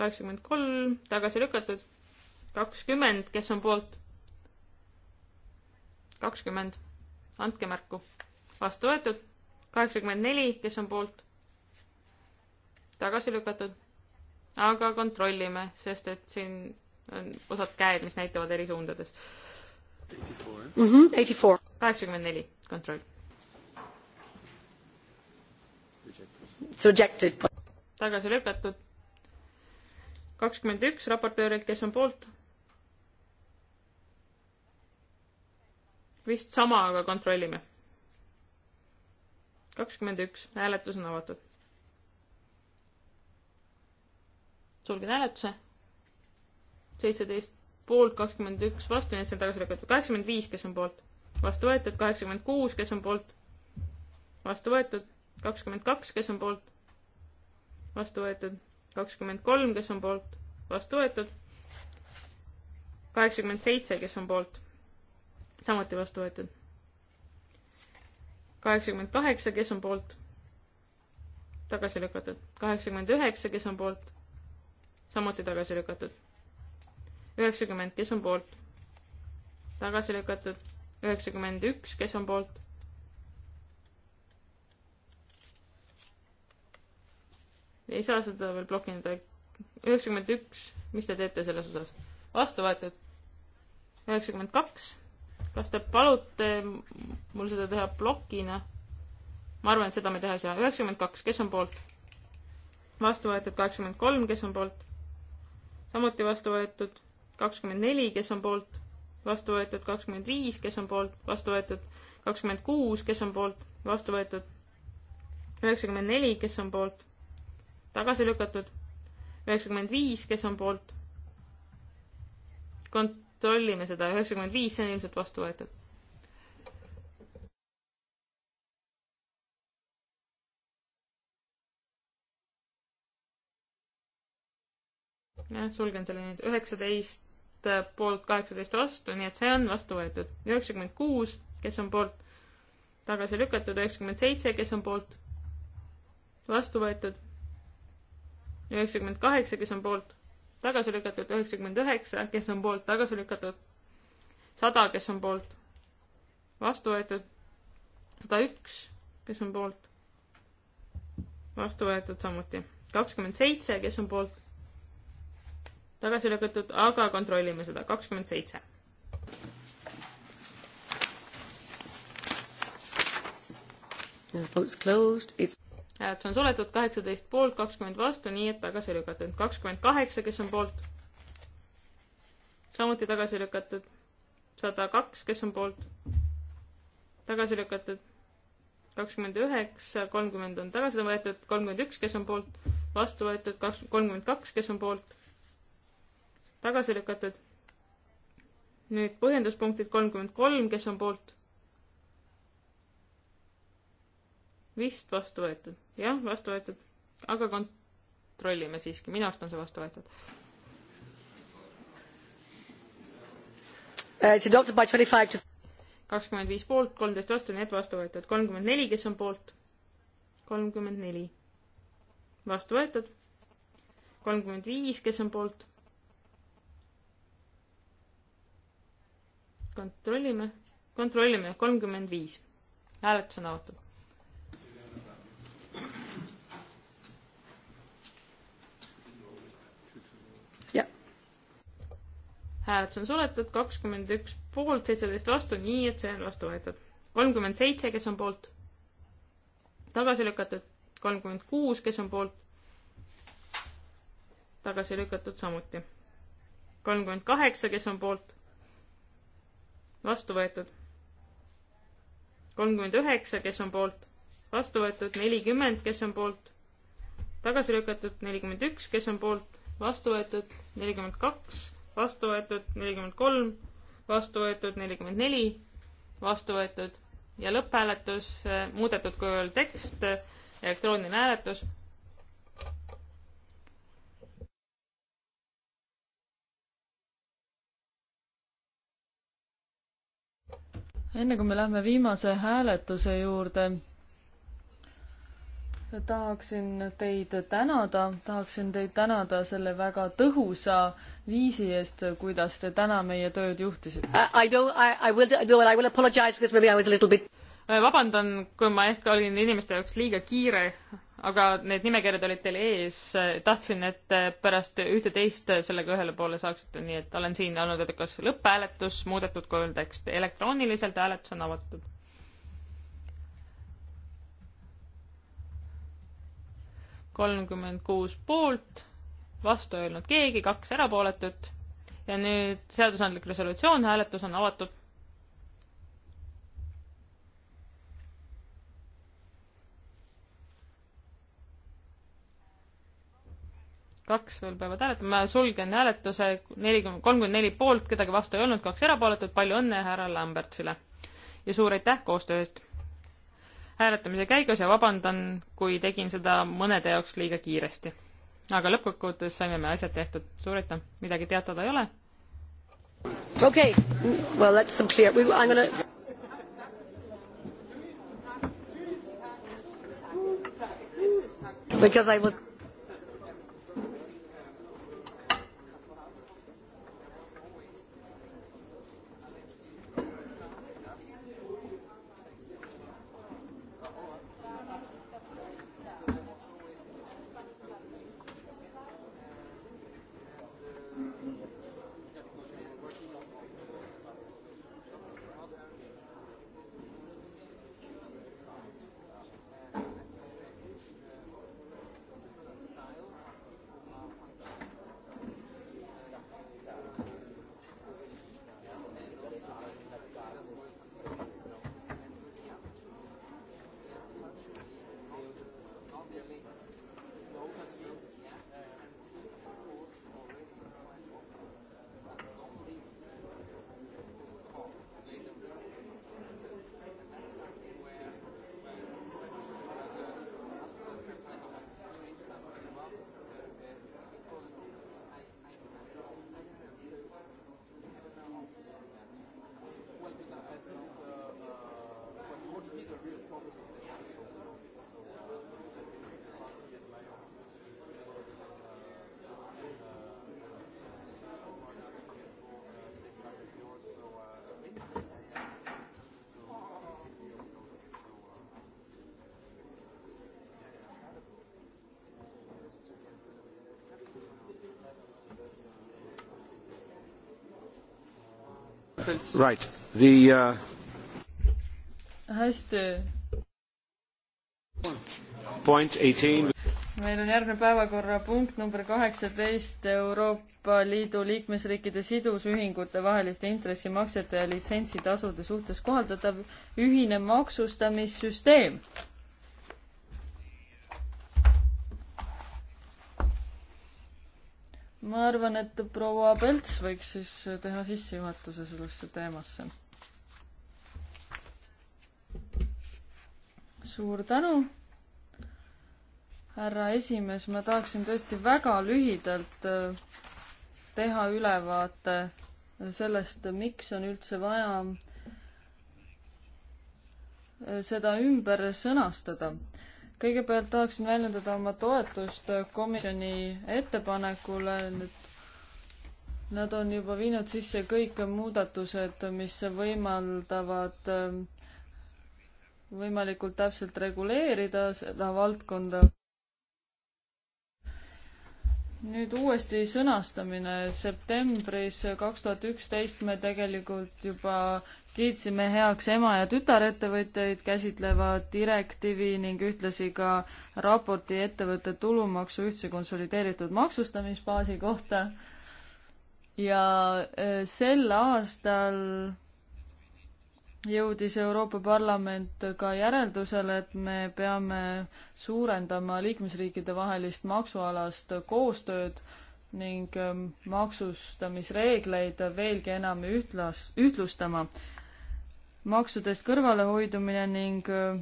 kaheksakümmend kolm, tagasi lükatud. kakskümmend, kes on poolt? kakskümmend, andke märku. vastu võetud. kaheksakümmend neli, kes on poolt? tagasi lükatud, aga kontrollime, sest et siin on osad käed, mis näitavad eri suundades. Mhm. kaheksakümmend neli, kontroll. tagasi lükatud. kakskümmend üks raportöörilt, kes on poolt? vist sama, aga kontrollime. kakskümmend üks, hääletus on avatud. sulgen hääletuse. seitseteist poolt, kakskümmend üks vastu, nii et see on tagasi lükatud. kaheksakümmend viis, kes on poolt, vastu võetud. kaheksakümmend kuus, kes on poolt, vastu võetud. kakskümmend kaks, kes on poolt, vastu võetud. kakskümmend kolm, kes on poolt, vastu võetud. kaheksakümmend seitse, kes on poolt, samuti vastu võetud. kaheksakümmend kaheksa, kes on poolt, tagasi lükatud. kaheksakümmend üheksa, kes on poolt samuti tagasi lükatud. üheksakümmend, kes on poolt? tagasi lükatud. üheksakümmend üks, kes on poolt? ei saa seda veel blokineda. üheksakümmend üks, mis te teete selles osas? vastu võetud. üheksakümmend kaks, kas te palute mul seda teha plokina? ma arvan, et seda me teha ei saa. üheksakümmend kaks, kes on poolt? vastu võetud kaheksakümmend kolm, kes on poolt? samuti vastu võetud kakskümmend neli, kes on poolt, vastu võetud kakskümmend viis, kes on poolt, vastu võetud kakskümmend kuus, kes on poolt, vastu võetud üheksakümmend neli, kes on poolt, tagasi lükatud üheksakümmend viis, kes on poolt. kontrollime seda, üheksakümmend viis, see on ilmselt vastu võetud jah, sulgen selle nüüd, üheksateist poolt, kaheksateist vastu, nii et see on vastu võetud. üheksakümmend kuus, kes on poolt, tagasi lükatud, üheksakümmend seitse, kes on poolt, vastu võetud. üheksakümmend kaheksa, kes on poolt, tagasi lükatud, üheksakümmend üheksa, kes on poolt, tagasi lükatud. sada, kes on poolt, vastu võetud. sada üks, kes on poolt, vastu võetud samuti. kakskümmend seitse, kes on poolt tagasi lükatud, aga kontrollime seda, kakskümmend seitse. hääletus on suletud, kaheksateist poolt, kakskümmend vastu, nii et tagasi lükatud. kakskümmend kaheksa, kes on poolt? samuti tagasi lükatud. sada kaks, kes on poolt? tagasi lükatud. kakskümmend üheksa, kolmkümmend on tagasi võetud, kolmkümmend üks, kes on poolt? vastu võetud, kaks, kolmkümmend kaks, kes on poolt? tagasi lükatud. nüüd põhjenduspunktid kolmkümmend kolm, kes on poolt? vist vastu võetud, jah, vastu võetud, aga kontrollime siiski, minu arust on see vastu võetud. Uh, kakskümmend viis poolt, kolmteist vastu, nii et vastu võetud. kolmkümmend neli, kes on poolt? kolmkümmend neli. vastu võetud. kolmkümmend viis, kes on poolt? kontrollime, kontrollime, kolmkümmend viis. hääletus on avatud. hääletus on suletud, kakskümmend üks poolt, seitseteist vastu, nii et see on vastu võetud. kolmkümmend seitse, kes on poolt? tagasi lükatud. kolmkümmend kuus, kes on poolt? tagasi lükatud samuti. kolmkümmend kaheksa, kes on poolt? vastu võetud. kolmkümmend üheksa, kes on poolt, vastu võetud, nelikümmend, kes on poolt, tagasi lükatud, nelikümmend üks, kes on poolt, vastu võetud, nelikümmend kaks, vastu võetud, nelikümmend kolm, vastu võetud, nelikümmend neli, vastu võetud ja lõpphääletus, muudetud kujul tekst, elektrooniline hääletus enne kui me läheme viimase hääletuse juurde, tahaksin teid tänada, tahaksin teid tänada selle väga tõhusa viisi eest, kuidas te täna meie tööd juhtisite. I don't, I, I will, I will apologize because maybe I was a little bit Äh, vabandan, kui ma ehk olin inimeste jaoks liiga kiire, aga need nimekirjad olid teil ees. Äh, tahtsin, et äh, pärast ühte-teist sellega ühele poole saaksite, nii et olen siin olnud edukas lõpphääletus, muudetud kujul tekst elektrooniliselt, hääletus on avatud. kolmkümmend kuus poolt, vastu ei olnud keegi, kaks erapooletut ja nüüd seadusandlik resolutsioon, hääletus on avatud. kaks veel peavad hääletama, ma sulgen hääletuse, nelikümmend, kolmkümmend neli poolt, kedagi vastu ei olnud, kaks erapooletut, palju õnne härra Lambertsile. ja suur aitäh koostöö eest hääletamise käigus ja vabandan, kui tegin seda mõnede jaoks liiga kiiresti. aga lõppkokkuvõttes saime me asjad tehtud, suur aitäh, midagi teatada ei ole. okei okay., well that's some clear, I am gonna because I was Right. The, uh... hästi. Point eighteen. meil on järgmine päevakorrapunkt number kaheksateist Euroopa Liidu liikmesriikide sidusühingute vaheliste intressimaksete ja litsentsitasude suhtes kohaldatav ühine maksustamissüsteem ma arvan, et proua Pelts võiks siis teha sissejuhatuse sellesse teemasse. suur tänu, härra esimees, ma tahaksin tõesti väga lühidalt äh, teha ülevaate sellest, miks on üldse vaja äh, seda ümber sõnastada kõigepealt tahaksin väljendada oma toetust komisjoni ettepanekule, et nad on juba viinud sisse kõik muudatused, mis võimaldavad ähm, võimalikult täpselt reguleerida seda valdkonda nüüd uuesti sõnastamine. septembris kaks tuhat üksteist me tegelikult juba kiitsime heaks ema- ja tütarettevõtteid käsitleva direktiivi ning ühtlasi ka raporti ettevõtte tulumaksu ühtse konsolideeritud maksustamisbaasi kohta. ja äh, sel aastal jõudis Euroopa Parlament ka järeldusele, et me peame suurendama liikmesriikide vahelist maksualast koostööd ning ähm, maksustamisreegleid veelgi enam ühtlas, ühtlustama. maksudest kõrvalehoidumine ning äh,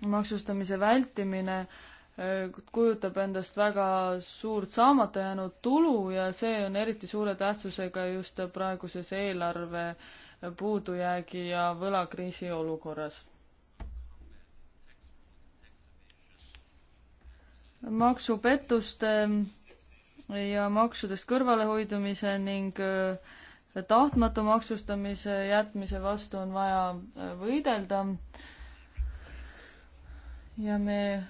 maksustamise vältimine äh, kujutab endast väga suurt saamata jäänud tulu ja see on eriti suure tähtsusega just praeguses eelarve äh, puudujäägi ja võlakriisi olukorras. maksupettuste ja maksudest kõrvalehoidumise ning äh, tahtmatu maksustamise jätmise vastu on vaja äh, võidelda. ja me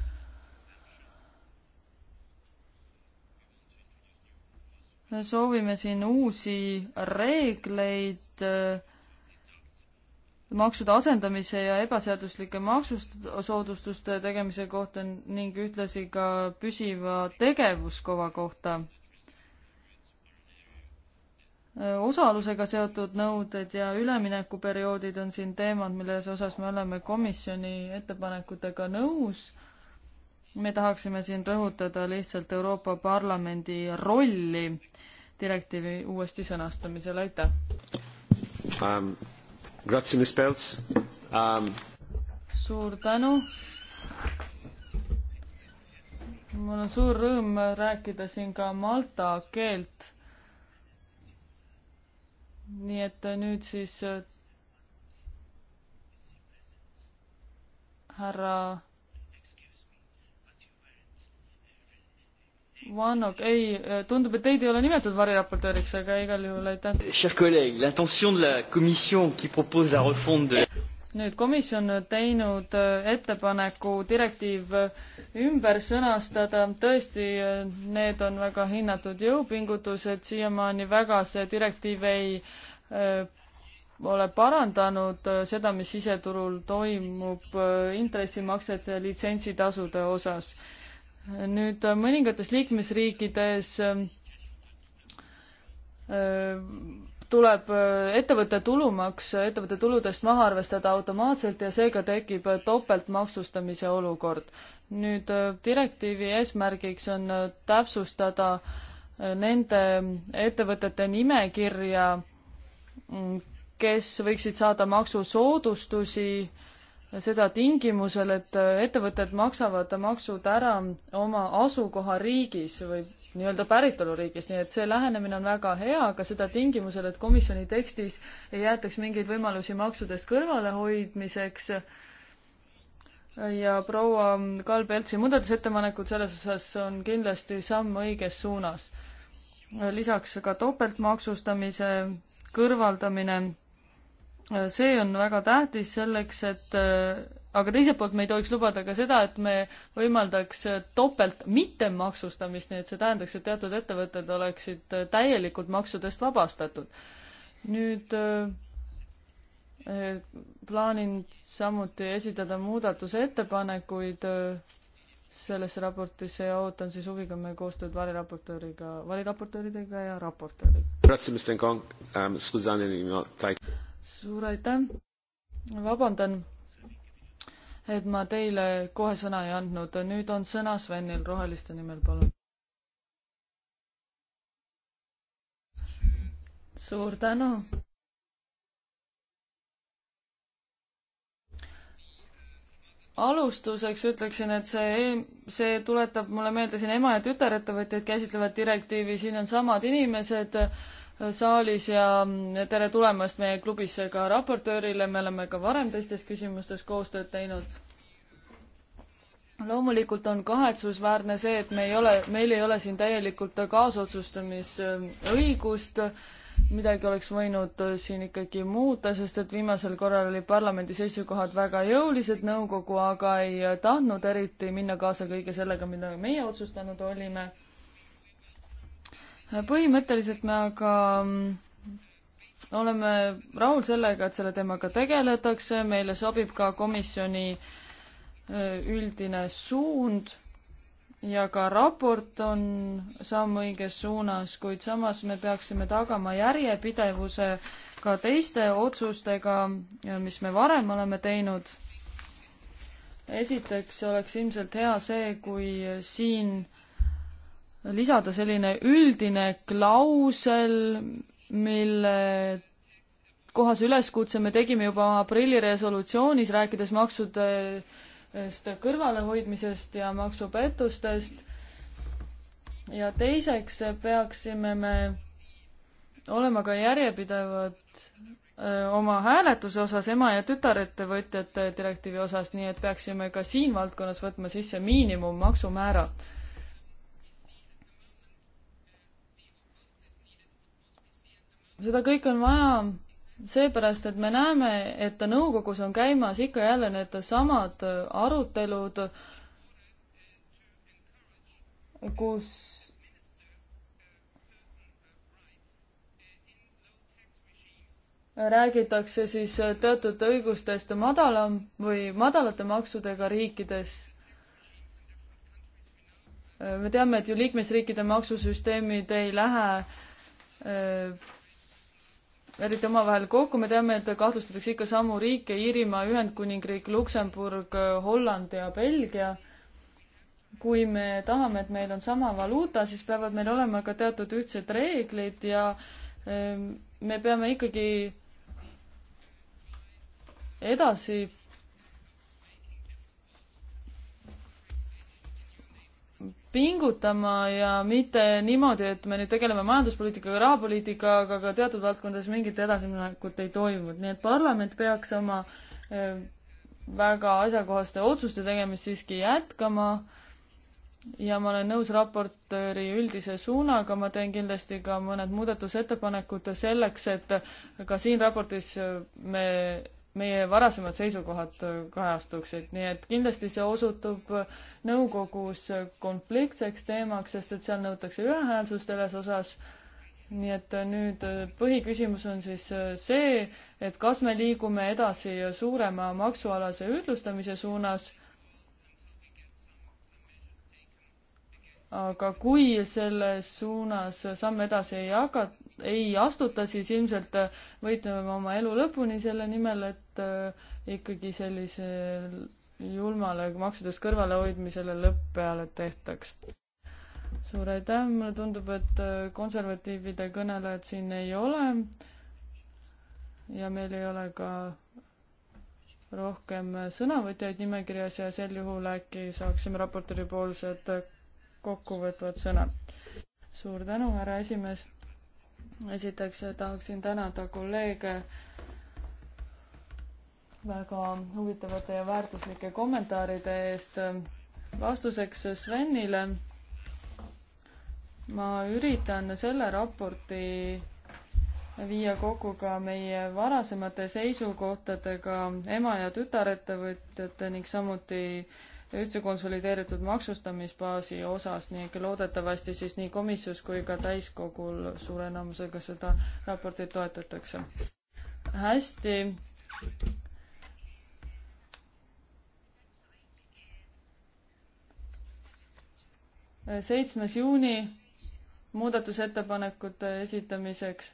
soovime siin uusi reegleid äh, maksude asendamise ja ebaseaduslike maksusoodustuste tegemise kohta ning ühtlasi ka püsiva tegevuskova kohta. osalusega seotud nõuded ja üleminekuperioodid on siin teemad, milles osas me oleme komisjoni ettepanekutega nõus. me tahaksime siin rõhutada lihtsalt Euroopa Parlamendi rolli direktiivi uuesti sõnastamisel, aitäh um.! Grazie, Miss Pelts um.... suur tänu. mul on suur rõõm rääkida siin ka malta keelt. nii et nüüd siis äh, härra Vannok, ei, tundub, et teid ei ole nimetatud variraportööriks, aga igal juhul aitäh. nüüd komisjon on teinud äh, ettepaneku direktiiv äh, ümber sõnastada, tõesti, äh, need on väga hinnatud jõupingutused, siiamaani väga see direktiiv ei ole parandanud seda, mis siseturul toimub intressimaksete ja litsentsitasude osas nüüd äh, mõningates liikmesriikides ähm, äh, tuleb äh, ettevõtte tulumaks ettevõtte tuludest maha arvestada automaatselt ja seega tekib topeltmaksustamise olukord. nüüd direktiivi eesmärgiks on täpsustada nende ettevõtete nimekirja, mm, kes võiksid saada maksusoodustusi seda tingimusel, et ettevõtted maksavad maksud ära oma asukohariigis või nii-öelda päritoluriigis, nii et see lähenemine on väga hea, aga seda tingimusel, et komisjoni tekstis ei jäetaks mingeid võimalusi maksudest kõrvalehoidmiseks. ja proua Kalb-Eltsi muudatusettepanekud selles osas on kindlasti samm õiges suunas. lisaks ka topeltmaksustamise kõrvaldamine see on väga tähtis selleks, et äh, aga teiselt poolt me ei tohiks lubada ka seda, et me võimaldaks äh, topelt mittemaksustamist, nii et see tähendaks, et teatud ettevõtted oleksid äh, täielikult maksudest vabastatud. nüüd plaanin samuti esitada muudatusettepanekuid sellesse raportisse ja ootan siis huviga meie koostööd variraportööriga, variraportööridega ja raportööriga suur aitäh, vabandan, et ma teile kohe sõna ei andnud, nüüd on sõna Svenil Roheliste nimel, palun. suur tänu. alustuseks ütleksin, et see, e-, see tuletab mulle meelde siin ema ja tütarettevõtjaid käsitlevat direktiivi, siin on samad inimesed äh, saalis ja tere tulemast meie klubisse ka raportöörile, me oleme ka varem teistes küsimustes koostööd teinud. loomulikult on kahetsusväärne see, et me ei ole, meil ei ole siin täielikult kaasotsustamisõigust, midagi oleks võinud siin ikkagi muuta, sest et viimasel korral olid parlamendi seisukohad väga jõulised, nõukogu aga ei tahtnud eriti minna kaasa kõige sellega, mida meie otsustanud olime põhimõtteliselt me aga mm, oleme rahul sellega, et selle teemaga tegeletakse, meile sobib ka komisjoni üldine suund ja ka raport on samm õiges suunas, kuid samas me peaksime tagama järjepidevuse ka teiste otsustega, mis me varem oleme teinud. esiteks oleks ilmselt hea see, kui siin äh, lisada selline üldine klausel, mille kohase üleskutse me tegime juba aprilli resolutsioonis, rääkides maksudest kõrvalehoidmisest ja maksupettustest. ja teiseks peaksime me olema ka järjepidevad oma hääletuse osas ema- ja tütarettevõtjate direktiivi osas, nii et peaksime ka siin valdkonnas võtma sisse miinimummaksumäära seda kõike on vaja seepärast, et me näeme, et nõukogus on käimas ikka jälle need samad arutelud, kus räägitakse siis teatud õigustest madalam või madalate maksudega riikides. me teame, et ju liikmesriikide maksusüsteemid ei lähe äh, eriti omavahel kokku, me teame, et kahtlustatakse ikka samu riike, Iirimaa, Ühendkuningriik, Luksemburg, Holland ja Belgia. kui me tahame, et meil on sama valuuta, siis peavad meil olema ka teatud ühtsed reeglid ja ehm, me peame ikkagi edasi pingutama ja mitte niimoodi, et me nüüd tegeleme majanduspoliitikaga, rahapoliitikaga, aga teatud valdkondades mingit edasiminekut ei toimunud, nii et parlament peaks oma eh, väga asjakohaste otsuste tegemist siiski jätkama ja ma olen nõus raportööri üldise suunaga, ma teen kindlasti ka mõned muudatusettepanekud selleks, et ka siin raportis me meie varasemad seisukohad kajastuksid, nii et kindlasti see osutub nõukogus konfliktseks teemaks, sest et seal nõutakse ühehäälsust selles osas. nii et nüüd põhiküsimus on siis see, et kas me liigume edasi suurema maksualase ühtlustamise suunas. aga kui selles suunas samme edasi ei hakata, ei astuta, siis ilmselt äh, võitleme oma elu lõpuni selle nimel, et äh, ikkagi sellise julmale maksudest kõrvalehoidmisele lõpp peale tehtaks. suur aitäh, mulle tundub, et äh, konservatiivide kõnelejad siin ei ole. ja meil ei ole ka rohkem sõnavõtjaid nimekirjas ja sel juhul äkki saaksime raportööri poolsed kokkuvõtvad sõnad. suur tänu, härra esimees esiteks tahaksin tänada kolleege väga huvitavate ja väärtuslike kommentaaride eest. vastuseks Svenile ma üritan selle raporti viia kokku ka meie varasemate seisukohtadega ema- ja tütarettevõtjate ning samuti äh, ühtse konsolideeritud maksustamisbaasi osas ning loodetavasti siis nii komisjonis kui ka täiskogul suure enamusega seda raportit toetatakse. hästi. seitsmes juuni muudatusettepanekute esitamiseks.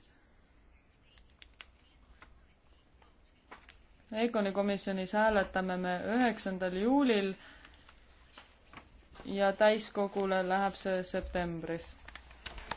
EKONi komisjonis hääletame me üheksandal juulil ja täiskogule läheb see septembris